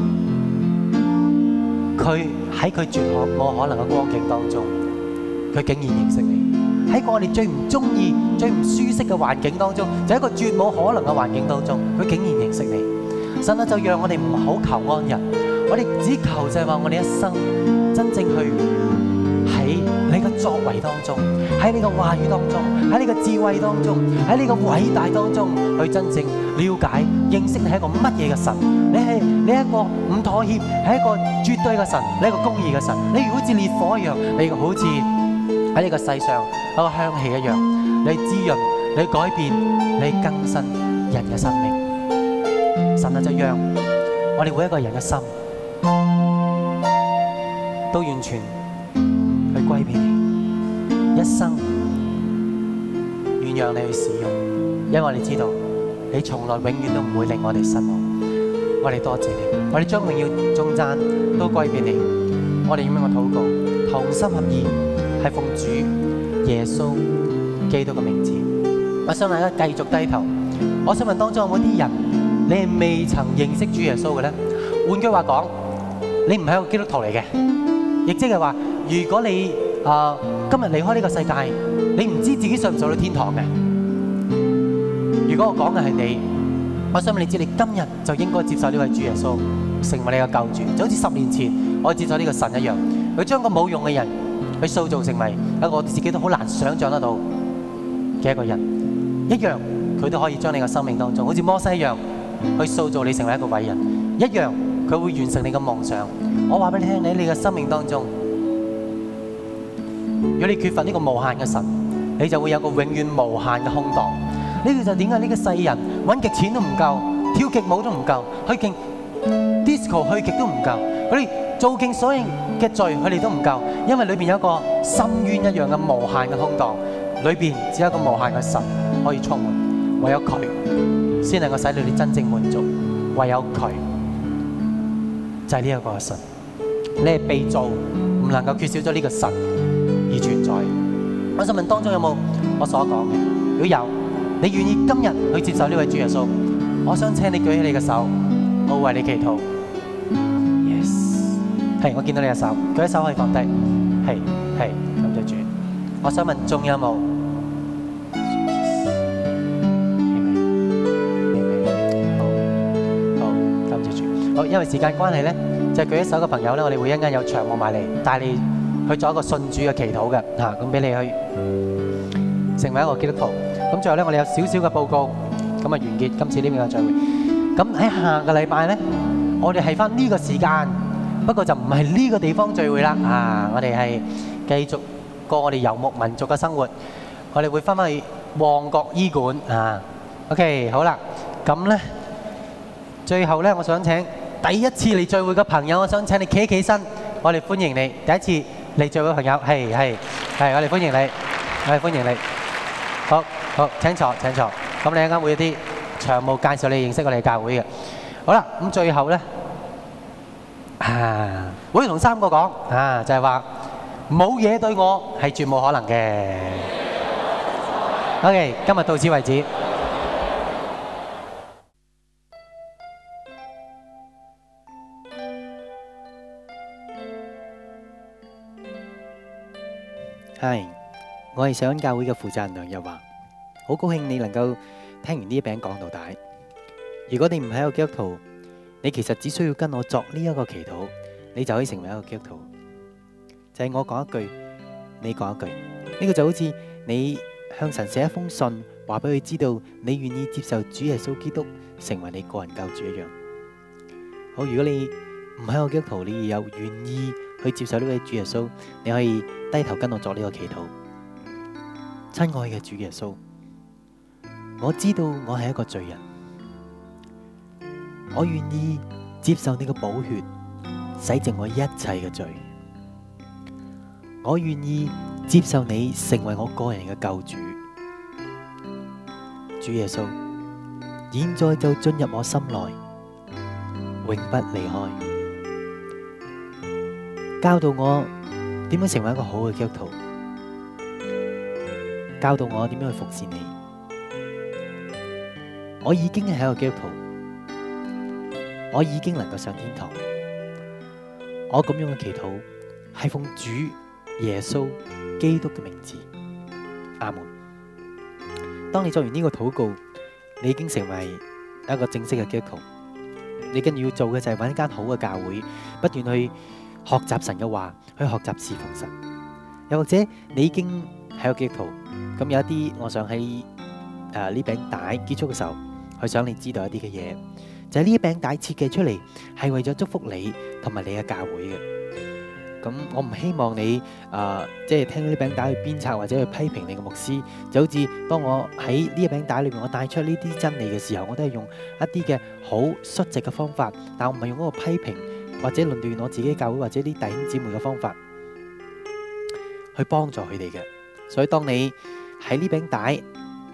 佢喺佢絕無可能嘅光景當中，佢竟然認識你。喺個我哋最唔中意、最唔舒適嘅環境當中，就係一個絕無可能嘅環境當中，佢竟然認識你。神咧、啊、就讓我哋唔好求安逸，我哋只求就係話我哋一生真正去喺你嘅作為當中，喺你嘅話語當中，喺你嘅智慧當中，喺你嘅偉大當中，去真正了解認識你係一個乜嘢嘅神。你係，你係一個唔妥協，係一個絕對嘅神，你係一個公義嘅神。你如好似烈火一樣，你好似。喺呢個世上，一個香氣一樣，你滋潤，你改變，你更新人嘅生命。神啊，就讓我哋每一個人嘅心，都完全去歸俾你，一生願讓你去使用，因為你知道，你從來永遠都唔會令我哋失望。我哋多謝你，我哋將榮耀、讚頌都歸俾你。我哋要唔要我禱告？同心合意。係奉主耶穌基督嘅名字，我想大家繼續低頭。我想問當中有冇啲人，你係未曾認識主耶穌嘅咧？換句話講，你唔係一個基督徒嚟嘅，亦即係話，如果你啊今日離開呢個世界，你唔知自己上唔上到天堂嘅。如果我講嘅係你，我想問你知，你今日就應該接受呢位主耶穌，成為你嘅救主，就好似十年前我接受呢個神一樣，佢將個冇用嘅人。去塑造成為一個我哋自己都好難想像得到嘅一個人，一樣佢都可以將你嘅生命當中，好似摩西一樣，去塑造你成為一個偉人，一樣佢會完成你嘅夢想。我話俾你聽，你喺你嘅生命當中，如果你缺乏呢個無限嘅神，你就會有個永遠無限嘅空檔。呢個就係點解呢個世人揾極錢都唔夠，跳極舞都唔夠，去極 disco 去極都唔夠嗰啲。做敬所以嘅罪，佢哋都唔夠，因為裏邊有一個深淵一樣嘅無限嘅空蕩，裏邊只有一個無限嘅神可以充滿，唯有佢先能夠使你哋真正滿足，唯有佢就係呢一個神，你係被造，唔能夠缺少咗呢個神而存在。我想問當中有冇我所講嘅？如果有，你願意今日去接受呢位主耶穌？我想請你舉起你嘅手，我為你祈禱。係，我見到你隻手，舉隻手可以放低。係，係，感謝主。我想問仲有冇？好，好，感謝主。好，因為時間關係咧，就舉隻手嘅朋友咧，我哋會一間有場務埋嚟，帶你去做一個信主嘅祈禱嘅，嚇咁俾你去成為一個基督徒。咁最後咧，我哋有少少嘅報告，咁啊，完結今次呢邊嘅聚會。咁喺下個禮拜咧，我哋係翻呢個時間。不過就唔係呢個地方聚會啦，啊！我哋係繼續過我哋遊牧民族嘅生活，我哋會翻返去旺角醫館啊。OK，好啦，咁呢最後呢，我想請第一次嚟聚會嘅朋友，我想請你企起身，我哋歡迎你。第一次嚟聚會嘅朋友，係係係，我哋歡迎你，我哋歡迎你。好，好請坐請坐，咁你陣間會有啲長務介紹你認識我哋教會嘅。好啦，咁最後呢。啊！我要同三個講啊，就係話冇嘢對我係絕冇可能嘅。OK，今日到此為止。係，我係上緊教會嘅負責人梁日華，好高興你能夠聽完呢餅講到底。如果你唔喺個基督徒，你其實只需要跟我作呢一個祈禱，你就可以成為一個基督徒。就係我講一句，你講一句，呢個就好似你向神寫一封信，話俾佢知道你願意接受主耶穌基督成為你個人救主一樣。好，如果你唔係一個基督徒而又願意去接受呢位主耶穌，你可以低頭跟我作呢個祈禱。親愛嘅主耶穌，我知道我係一個罪人。我願意接受你嘅寶血，洗淨我一切嘅罪。我願意接受你成為我個人嘅救主，主耶穌，現在就進入我心內，永不離開，教導我點樣成為一個好嘅基督徒，教導我點樣去服侍你。我已經係一個基督徒。我已經能夠上天堂。我咁樣嘅祈禱係奉主耶穌基督嘅名字，阿門。當你做完呢個禱告，你已經成為一個正式嘅基督徒。你跟住要做嘅就係揾一間好嘅教會，不斷去學習神嘅話，去學習侍奉神。又或者你已經係個基督徒，咁有一啲，我想喺誒呢餅帶結束嘅時候，去想你知道一啲嘅嘢。就係呢一餅帶設計出嚟，係為咗祝福你同埋你嘅教會嘅。咁我唔希望你啊，即係，呃，就係聽呢餅帶去鞭策或者去批評你嘅牧師。就好似當我喺呢一餅帶裏面，我帶出呢啲真理嘅時候，我都係用一啲嘅好率直嘅方法，但我唔係用嗰個批評或者論斷我自己教會或者啲弟兄姊妹嘅方法去幫助佢哋嘅。所以當你喺呢餅帶